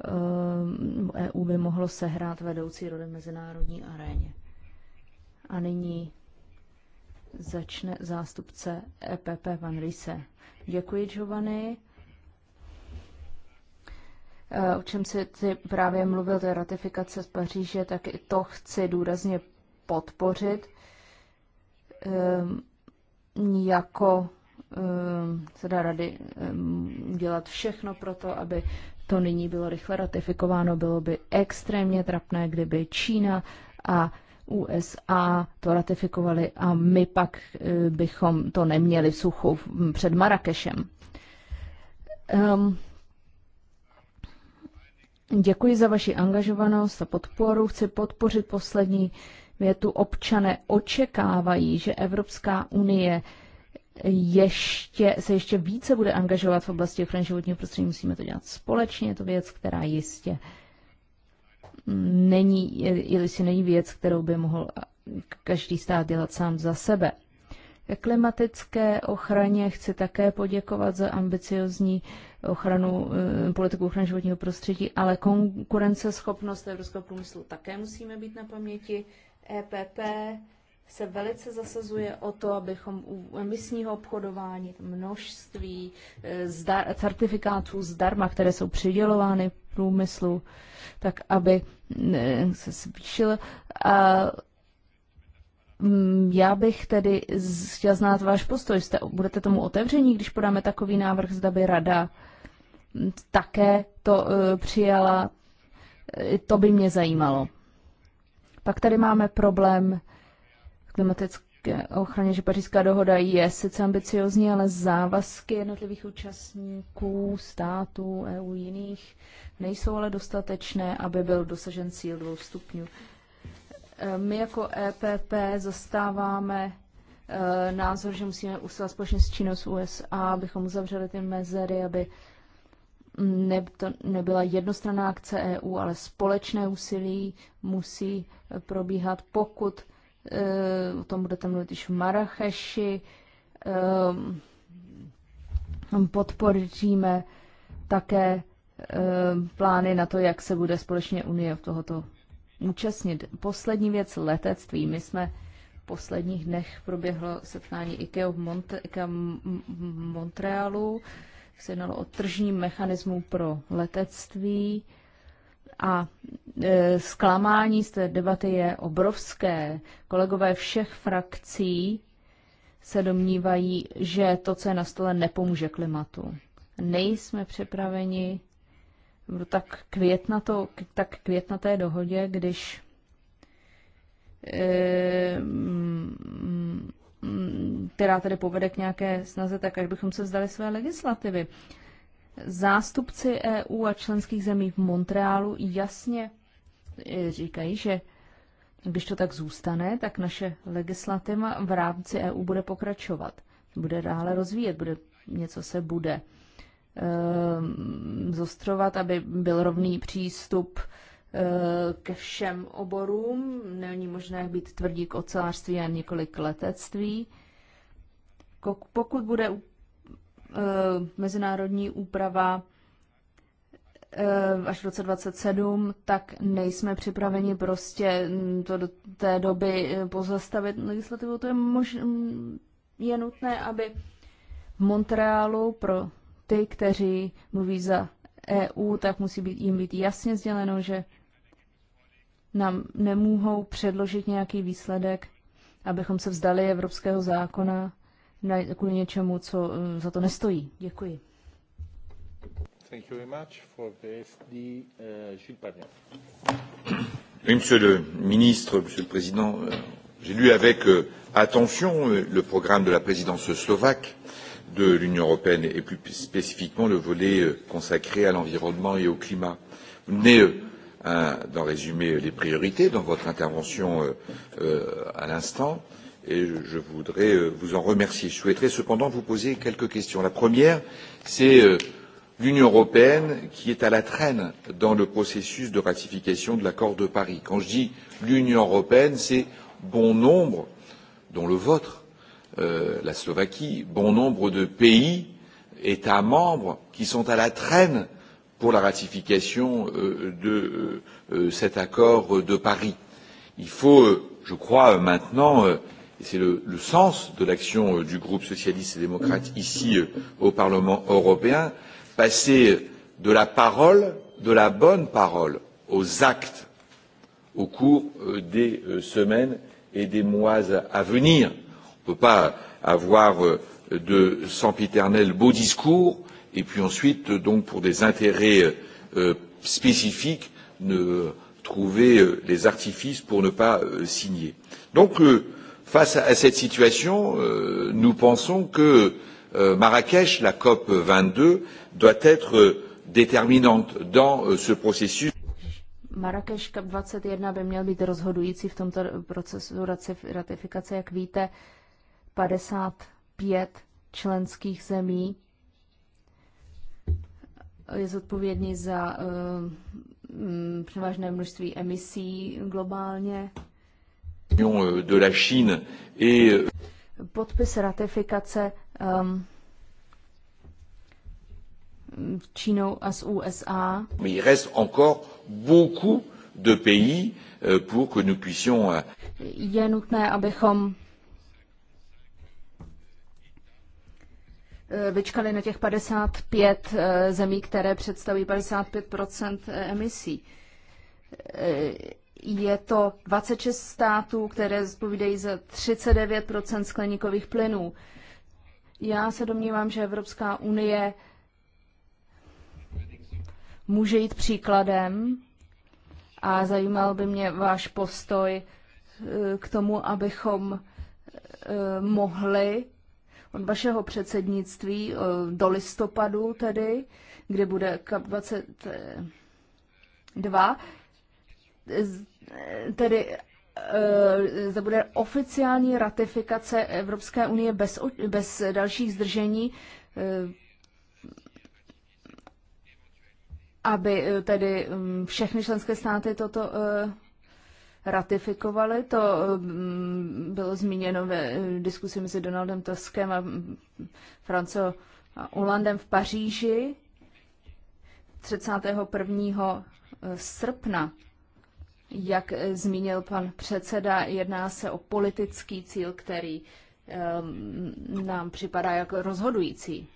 EU eh, e by mohlo sehrát vedoucí roli v mezinárodní aréně. A nyní začne zástupce EPP Van Riese. Děkuji, Giovanni. Eh, o čem si ty právě mluvil, té ratifikace z Paříže, tak i to chci důrazně podpořit ehm, jako ehm, teda rady ehm, dělat všechno pro to, aby to nyní bylo rychle ratifikováno. Bylo by extrémně trapné, kdyby Čína a USA to ratifikovali a my pak eh, bychom to neměli v suchu před Marrakešem. Um, Děkuji za vaši angažovanost a podporu. Chci podpořit poslední větu. Občané očekávají, že Evropská unie ještě, se ještě více bude angažovat v oblasti ochrany životního prostředí. Musíme to dělat společně. Je to věc, která jistě není, jestli není věc, kterou by mohl každý stát dělat sám za sebe. Ke klimatické ochraně chci také poděkovat za ambiciozní ochranu, eh, politiku ochrany životního prostředí, ale konkurenceschopnost evropského průmyslu také musíme být na paměti. EPP se velice zasazuje o to, abychom u emisního obchodování množství eh, zdar, certifikátů zdarma, které jsou přidělovány průmyslu, tak aby eh, se zvýšil. A Mm, já bych tedy chtěl znát váš postoj. Jste, budete tomu otevření, když podáme takový návrh, zda by rada mm, také to e, přijala. E, to by mě zajímalo. Pak tady máme problém klimatické ochraně, že pařížská dohoda je sice ambiciozní, ale závazky jednotlivých účastníků, států, EU, jiných nejsou ale dostatečné, aby byl dosažen cíl dvou stupňů. My jako EPP zastáváme eh, názor, že musíme usilovat společně s Čínou, z USA, abychom uzavřeli ty mezery, aby ne, to nebyla jednostranná akce EU, ale společné úsilí musí eh, probíhat, pokud eh, o tom budete mluvit již v Marrakeši, podpoříme také plány na to, jak se bude společně Unie v tohoto účastnit. Poslední věc letectví. My jsme v posledních dnech proběhlo setkání IKEA v, Mont- IKEA Montrealu. Se jednalo o tržní mechanismu pro letectví. A e, zklamání z té debaty je obrovské. Kolegové všech frakcí se domnívají, že to, co je na stole, nepomůže klimatu. Nejsme připraveni tak tak, květnato, tak květnaté dohodě, když eh, která tedy povede k nějaké snaze, tak až bychom se vzdali své legislativy. Zástupci EU a členských zemí v Montrealu jasně eh, říkají, že když to tak zůstane, tak naše legislativa v rámci EU bude pokračovat, bude dále rozvíjet, bude, něco se bude Ehm, zostrovat, aby byl rovný přístup eh, ke všem oborům. Není možné být tvrdí k ocelářství a několik letectví. Pokud bude eh, mezinárodní úprava eh, až v roce 27, tak nejsme připraveni prostě to do té doby pozastavit legislativu. To je, mož- je nutné, aby v Montrealu pro ty, kteří mluví za EU, tak musí být, jim být jasně sděleno, že nám nemůhou předložit nějaký výsledek, abychom se vzdali evropského zákona kvůli něčemu, co eh, za to nestojí. Děkuji. Thank you very much for the uh, Gilles Oui, monsieur le ministre, monsieur le président, euh, j'ai lu avec euh, attention euh, le programme de la présidence slovaque de l'Union européenne et plus spécifiquement le volet euh, consacré à l'environnement et au climat. Vous venez euh, d'en résumer euh, les priorités dans votre intervention à l'instant et je voudrais vous en remercier. Je souhaiterais cependant vous poser quelques questions. La première, c'est l'Union européenne qui est à la traîne dans le processus de ratification de l'accord de Paris. Quand je dis l'Union européenne, c'est bon nombre, dont le vôtre, Euh, la Slovaquie, bon nombre de pays, États membres, qui sont à la traîne pour la ratification euh, de euh, euh cet accord euh, de Paris. Il faut, je crois, maintenant et c'est le, le sens de l'action du groupe socialiste et démocrate ici au Parlement européen, passer de la parole, de la bonne parole, aux actes au cours des semaines et des mois à venir peut pas avoir euh, de sempiternel beau discours et puis ensuite, euh, donc, pour des intérêts euh, spécifiques, ne trouver euh, les artifices pour ne pas signer. Donc, face à cette situation, nous pensons que Marrakech, la COP 22, doit être déterminante dans ce processus. Marrakech COP 21 by měl být rozhodující v tomto procesu ratifikace, jak víte. 55 členských zemí je zodpovědný za uh, převážné množství emisí globálně. Eh, de la Chine et... Eh, Podpis ratifikace um, Čínou a z USA. Mais il reste encore beaucoup de pays pour que nous puissions... Je nutné, abychom Eh, vyčkali na těch 55 eh, zemí, které představují 55 eh, emisí. Je to 26 států, které zpovídají za 39 skleníkových plynů. Já se domnívám, že Evropská unie může jít příkladem a zajímal by mě váš postoj k tomu, abychom mohli od vašeho předsednictví eh, do listopadu tedy, kde bude CAP 22, tedy to eh, bude oficiální ratifikace Evropské unie bez, bez dalších zdržení, eh, aby tedy mm, všechny členské státy toto ratifikovali. To mm, bylo zmíněno ve diskusi mezi Donaldem Tuskem a Franco Hollandem v Paříži 31. Eh, srpna. Jak eh, zmínil pan předseda, jedná se o politický cíl, který eh, nám připadá jako rozhodující.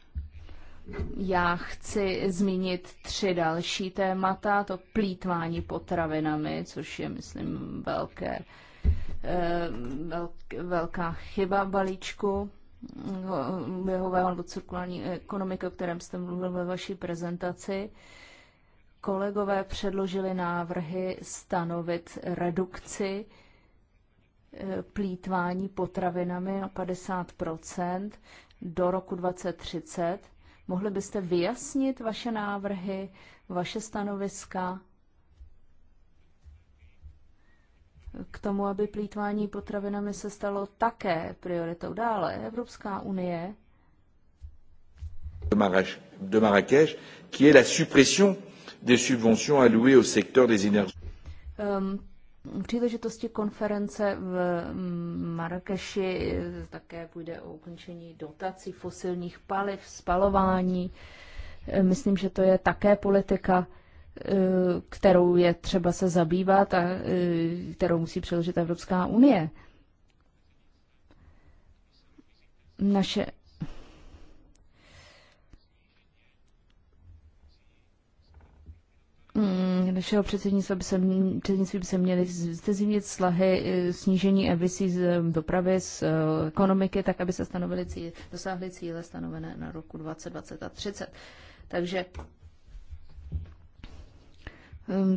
Já chci zmínit tři další témata, to plítvání potravinami, což je, myslím, velké, eh, velká chyba balíčku eh, běhového nebo cirkulární ekonomiky, o kterém jste mluvil ve vaší prezentaci. Kolegové předložili návrhy stanovit redukci eh, plítvání potravinami na 50 do roku 2030 Mohli byste vyjasnit vaše návrhy, vaše stanoviska k tomu, aby plítvání potravinami se stalo také prioritou dále. Evropská unie de Marrakech, qui est la suppression des subventions allouées au secteur des énergies. Um, příležitosti konference v Marrakeši také půjde o ukončení dotací fosilních paliv, spalování. Myslím, že to je také politika, e, kterou je třeba se zabývat a e, kterou musí přeložit Evropská unie. Naše našeho předsednictví by se, předsednictví by se měly zintenzivnit slahy e, snížení emisí z e, dopravy, z e, ekonomiky, tak aby se stanovili cíle, dosáhly cíle stanovené na roku 2020 a 30. Takže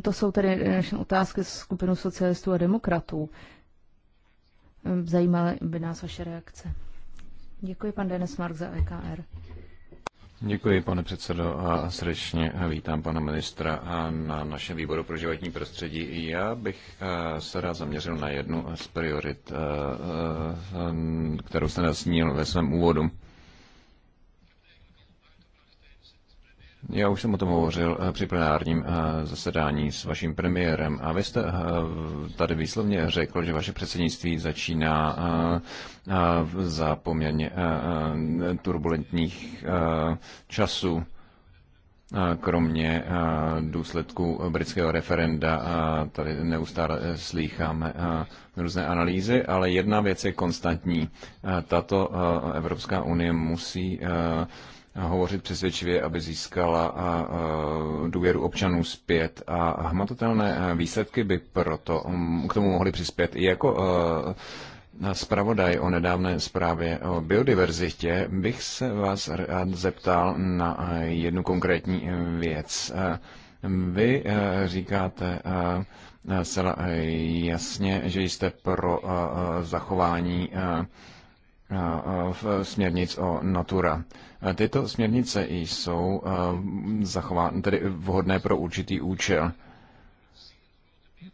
to jsou tedy naše otázky z skupinu socialistů a demokratů. Zajímaly by nás vaše reakce. Děkuji, pan Denis Mark za EKR. Děkuji, pane předsedo, a srdečně vítám pana ministra na našem výboru pro životní prostředí. Já bych eh, se rád zaměřil na jednu z priorit, eh, eh, kterou jste nasnil ve svém úvodu. Já už jsem o tom hovořil eh, při plenárním eh, zasedání s vaším premiérem a vy jste eh, tady výslovně řekl, že vaše předsednictví začíná za poměrně turbulentních časů kromě důsledků britského referenda tady neustále slýcháme různé analýzy, ale jedna věc je konstantní. Tato Evropská unie musí hovořit přesvědčivě, aby získala důvěru občanů zpět a hmatatelné výsledky by proto um, k tomu mohly přispět i jako zpravodaj o nedávné zprávě o biodiverzitě bych se vás rád zeptal na jednu konkrétní e, věc. Vy e, říkáte zcela e, jasně, že jste pro zachování v směrnic o Natura. Eh, tyto směrnice jsou eh, zachovány, tedy vhodné pro určitý účel.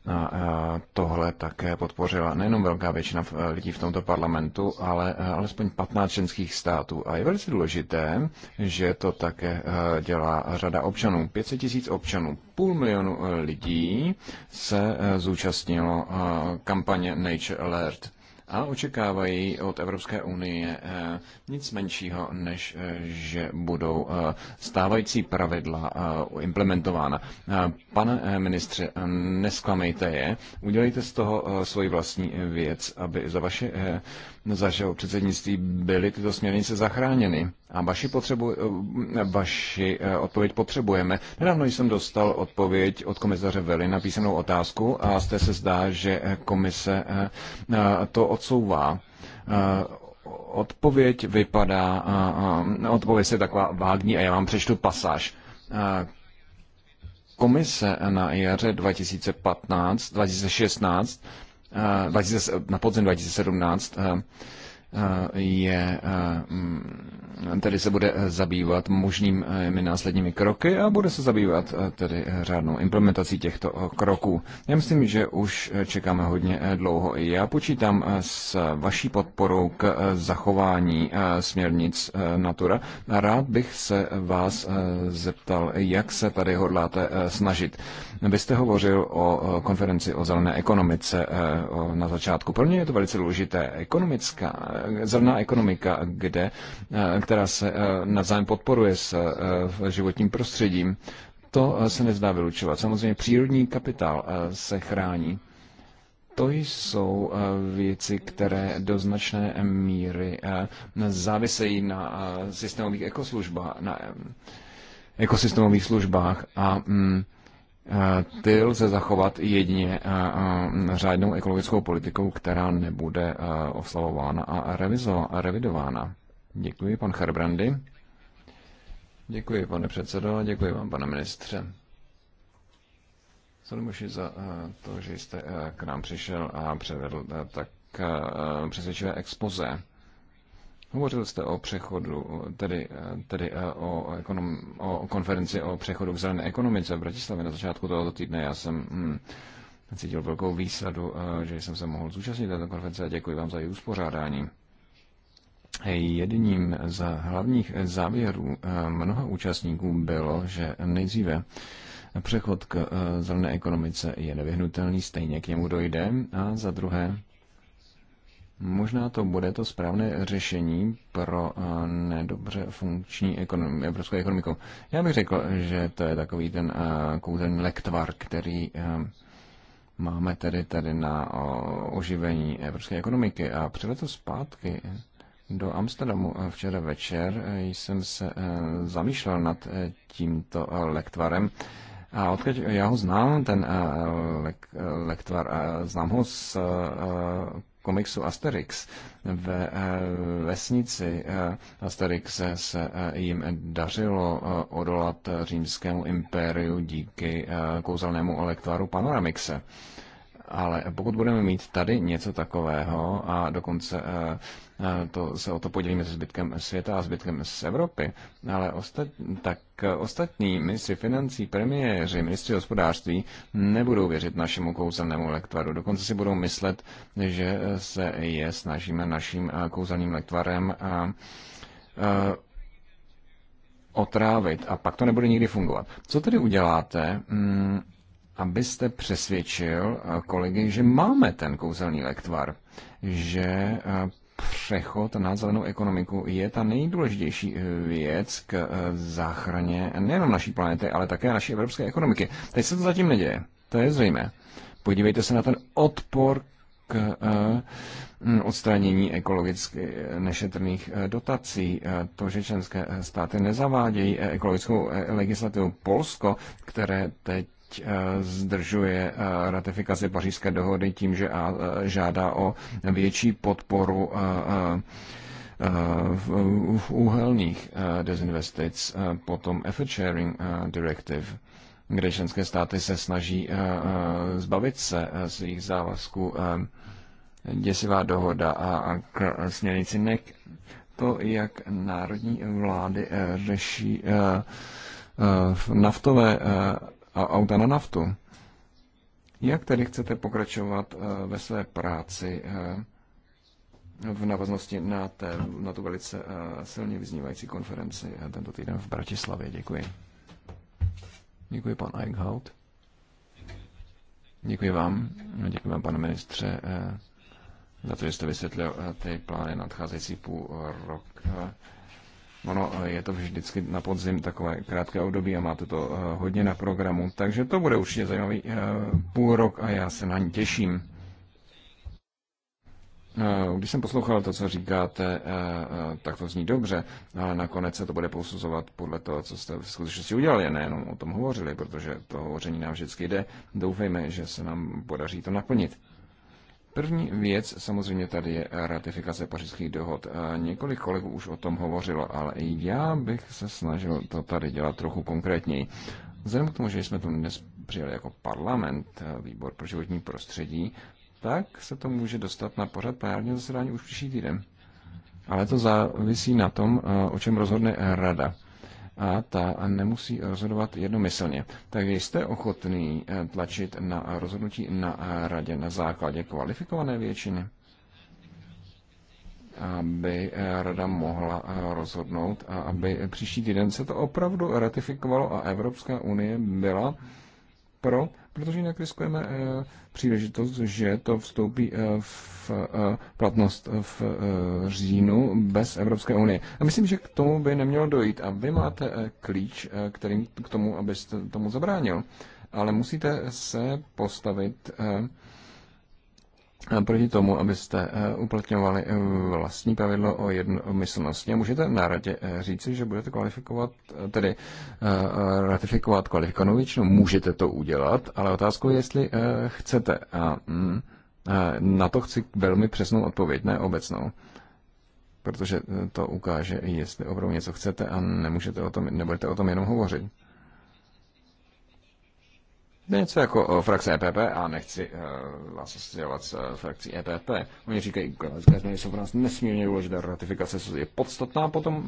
A eh, tohle také podpořila nejenom velká většina lidí v tomto parlamentu, ale alespoň 15 členských států. A je velice důležité, že to také dělá řada občanů. 500 tisíc občanů, půl milionu lidí se zúčastnilo kampaně Nature Alert a očekávají od Evropské unie eh, nic menšího, než eh, že budou eh, stávající pravidla implementována. Pane ministře, nesklamejte je, udělejte z toho svoji vlastní věc, aby za vaše zašeho předsednictví byly tyto směrnice zachráněny. A vaši, potřebu, eh, vaši eh, odpověď potřebujeme. Nedávno jsem dostal odpověď od komisaře Veli na písemnou otázku a té se zdá, že eh, komise to odsouvá odpověď vypadá, odpověď je taková vágní a já vám přečtu pasáž. komise na jaře 2015, 2016 Eh, na podzim 2017 eh, eh, je mm, tedy se bude eh, zabývat možnými eh, následními kroky a bude se zabývat eh, tedy řádnou implementací těchto kroků. Já myslím, že už čekáme hodně dlouho. já počítám s vaší podporou k zachování směrnic Natura. Rád bych se vás zeptal, jak se tady hodláte snažit. Vy jste hovořil o konferenci o zelené ekonomice na začátku. Pro mě je to velice důležité. Ekonomická, zelená ekonomika, kde, která která se eh, navzájem podporuje s eh, životním prostředím, to eh, se nezdá vylučovat. Samozřejmě přírodní kapitál se chrání. To jsou věci, které do značné míry závisejí na systémových ekoslužbách, na ekosystémových službách a mm, ty lze zachovat jedině řádnou ekologickou politikou, která nebude oslavována a revidována. Děkuji, pan Charbrandy. Děkuji, pane předsedo, děkuji vám, pane ministře. Sadomuši, za eh, to, že jste eh, k nám přišel a převedl eh, tak přesvědčivé expoze. Hovořil jste o přechodu, tedy, tedy o, ekonom, o konferenci o přechodu k zelené ekonomice v Bratislavě na začátku tohoto týdne. Já jsem hm, cítil velkou výsadu, že jsem se mohl zúčastnit této konference a děkuji vám za její uspořádání. Jedním z hlavních závěrů eh, mnoha účastníků bylo, že nejdříve přechod k eh, zelené ekonomice je nevyhnutelný, stejně k němu dojde. A za druhé, možná to bude to správné řešení pro eh, nedobře funkční ekonomii, evropskou ekonomiku. Já bych řekl, že to je takový ten kouzelný lektvar, který máme tedy tady na oživení evropské ekonomiky. A před to zpátky do Amsterdamu eh, včera večer eh, jsem se eh, zamýšlel nad tímto lektvarem. A odkud já ho znám, ten lek, lektvar, znám ho z komiksu Asterix. Ve vesnici Asterix se jim dařilo odolat římskému impériu díky kouzelnému lektvaru Panoramixe. Ale pokud budeme mít tady něco takového a dokonce Eh, to se o to podělíme se zbytkem světa a zbytkem z Evropy, ale ostat, tak eh, ostatní ministři financí, premiéři, ministři hospodářství nebudou věřit našemu kouzelnému lektvaru. Dokonce si budou myslet, že eh, se je snažíme naším kouzelným lektvarem a, a otrávit a pak to nebude nikdy fungovat. Co tedy uděláte, mm, abyste přesvědčil kolegy, že máme ten kouzelný lektvar, že přechod na zelenou ekonomiku je ta nejdůležitější eh, věc k eh, záchraně nejenom naší planety, ale také naší evropské ekonomiky. Teď se to zatím neděje, to je zřejmé. Podívejte se na ten odpor k eh, odstranění ekologicky nešetrných dotací, to, že členské státy nezavádějí ekologickou legislativu Polsko, které teď Eh, zdržuje eh, ratifikaci pařížské dohody tím, že eh, žádá o větší podporu v úhelných dezinvestic, potom Effort Sharing Directive, kde členské státy se snaží zbavit se svých závazků děsivá dohoda a směrnici NEC. To, jak národní vlády řeší naftové a auta na naftu. Jak tedy chcete pokračovat eh, ve své práci eh, v návaznosti na, té, na tu velice eh, silně vyznívající konferenci tento týden v Bratislavě? Děkuji. Děkuji, pan Eichhout. Děkuji vám. Děkuji vám, pane ministře, za to, že jste vysvětlil ty plány nadcházející půl rok Ono eh, je to vždycky na podzim takové krátké období a máte to eh, hodně na programu, takže to bude určitě zajímavý eh, půl rok a já se na ní těším. Když jsem poslouchal to, co říkáte, tak to zní dobře, ale nakonec se to bude posuzovat podle toho, co jste v skutečnosti udělali, nejenom o tom hovořili, protože to hovoření nám vždycky jde. Doufejme, že se nám podaří to naplnit. První věc samozřejmě tady je ratifikace pařížských dohod. Několik kolegů už o tom hovořilo, ale i já bych se snažil to tady dělat trochu konkrétněji. Vzhledem k tomu, že jsme tu dnes přijeli jako parlament, eh, výbor pro životní prostředí, tak se to může dostat na pořad plenárního zasedání už příští týden. Ale to závisí na tom, eh, o čem rozhodne rada a ta nemusí rozhodovat jednomyslně. Takže jste ochotný eh, tlačit na rozhodnutí na eh, radě na základě kvalifikované většiny? aby eh, Rada mohla rozhodnout a aby příští týden se to opravdu ratifikovalo a Evropská unie byla pro protože jinak riskujeme eh, příležitost, že to vstoupí eh, v eh, platnost v říjnu bez Evropské unie. A myslím, že k tomu by nemělo dojít. A vy máte klíč kterým, k tomu, abyste tomu zabránil. Ale musíte se postavit proti tomu, abyste eh, uplatňovali eh, vlastní pravidlo o jednomyslnosti. A můžete na radě eh, říci, že budete kvalifikovat, tedy ratifikovat kvalifikovanou většinu. Můžete to udělat, ale otázkou je, jestli chcete. A mm, na to chci velmi přesnou odpověď, ne obecnou. Protože to ukáže, jestli opravdu něco chcete a nemůžete o tom, nebudete o tom jenom hovořit. Něco jako eh, frakce EPP, a nechci uh, vás asociovat s uh, eh, frakcí EPP. Oni říkají, že změny jsou pro nás nesmírně důležité, ratifikace je podstatná, potom uh,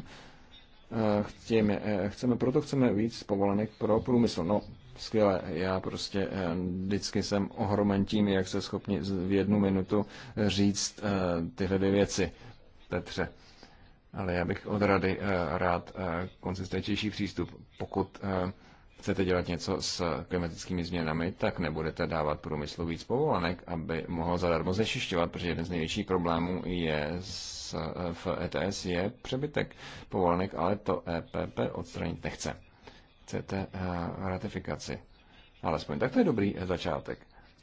chtějme, uh, chceme, proto chceme víc povolenek pro průmysl. No, skvěle, já prostě uh, vždycky jsem ohromen tím, jak se schopni v jednu minutu říct uh, tyhle dvě věci, Petře. Ale já bych od rady uh, rád uh, konzistentnější přístup, pokud uh, chcete dělat něco s klimatickými změnami, tak nebudete dávat průmyslu víc povolenek, aby mohl zadarmo zešišťovat, protože jeden z největších problémů je s, v ETS je přebytek povolenek, ale to EPP odstranit nechce. Chcete eh, ratifikaci. Alespoň tak to je dobrý eh, začátek.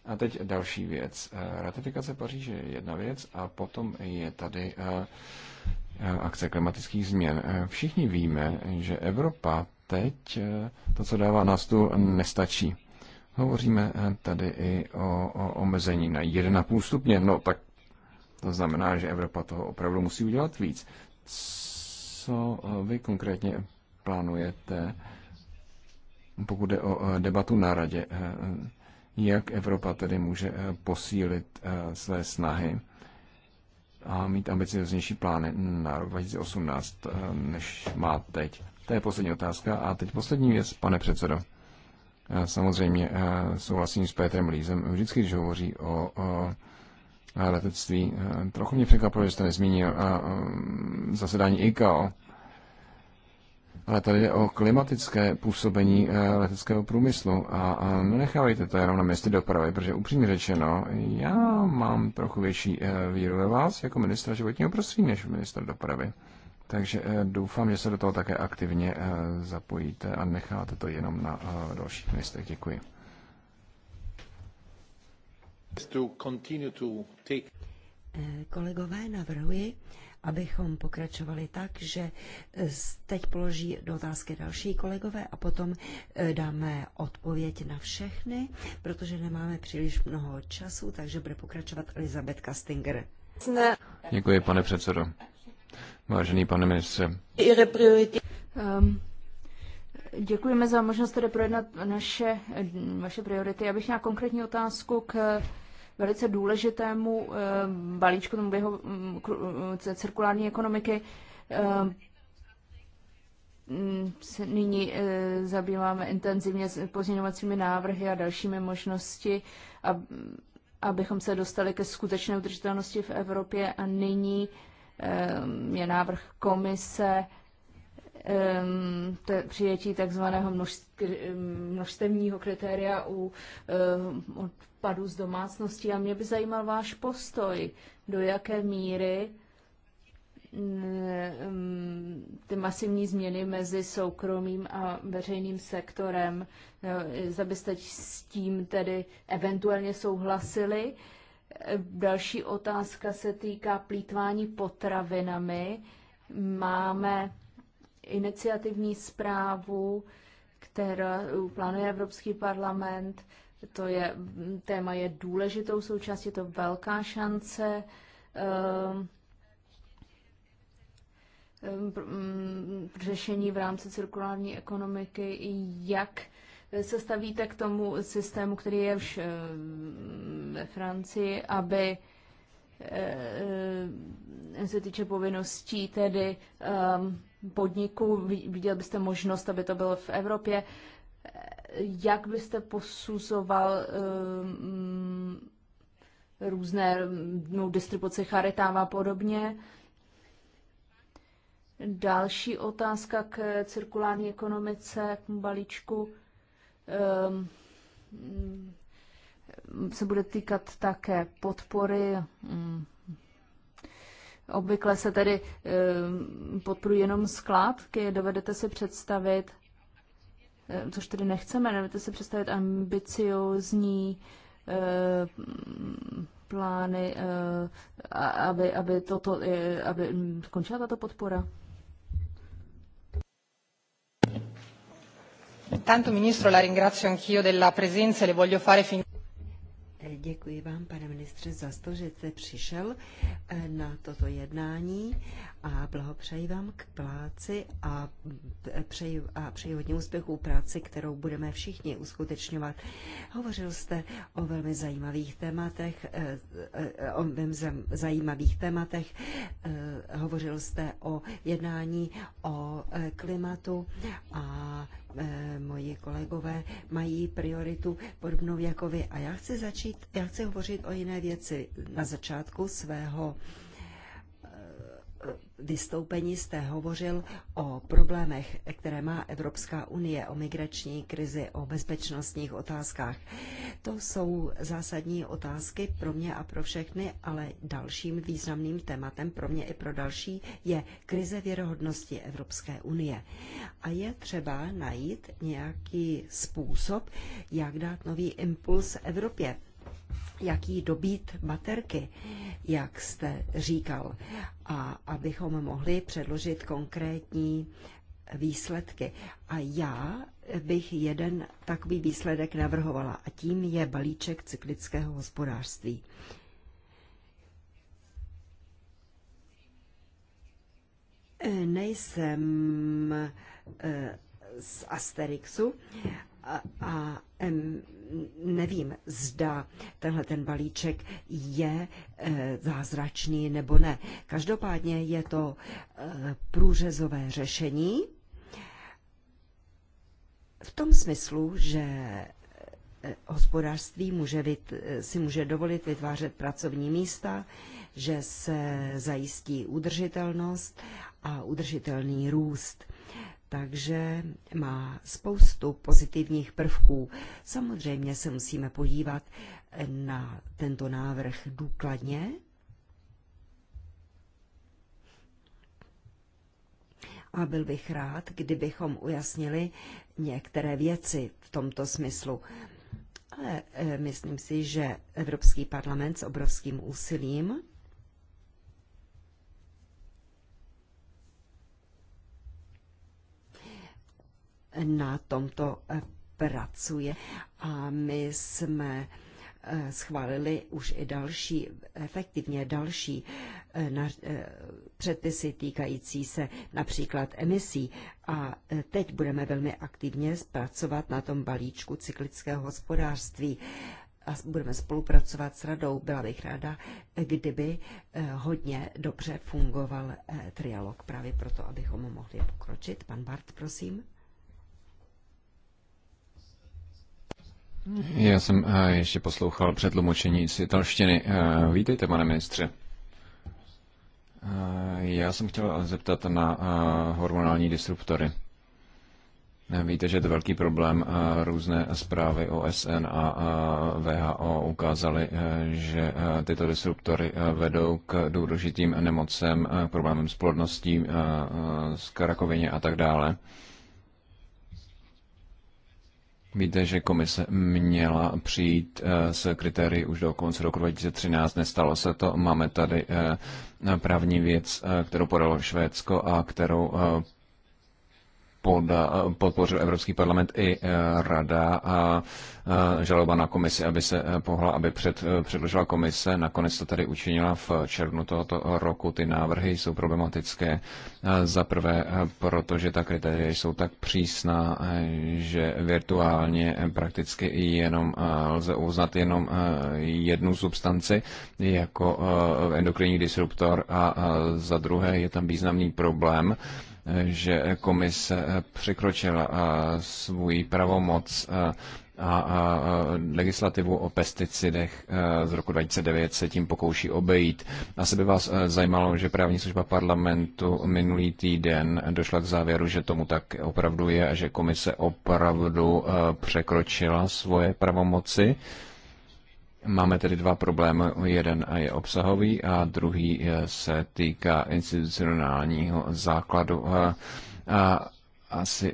A teď další věc. Eh, ratifikace Paříže je jedna věc a potom je tady eh, eh, akce klimatických změn. Všichni víme, že Evropa teď to, co dává na stůl, nestačí. Hovoříme tady i o, o omezení na 1,5 stupně. No tak to znamená, že Evropa toho opravdu musí udělat víc. Co vy konkrétně plánujete, pokud jde o debatu na radě? jak Evropa tedy může eh, posílit eh, své snahy a mít ambicioznější plány na rok 2018, eh, než má teď. To je poslední otázka. A teď poslední věc, pane předsedo. Samozřejmě souhlasím s Petrem Lízem. Vždycky, když hovoří o, o letectví, trochu mě překvapilo, že jste nezmínil zasedání ICAO, ale tady jde o klimatické působení eh, leteckého průmyslu a nenechávejte to jenom na městě dopravy, protože upřímně řečeno, já mám trochu větší eh, víru ve vás jako ministra životního prostředí než minister dopravy. Takže eh, doufám, že se do toho také aktivně zapojíte a necháte to jenom na dalších městech. Děkuji. Kolegové, navrhuji, abychom pokračovali tak, že eh, teď položí do otázky další kolegové a potom eh, dáme odpověď na všechny, protože nemáme příliš mnoho času, takže bude pokračovat Elizabeth Kastinger. Děkuji, pane předsedo. Vážený pane ministře. Um, děkujeme za možnost tedy projednat naše, eh, vaše priority. Já bych měla konkrétní otázku k velice důležitému eh, balíčku tomu mm, běhu eh, cirkulární ekonomiky. Eh, mm, se nyní zabýváme intenzivně s pozměňovacími návrhy a dalšími možnosti, abychom se dostali ke skutečné udržitelnosti v Evropě a nyní je návrh komise te, přijetí takzvaného množstevního kritéria u eh, odpadů z domácnosti A mě by zajímal váš postoj, do jaké míry ty masivní změny mezi soukromým a veřejným sektorem, eh, zda byste s tím tedy eventuálně souhlasili. Další otázka se týká plítvání potravinami. Máme iniciativní zprávu, kterou plánuje Evropský parlament. To je, téma je důležitou součástí, je to velká šance ehm, ehm, mm, řešení v rámci cirkulární ekonomiky, jak se stavíte k tomu systému, který je už ehm, ve Francii, aby se týče povinností, tedy um, Podniku Viděl byste možnost, aby to bylo v Evropě. Jak byste posuzoval um, různé no, distribuce charitáva a podobně? Další otázka k cirkulární ekonomice, k balíčku. Um, se bude týkat také podpory mm, Obvykle se tedy eh, podporují jenom skládky. Dovedete si představit, eh, což tedy nechceme, dovedete si představit ambiciozní eh, plány, aby, aby, toto, aby skončila tato podpora? Tanto ministro, la ringrazio anch'io della presenza e le voglio fare fin... Eh, děkuji vám, pane ministře, za to, že jste přišel eh, na toto jednání a blahopřeji vám k práci a přeji, a přeji hodně úspěchů práci, kterou budeme všichni uskutečňovat. Hovořil jste o velmi zajímavých tématech, e, e, o velmi zajímavých tématech, e, hovořil jste o jednání o klimatu a moji kolegové mají prioritu podobnou jako vy. A já chci začít, já chci hovořit o jiné věci na začátku svého vystoupení jste hovořil o problémech, které má Evropská unie, o migrační krizi, o bezpečnostních otázkách. To jsou zásadní otázky pro mě a pro všechny, ale dalším významným tématem pro mě i pro další je krize věrohodnosti Evropské unie. A je třeba najít nějaký způsob, jak dát nový impuls Evropě jak jí dobít baterky, jak jste říkal, a abychom mohli předložit konkrétní výsledky. A já bych jeden takový výsledek navrhovala a tím je balíček cyklického hospodářství. Nejsem eh, z Asterixu, a nevím, zda tenhle ten balíček je eh, zázračný nebo ne. Každopádně je to eh, průřezové řešení v tom smyslu, že eh, hospodářství může vyt, si může dovolit vytvářet pracovní místa, že se zajistí udržitelnost a udržitelný růst takže má spoustu pozitivních prvků. Samozřejmě se musíme podívat na tento návrh důkladně. A byl bych rád, kdybychom ujasnili některé věci v tomto smyslu. Ale eh, myslím si, že Evropský parlament s obrovským úsilím na tomto eh, pracuje a my jsme eh, schválili už i další, efektivně další eh, na, předpisy týkající se například emisí. A teď budeme velmi aktivně pracovat na tom balíčku cyklického hospodářství a budeme spolupracovat s radou. Byla bych ráda, kdyby hodně dobře fungoval trialog právě proto, abychom mohli pokročit. Pan Bart, prosím. Já jsem eh, ještě poslouchal předlumočení z italštiny. Eh, vítejte, pane ministře. Eh, já jsem chtěl zeptat na hormonální disruptory. Víte, že je to velký problém. Různé zprávy OSN a VHO ukázaly, že tyto disruptory vedou k důležitým nemocem, k problémům s plodností, s rakovině a tak dále. Víte, že komise měla přijít eh, s kritérií už do konce roku 2013, nestalo se to. Máme tady eh, právní věc, eh, kterou podalo Švédsko a kterou poda, podpořil Evropský parlament i eh, rada a eh, žaloba na komisi, aby se eh, pohla, aby před, předložila komise. Nakonec to tady učinila v červnu tohoto roku. Ty návrhy jsou problematické. Za prvé, protože ta kritéria jsou tak přísná, že virtuálně prakticky jenom lze uznat jenom jednu substanci jako endokrinní disruptor a za druhé je tam významný problém, že komise překročila svůj pravomoc a, legislativu o pesticidech z roku 2009 se tím pokouší obejít. Asi by vás zajímalo, že právní služba parlamentu minulý týden došla k závěru, že tomu tak opravdu je a že komise opravdu překročila svoje pravomoci. Máme tedy dva problémy. Jeden je obsahový a druhý se týká institucionálního základu. A asi e,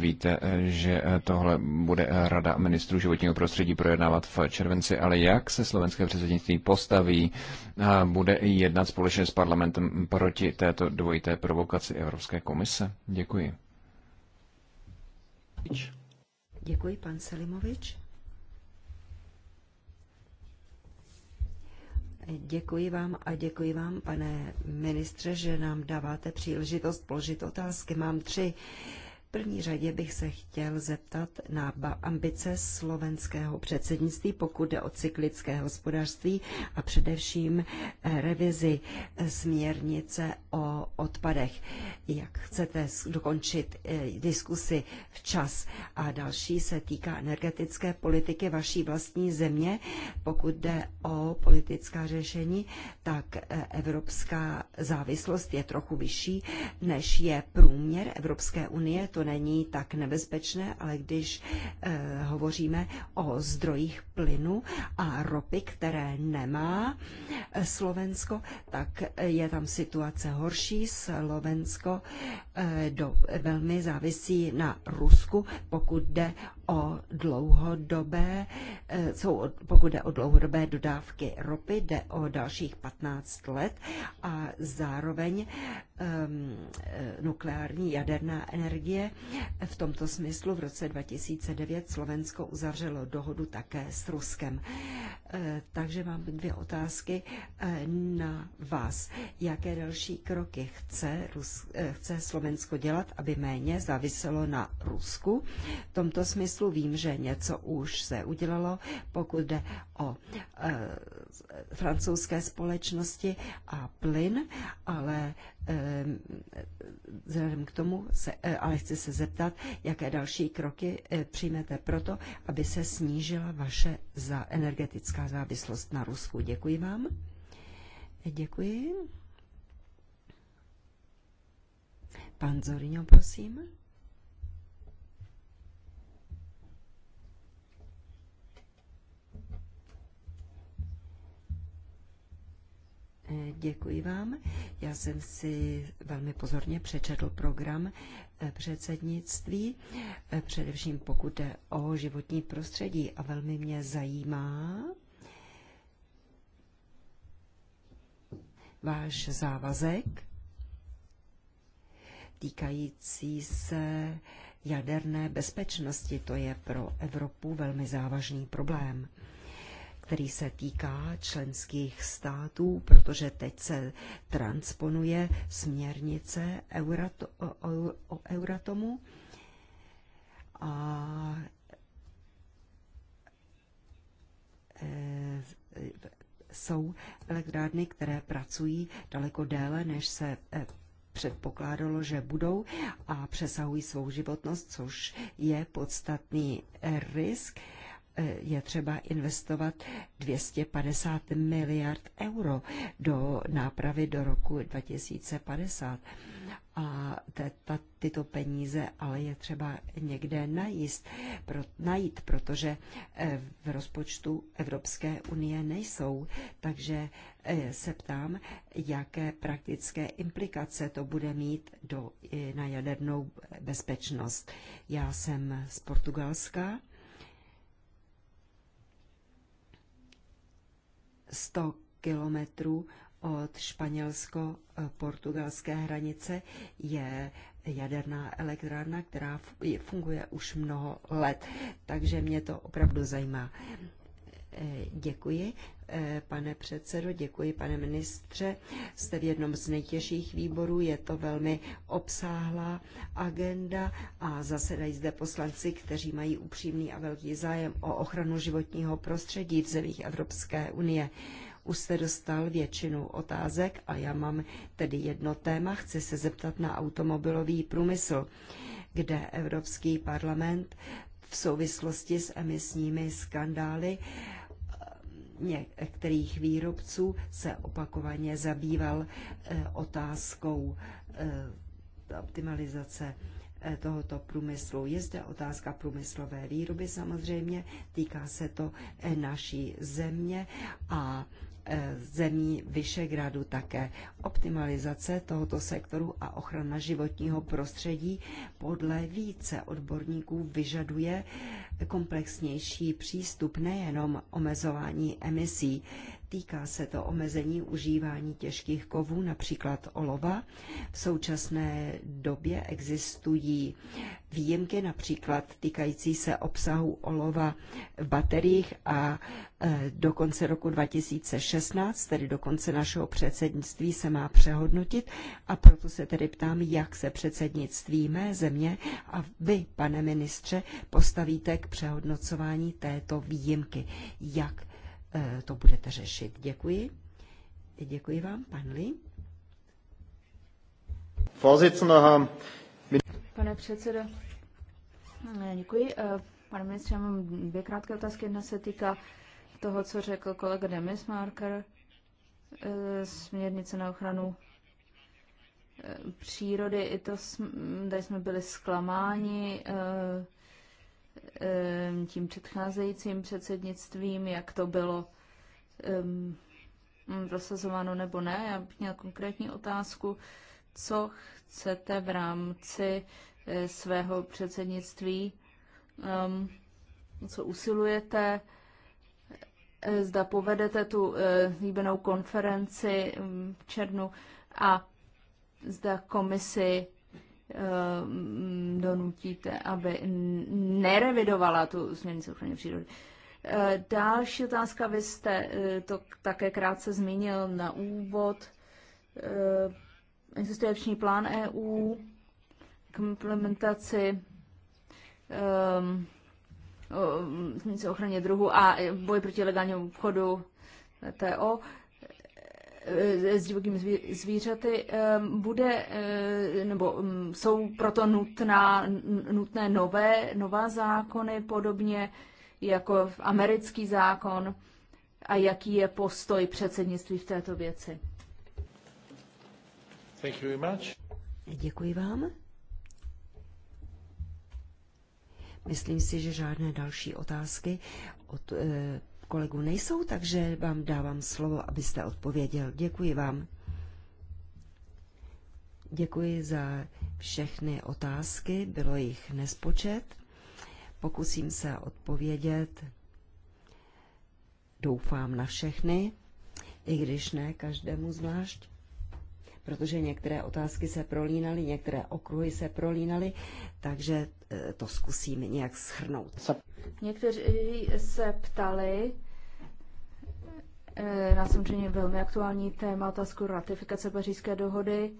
víte, že tohle bude Rada ministrů životního prostředí projednávat v červenci, ale jak se slovenské předsednictví postaví, bude jednat společně s parlamentem proti této dvojité provokaci Evropské komise? Děkuji. Děkuji, pan Selimovič. Děkuji vám a děkuji vám, pane ministře, že nám dáváte příležitost položit otázky. Mám tři první řadě bych se chtěl zeptat na ambice slovenského předsednictví, pokud jde o cyklické hospodářství a především eh, revizi eh, směrnice o odpadech. Jak chcete dokončit eh, diskusy včas? A další se týká energetické politiky vaší vlastní země. Pokud jde o politická řešení, tak evropská závislost je trochu vyšší, než je průměr Evropské unie. To to není tak nebezpečné, ale když e, hovoříme o zdrojích plynu a ropy, které nemá eh, Slovensko, tak eh, je tam situace horší. Slovensko Eh, do, velmi závisí na Rusku, pokud jde o dlouhodobé, eh, jsou, pokud jde o dlouhodobé dodávky ropy, jde o dalších 15 let a zároveň um, nukleární jaderná energie. V tomto smyslu v roce 2009 Slovensko uzavřelo dohodu také s Ruskem. Takže mám dvě otázky na vás. Jaké další kroky chce, Rus, chce Slovensko Slovensko dělat, aby méně záviselo na Rusku. V tomto smyslu vím, že něco už se udělalo, pokud jde o e, francouzské společnosti a plyn, ale eh, vzhledem k tomu, se, eh, ale chci se zeptat, jaké další kroky přijmete proto, aby se snížila vaše za energetická závislost na Rusku. Děkuji vám. Děkuji. Pan Zorino, prosím. Eh, děkuji vám. Já jsem si velmi pozorně přečetl program eh, předsednictví, eh, především pokud jde o životní prostředí a velmi mě zajímá váš závazek týkající se jaderné bezpečnosti. To je pro Evropu velmi závažný problém který se týká členských států, protože teď se transponuje směrnice o, Euratomu. A e, e, jsou elektrárny, které pracují daleko déle, než se e, předpokládalo, že budou a přesahují svou životnost, což je podstatný risk je třeba investovat 250 miliard euro do nápravy do roku 2050. A ta, tyto peníze ale je třeba někde najíst, pro, najít, protože eh, v rozpočtu Evropské unie nejsou. Takže eh, se ptám, jaké praktické implikace to bude mít do, eh, na jadernou bezpečnost. Já jsem z Portugalska 100 kilometrů od španělsko-portugalské hranice je jaderná elektrárna, která funguje už mnoho let. Takže mě to opravdu zajímá. Eh, děkuji, eh, pane předsedo, děkuji, pane ministře. Jste v jednom z nejtěžších výborů, je to velmi obsáhlá agenda a zasedají zde poslanci, kteří mají upřímný a velký zájem o ochranu životního prostředí v zemích Evropské unie. Už jste dostal většinu otázek a já mám tedy jedno téma. Chci se zeptat na automobilový průmysl, kde Evropský parlament v souvislosti s emisními skandály eh, některých výrobců se opakovaně zabýval eh, otázkou eh, optimalizace eh, tohoto průmyslu. Je zde otázka průmyslové výroby samozřejmě, týká se to naší země a Eh, zemí Vyšegradu také. Optimalizace tohoto sektoru a ochrana životního prostředí podle více odborníků vyžaduje komplexnější přístup nejenom omezování emisí. Týká se to omezení užívání těžkých kovů, například olova. V současné době existují výjimky, například týkající se obsahu olova v bateriích a e, do konce roku 2016, tedy do konce našeho předsednictví, se má přehodnotit a proto se tedy ptám, jak se předsednictví mé země a vy, pane ministře, postavíte k přehodnocování této výjimky. Jak Eh, to budete řešit. Děkuji. Děkuji vám, pan Li. Pane předsedo, eh, děkuji. Eh, pane ministře, mám dvě krátké otázky. Jedna se týká toho, co řekl kolega Demis Marker směrnice na ochranu přírody. I to, tady jsme byli zklamáni, Ehm, tím předcházejícím předsednictvím, jak to bylo ehm, prosazováno nebo ne. Já bych měla konkrétní otázku, co chcete v rámci eh, svého předsednictví, ehm, co usilujete, eh, zda povedete tu eh, líbenou konferenci v červnu a zda komisi Eh, donutíte, aby nerevidovala tu změnu ochrany přírody. Eh, další otázka, vy jste eh, to také krátce zmínil na úvod. Existující plán EU k implementaci směrnice um, o ochraně druhu a boj proti legálnímu obchodu TO. Eh, s divokými zvířaty eh, bude, eh, nebo mm, jsou proto nutná, nutné nové, nová zákony, podobně jako v americký zákon a jaký je postoj předsednictví v této věci. Thank you very much. Děkuji vám. Myslím si, že žádné další otázky od, kolegů nejsou, takže vám dávám slovo, abyste odpověděl. Děkuji vám. Děkuji za všechny otázky, bylo jich nespočet. Pokusím se odpovědět, doufám na všechny, i když ne každému zvlášť protože některé otázky se prolínaly, některé okruhy se prolínaly, takže e, to zkusím nějak schrnout. Někteří se ptali, e, na samozřejmě velmi aktuální téma, otázku ratifikace pařížské dohody.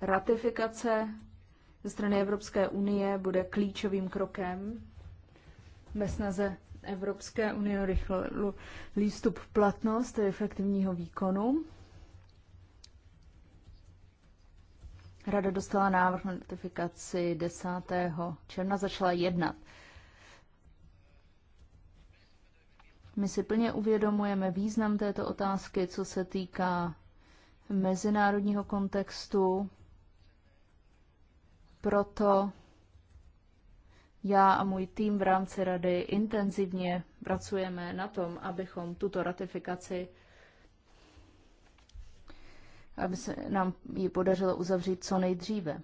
Ratifikace ze strany Evropské unie bude klíčovým krokem ve snaze Evropské unie rychlý vstup v platnost efektivního výkonu. Rada dostala návrh na notifikaci 10. června, začala jednat. My si plně uvědomujeme význam této otázky, co se týká mezinárodního kontextu. Proto já a můj tým v rámci Rady intenzivně pracujeme na tom, abychom tuto ratifikaci, aby se nám ji podařilo uzavřít co nejdříve.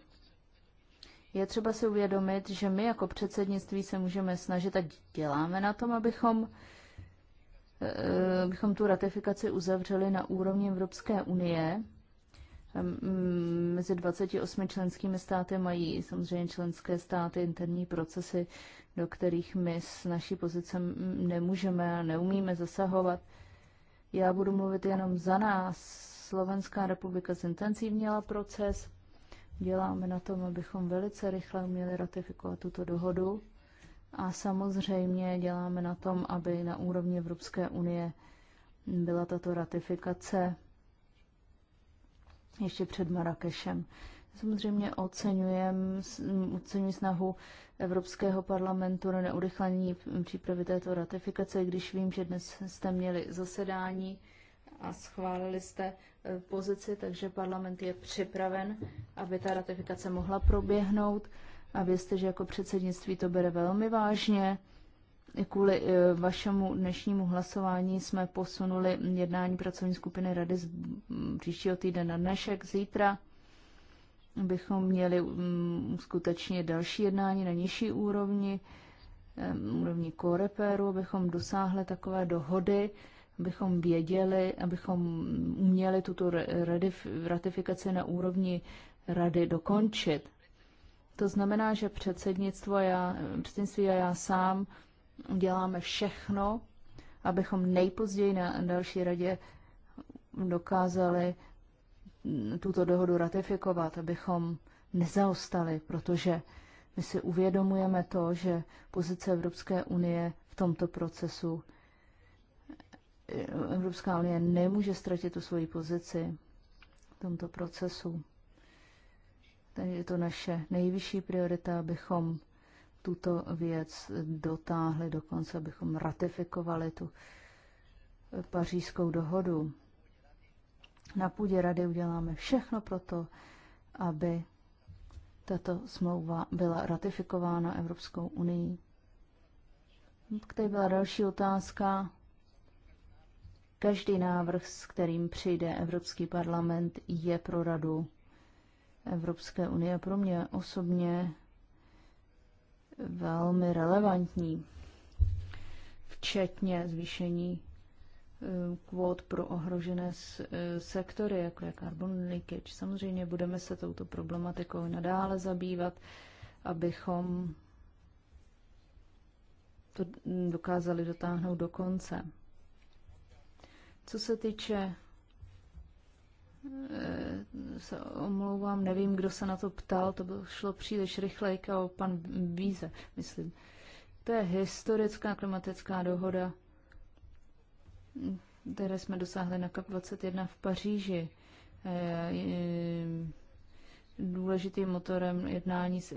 Je třeba si uvědomit, že my jako předsednictví se můžeme snažit a děláme na tom, abychom, eh, abychom tu ratifikaci uzavřeli na úrovni Evropské unie, Mm, mezi 28 členskými státy mají samozřejmě členské státy interní procesy, do kterých my s naší pozice nemůžeme a neumíme zasahovat. Já budu mluvit jenom za nás. Slovenská republika zintenzivněla proces. Děláme na tom, abychom velice rychle uměli ratifikovat tuto dohodu. A samozřejmě děláme na tom, aby na úrovni Evropské unie byla tato ratifikace ještě před Marrakešem. Samozřejmě oceňujem, oceňuji snahu Evropského parlamentu na neurychlení přípravy této ratifikace, když vím, že dnes jste měli zasedání a schválili jste e, pozici, takže parlament je připraven, aby ta ratifikace mohla proběhnout. A vězte, že jako předsednictví to bere velmi vážně. Vlastně kvůli eh, vašemu dnešnímu hlasování jsme posunuli jednání pracovní skupiny Rady z mm, příštího týdne na dnešek. Zítra bychom měli mm, skutečně další jednání na nižší úrovni, eh, úrovni koreperu, abychom dosáhli takové dohody, abychom věděli, abychom uměli tuto ratifikaci na úrovni rady dokončit. To znamená, že předsednictvo, já, eh, předsednictví a já sám Děláme všechno, abychom nejpozději na další radě dokázali tuto dohodu ratifikovat, abychom nezaostali, protože my si uvědomujeme to, že pozice Evropské unie v tomto procesu, Evropská unie nemůže ztratit tu svoji pozici v tomto procesu. Takže je to naše nejvyšší priorita, abychom tuto věc dotáhli dokonce, abychom ratifikovali tu pařížskou dohodu. Na půdě rady uděláme všechno pro to, aby tato smlouva byla ratifikována Evropskou unii. Tady byla další otázka. Každý návrh, s kterým přijde Evropský parlament, je pro radu Evropské unie. Pro mě osobně velmi relevantní, včetně zvýšení eh, kvót pro ohrožené eh, sektory, jako je carbon leakage. Samozřejmě budeme se touto problematikou nadále zabývat, abychom to mm, dokázali dotáhnout do konce. Co se týče Eh, se omlouvám, nevím, kdo se na to ptal, to bylo, šlo příliš rychle, jako pan Bíze, myslím. To je historická klimatická dohoda, které jsme dosáhli na COP21 v Paříži. Eh, důležitým motorem jednání s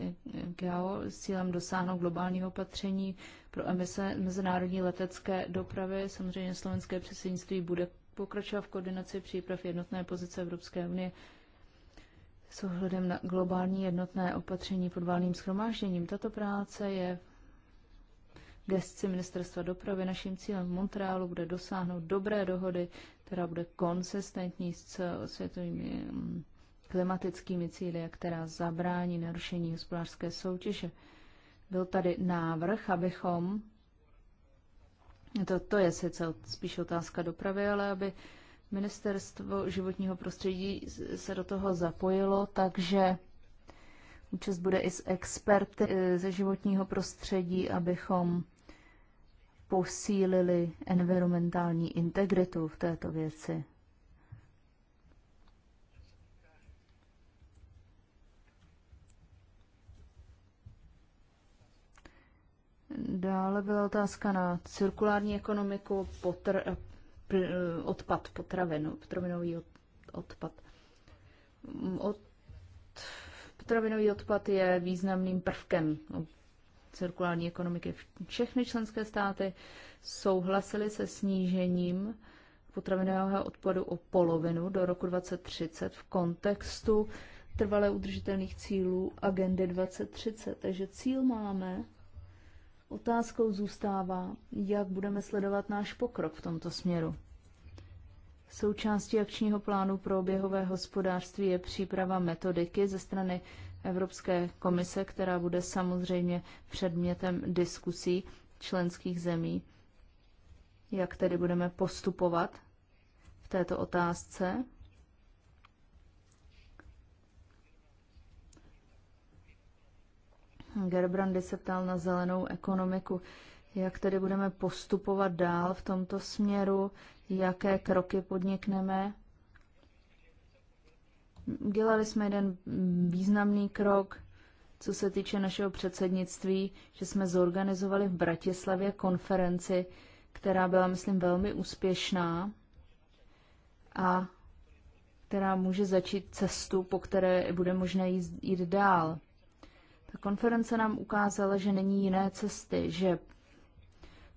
ICAO s cílem dosáhnout globálního opatření pro emise mezinárodní letecké dopravy. Samozřejmě slovenské předsednictví bude pokračovat v koordinaci příprav jednotné pozice Evropské unie s ohledem na globální jednotné opatření pod válným schromážděním. Tato práce je v gestci ministerstva dopravy. Naším cílem v Montrealu bude dosáhnout dobré dohody, která bude konsistentní s světovými mm, klimatickými cíly a která zabrání narušení hospodářské soutěže. Byl tady návrh, abychom to, to je sice spíš otázka dopravy, ale aby ministerstvo životního prostředí se do toho zapojilo, takže účast bude i z experty e, ze životního prostředí, abychom posílili environmentální integritu v této věci. Dále byla otázka na cirkulární ekonomiku, potr, eh, eh, odpad potravinu, potravinový odpad. Mm, od, potravinový odpad je významným prvkem cirkulární ekonomiky. Všechny členské státy souhlasily se snížením potravinového odpadu o polovinu do roku 2030 v kontextu trvale udržitelných cílů agendy 2030. Takže cíl máme Otázkou zůstává, jak budeme sledovat náš pokrok v tomto směru. Součástí akčního plánu pro oběhové hospodářství je příprava metodiky ze strany Evropské komise, která bude samozřejmě předmětem diskusí členských zemí. Jak tedy budeme postupovat v této otázce? Gerbrandy se ptal na zelenou ekonomiku. Jak tedy budeme postupovat dál v tomto směru? Jaké kroky podnikneme? Dělali jsme jeden významný krok, co se týče našeho předsednictví, že jsme zorganizovali v Bratislavě konferenci, která byla, myslím, velmi úspěšná a která může začít cestu, po které bude možné jít, jít dál. Ta konference nám ukázala, že není jiné cesty, že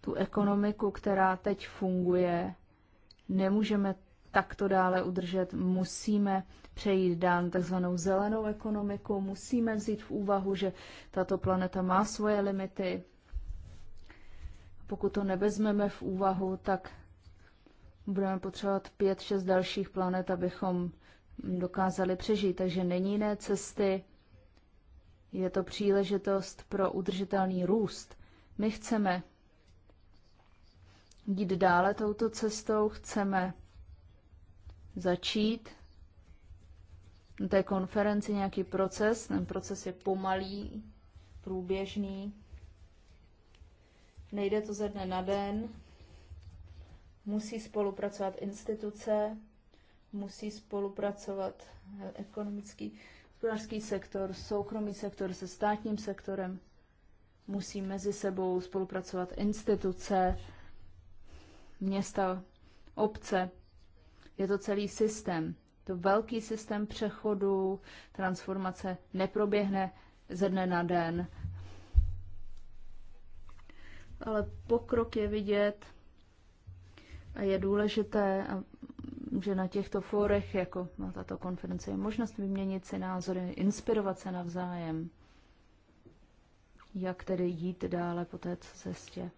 tu ekonomiku, která teď funguje, nemůžeme takto dále udržet. Musíme přejít dál takzvanou zelenou ekonomiku, musíme vzít v úvahu, že tato planeta má svoje limity. Pokud to nevezmeme v úvahu, tak budeme potřebovat pět, šest dalších planet, abychom dokázali přežít. Takže není jiné cesty. Je to příležitost pro udržitelný růst. My chceme jít dále touto cestou, chceme začít na té konferenci nějaký proces. Ten proces je pomalý, průběžný. Nejde to ze dne na den. Musí spolupracovat instituce, musí spolupracovat ekonomický hospodářský sektor, soukromý sektor se státním sektorem. Musí mezi sebou spolupracovat instituce, města, obce. Je to celý systém. To velký systém přechodu, transformace neproběhne ze dne na den. Ale pokrok je vidět a je důležité, že na těchto fórech, jako na tato konference, je možnost vyměnit si názory, inspirovat se navzájem, jak tedy jít dále po té cestě.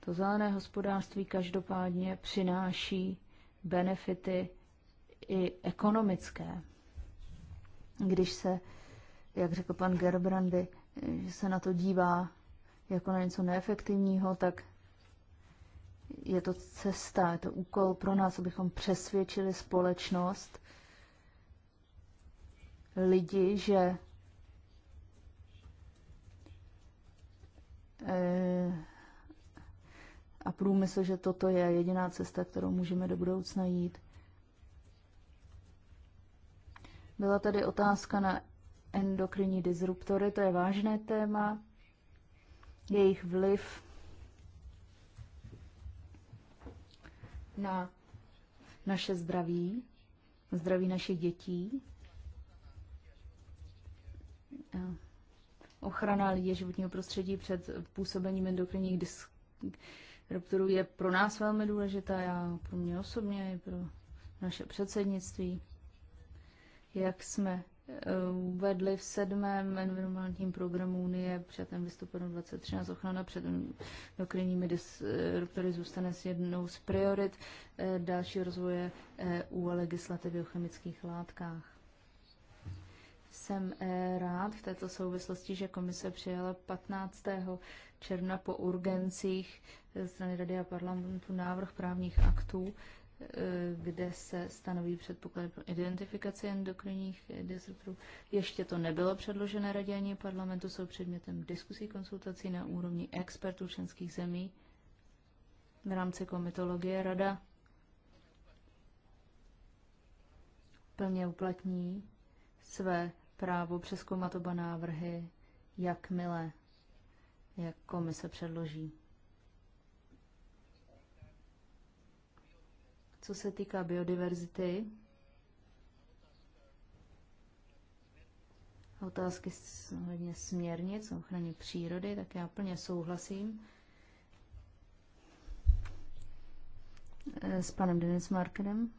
To zelené hospodářství každopádně přináší benefity i ekonomické. Když se, jak řekl pan Gerbrandy, se na to dívá jako na něco neefektivního, tak je to cesta, je to úkol pro nás, abychom přesvědčili společnost, lidi, že eh, a průmysl, že toto je jediná cesta, kterou můžeme do budoucna jít. Byla tady otázka na endokrinní disruptory, to je vážné téma, jejich vliv na naše zdraví, zdraví našich dětí, ochrana lidí životního prostředí před působením endokrinních disruptorů je pro nás velmi důležitá, já pro mě osobně i pro naše předsednictví. Jak jsme uvedli v sedmém environmentálním programu Unie přijatem listopadu 2013 ochrana před endokrinními disruptory zůstane s jednou z priorit eh, dalšího rozvoje EU eh, a legislativy o chemických látkách. Jsem eh, rád v této souvislosti, že komise přijala 15. června po urgencích strany Rady a parlamentu návrh právních aktů, Eh, kde se stanoví předpoklady pro identifikaci endokrinních disruptorů. Ještě to nebylo předložené radě ani parlamentu, jsou předmětem diskusí, konsultací na úrovni expertů členských zemí v rámci komitologie rada plně uplatní své právo přeskoumat oba návrhy, jakmile jak komise předloží. Co se týká biodiverzity, otázky hodně směrnic ochrany ochraně přírody, tak já plně souhlasím e, s panem Denis Markenem,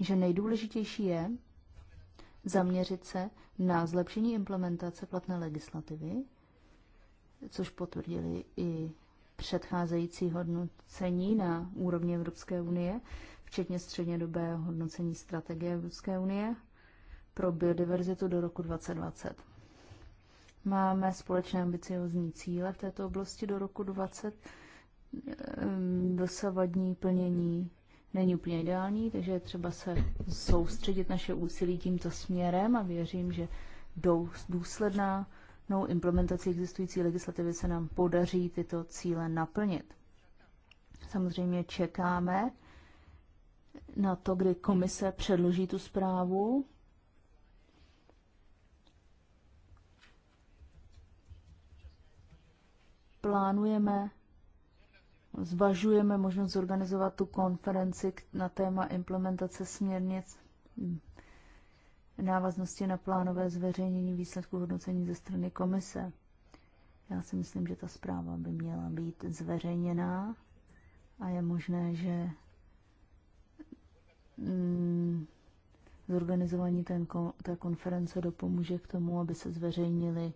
že nejdůležitější je zaměřit se na zlepšení implementace platné legislativy, což potvrdili i předcházející hodnocení na úrovni Evropské unie, včetně střednědobé hodnocení strategie Evropské unie pro biodiverzitu do roku 2020. Máme společné ambiciozní cíle v této oblasti do roku 2020. Ehm, dosavadní plnění není úplně ideální, takže je třeba se soustředit naše úsilí tímto směrem a věřím, že důsledná no, implementací existující legislativy se nám podaří tyto cíle naplnit. Samozřejmě čekáme na to, kdy komise předloží tu zprávu. Plánujeme, zvažujeme možnost zorganizovat tu konferenci na téma implementace směrnic návaznosti na plánové zveřejnění výsledků hodnocení ze strany komise. Já si myslím, že ta zpráva by měla být zveřejněná a je možné, že mm, zorganizování ten, té konference dopomůže k tomu, aby se zveřejnili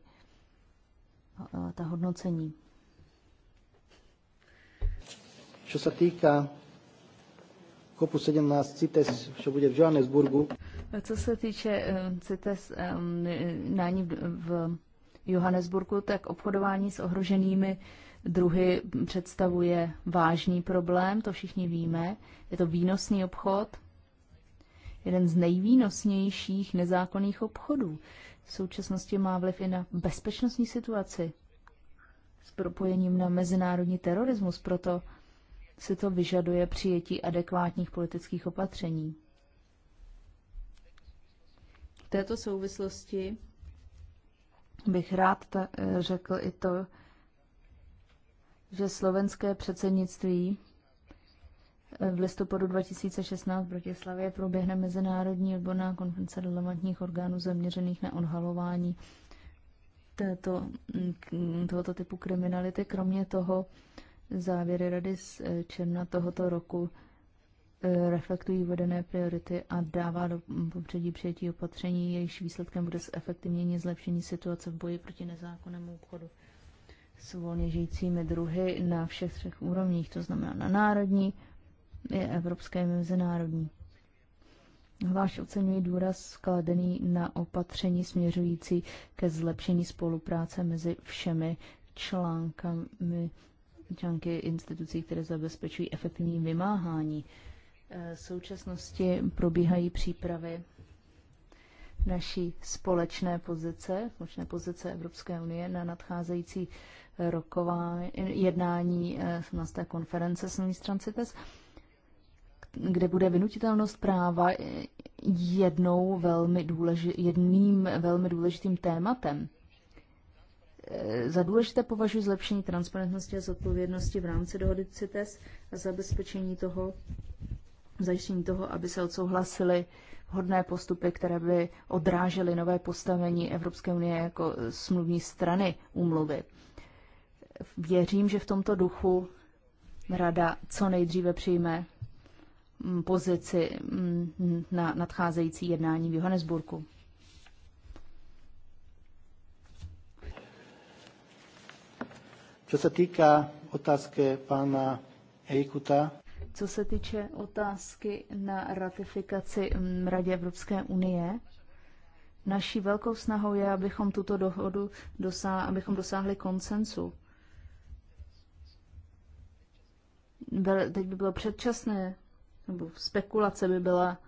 eh, ta hodnocení. Co se týká COPu 17 CITES, co bude v Johannesburgu. Co se týče eh, CITES eh, eh, ní v Johannesburgu, tak obchodování s ohroženými druhy představuje vážný problém, to všichni víme. Je to výnosný obchod, jeden z nejvýnosnějších nezákonných obchodů. V současnosti má vliv i na bezpečnostní situaci s propojením na mezinárodní terorismus, proto si to vyžaduje přijetí adekvátních politických opatření této souvislosti bych rád ta, eh, řekl i to, že slovenské předsednictví eh, v listopadu 2016 v Bratislavě proběhne mezinárodní odborná konference relevantních orgánů zaměřených na odhalování této, mm, tohoto typu kriminality. Kromě toho závěry rady z eh, června tohoto roku Eh, reflektují vedené priority a dává do popředí přijetí opatření, jejichž výsledkem bude zefektivnění zlepšení situace v boji proti nezákonnému obchodu s volně žijícími druhy na všech třech úrovních, to znamená na národní, je evropské i mezinárodní. Váš oceňuji důraz skladený na opatření směřující ke zlepšení spolupráce mezi všemi článkami články institucí, které zabezpečují efektivní vymáhání Eh, v současnosti probíhají přípravy naší společné pozice, společné pozice Evropské unie na nadcházející roková jednání eh, té konference smluvní stran CITES, kde bude vynutitelnost práva jednou velmi důleži, jedným velmi důležitým tématem. Eh, za důležité považuji zlepšení transparentnosti a zodpovědnosti v rámci dohody CITES a zabezpečení toho, zajištění toho, aby se odsouhlasily hodné postupy, které by odrážely nové postavení Evropské unie jako e, smluvní strany úmluvy. Věřím, že v tomto duchu Rada co nejdříve přijme mm, pozici mm, na nadcházející jednání v Johannesburgu. Co se týká otázky pana Ejkuta. Co se týče otázky na ratifikaci mm, Radě Evropské unie, naší velkou snahou je, abychom tuto dohodu dosáhli, abychom dosáhli koncensu. Teď by bylo předčasné, nebo spekulace by byla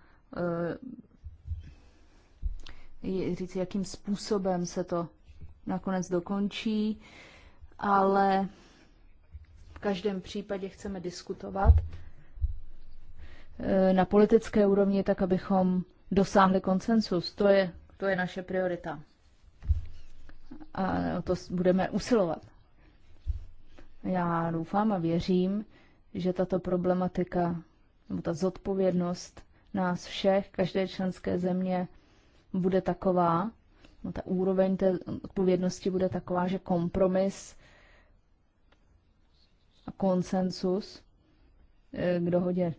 eh, říct, jakým způsobem se to nakonec dokončí, ale v každém případě chceme diskutovat Eh, na politické úrovni, tak abychom dosáhli konsensus. To je, to je naše priorita. A o to budeme usilovat. Já doufám a věřím, že tato problematika nebo ta zodpovědnost nás všech, každé členské země, bude taková, no ta úroveň té odpovědnosti bude taková, že kompromis a konsensus eh, k dohodě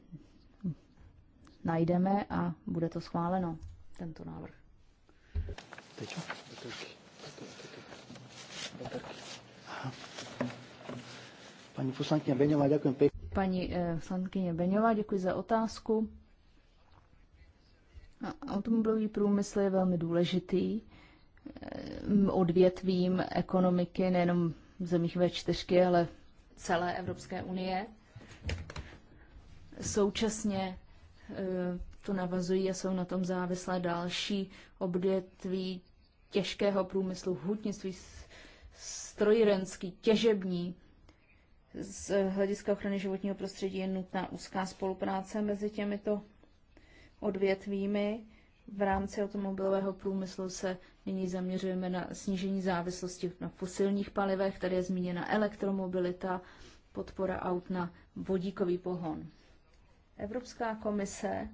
najdeme a bude to schváleno, tento návrh. Teď. Paní poslankyně Beňová, děkuji pěkně. Paní eh, poslankyně Beňová, děkuji za otázku. Automobilový průmysl je velmi důležitý eh, odvětvím ekonomiky nejenom v zemích V4, ale celé Evropské unie. Současně Eh, to navazují a jsou na tom závislé další obdětví těžkého průmyslu, hutnictví, strojírenský, těžební. Z hlediska ochrany životního prostředí je nutná úzká spolupráce mezi těmito odvětvími. V rámci automobilového průmyslu se nyní zaměřujeme na snížení závislosti na fosilních palivech, tady je zmíněna elektromobilita, podpora aut na vodíkový pohon. Evropská komise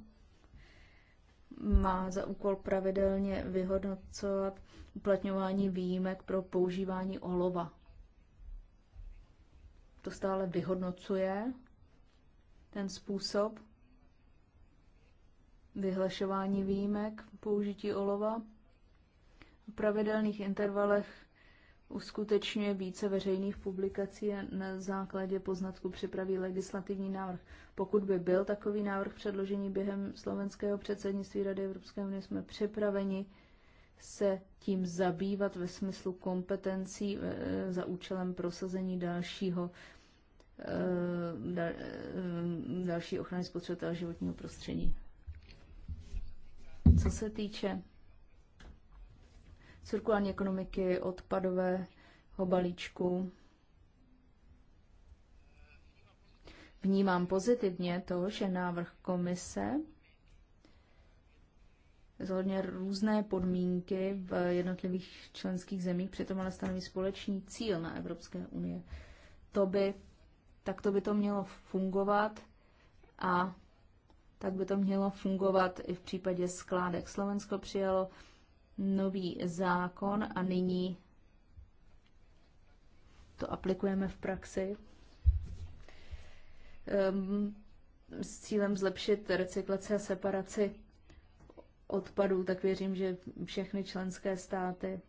má za úkol pravidelně vyhodnocovat uplatňování výjimek pro používání olova. To stále vyhodnocuje ten způsob vyhlašování výjimek použití olova. V pravidelných intervalech uskutečňuje více veřejných publikací a na základě poznatku připraví legislativní návrh. Pokud by byl takový návrh předložení během slovenského předsednictví Rady Evropské unie, jsme připraveni se tím zabývat ve smyslu kompetencí e, za účelem prosazení dalšího e, e další ochrany spotřebitele životního prostředí. Co se týče cirkulární ekonomiky, odpadového balíčku. Vnímám pozitivně to, že návrh komise zhodně různé podmínky v jednotlivých členských zemích, přitom ale stanoví společný cíl na Evropské unie. To by, tak to by to mělo fungovat a tak by to mělo fungovat i v případě skládek. Slovensko přijalo nový zákon a nyní to aplikujeme v praxi ehm, s cílem zlepšit recyklaci a separaci odpadů, tak věřím, že všechny členské státy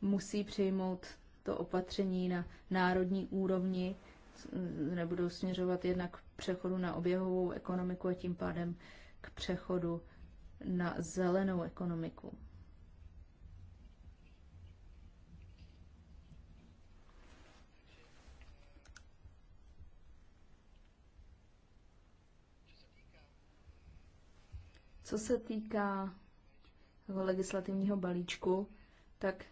musí přijmout to opatření na národní úrovni, nebudou směřovat jednak k přechodu na oběhovou ekonomiku a tím pádem k přechodu na zelenou ekonomiku. Co se týká toho legislativního balíčku, tak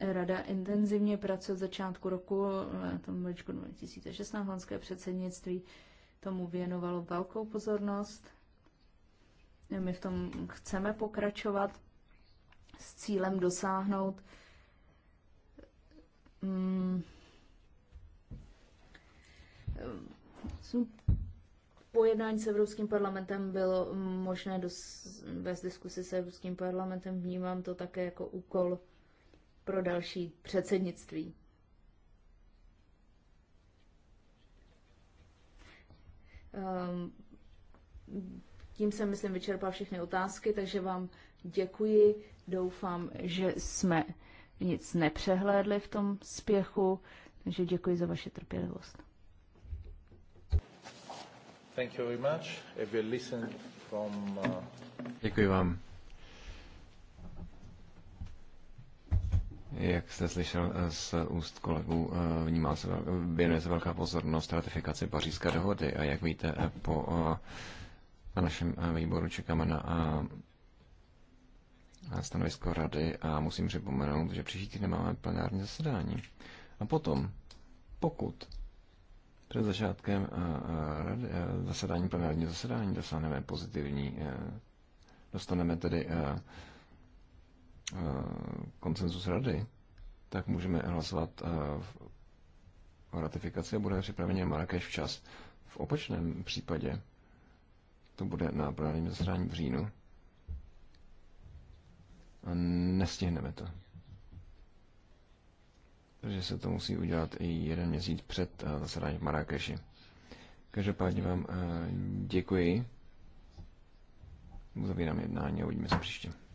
Rada intenzivně pracuje od začátku roku, na tom balíčku 2016, holandské předsednictví tomu věnovalo velkou pozornost. My v tom chceme pokračovat s cílem dosáhnout mm, mm pojednání s Evropským parlamentem bylo možné bez diskusy s Evropským parlamentem. Vnímám to také jako úkol pro další předsednictví. Um, tím jsem, myslím, vyčerpal všechny otázky, takže vám děkuji. Doufám, že jsme nic nepřehlédli v tom spěchu, takže děkuji za vaši trpělivost. Thank you very much. If you listen from, uh... Děkuji vám. Jak jste slyšel eh, z úst kolegů, eh, vnímá se, eh, věnuje se velká pozornost ratifikaci pařížské dohody a jak víte, po na našem eh, výboru čekáme eh, na stanovisko rady a musím připomenout, že příští týden máme plenární zasedání. A potom, pokud před začátkem eh, zasedání plenární zasedání dosáhneme pozitivní, dostaneme tedy konsenzus rady, tak můžeme hlasovat o ratifikaci a budeme připraveni na Marrakeš včas. V opačném případě to bude na plánním zasedání v říjnu. A nestihneme to. Takže se to musí udělat i jeden měsíc před eh, zasedání v Marrakeši. Každopádně vám eh, děkuji. Uzavírám jednání a uvidíme se příště.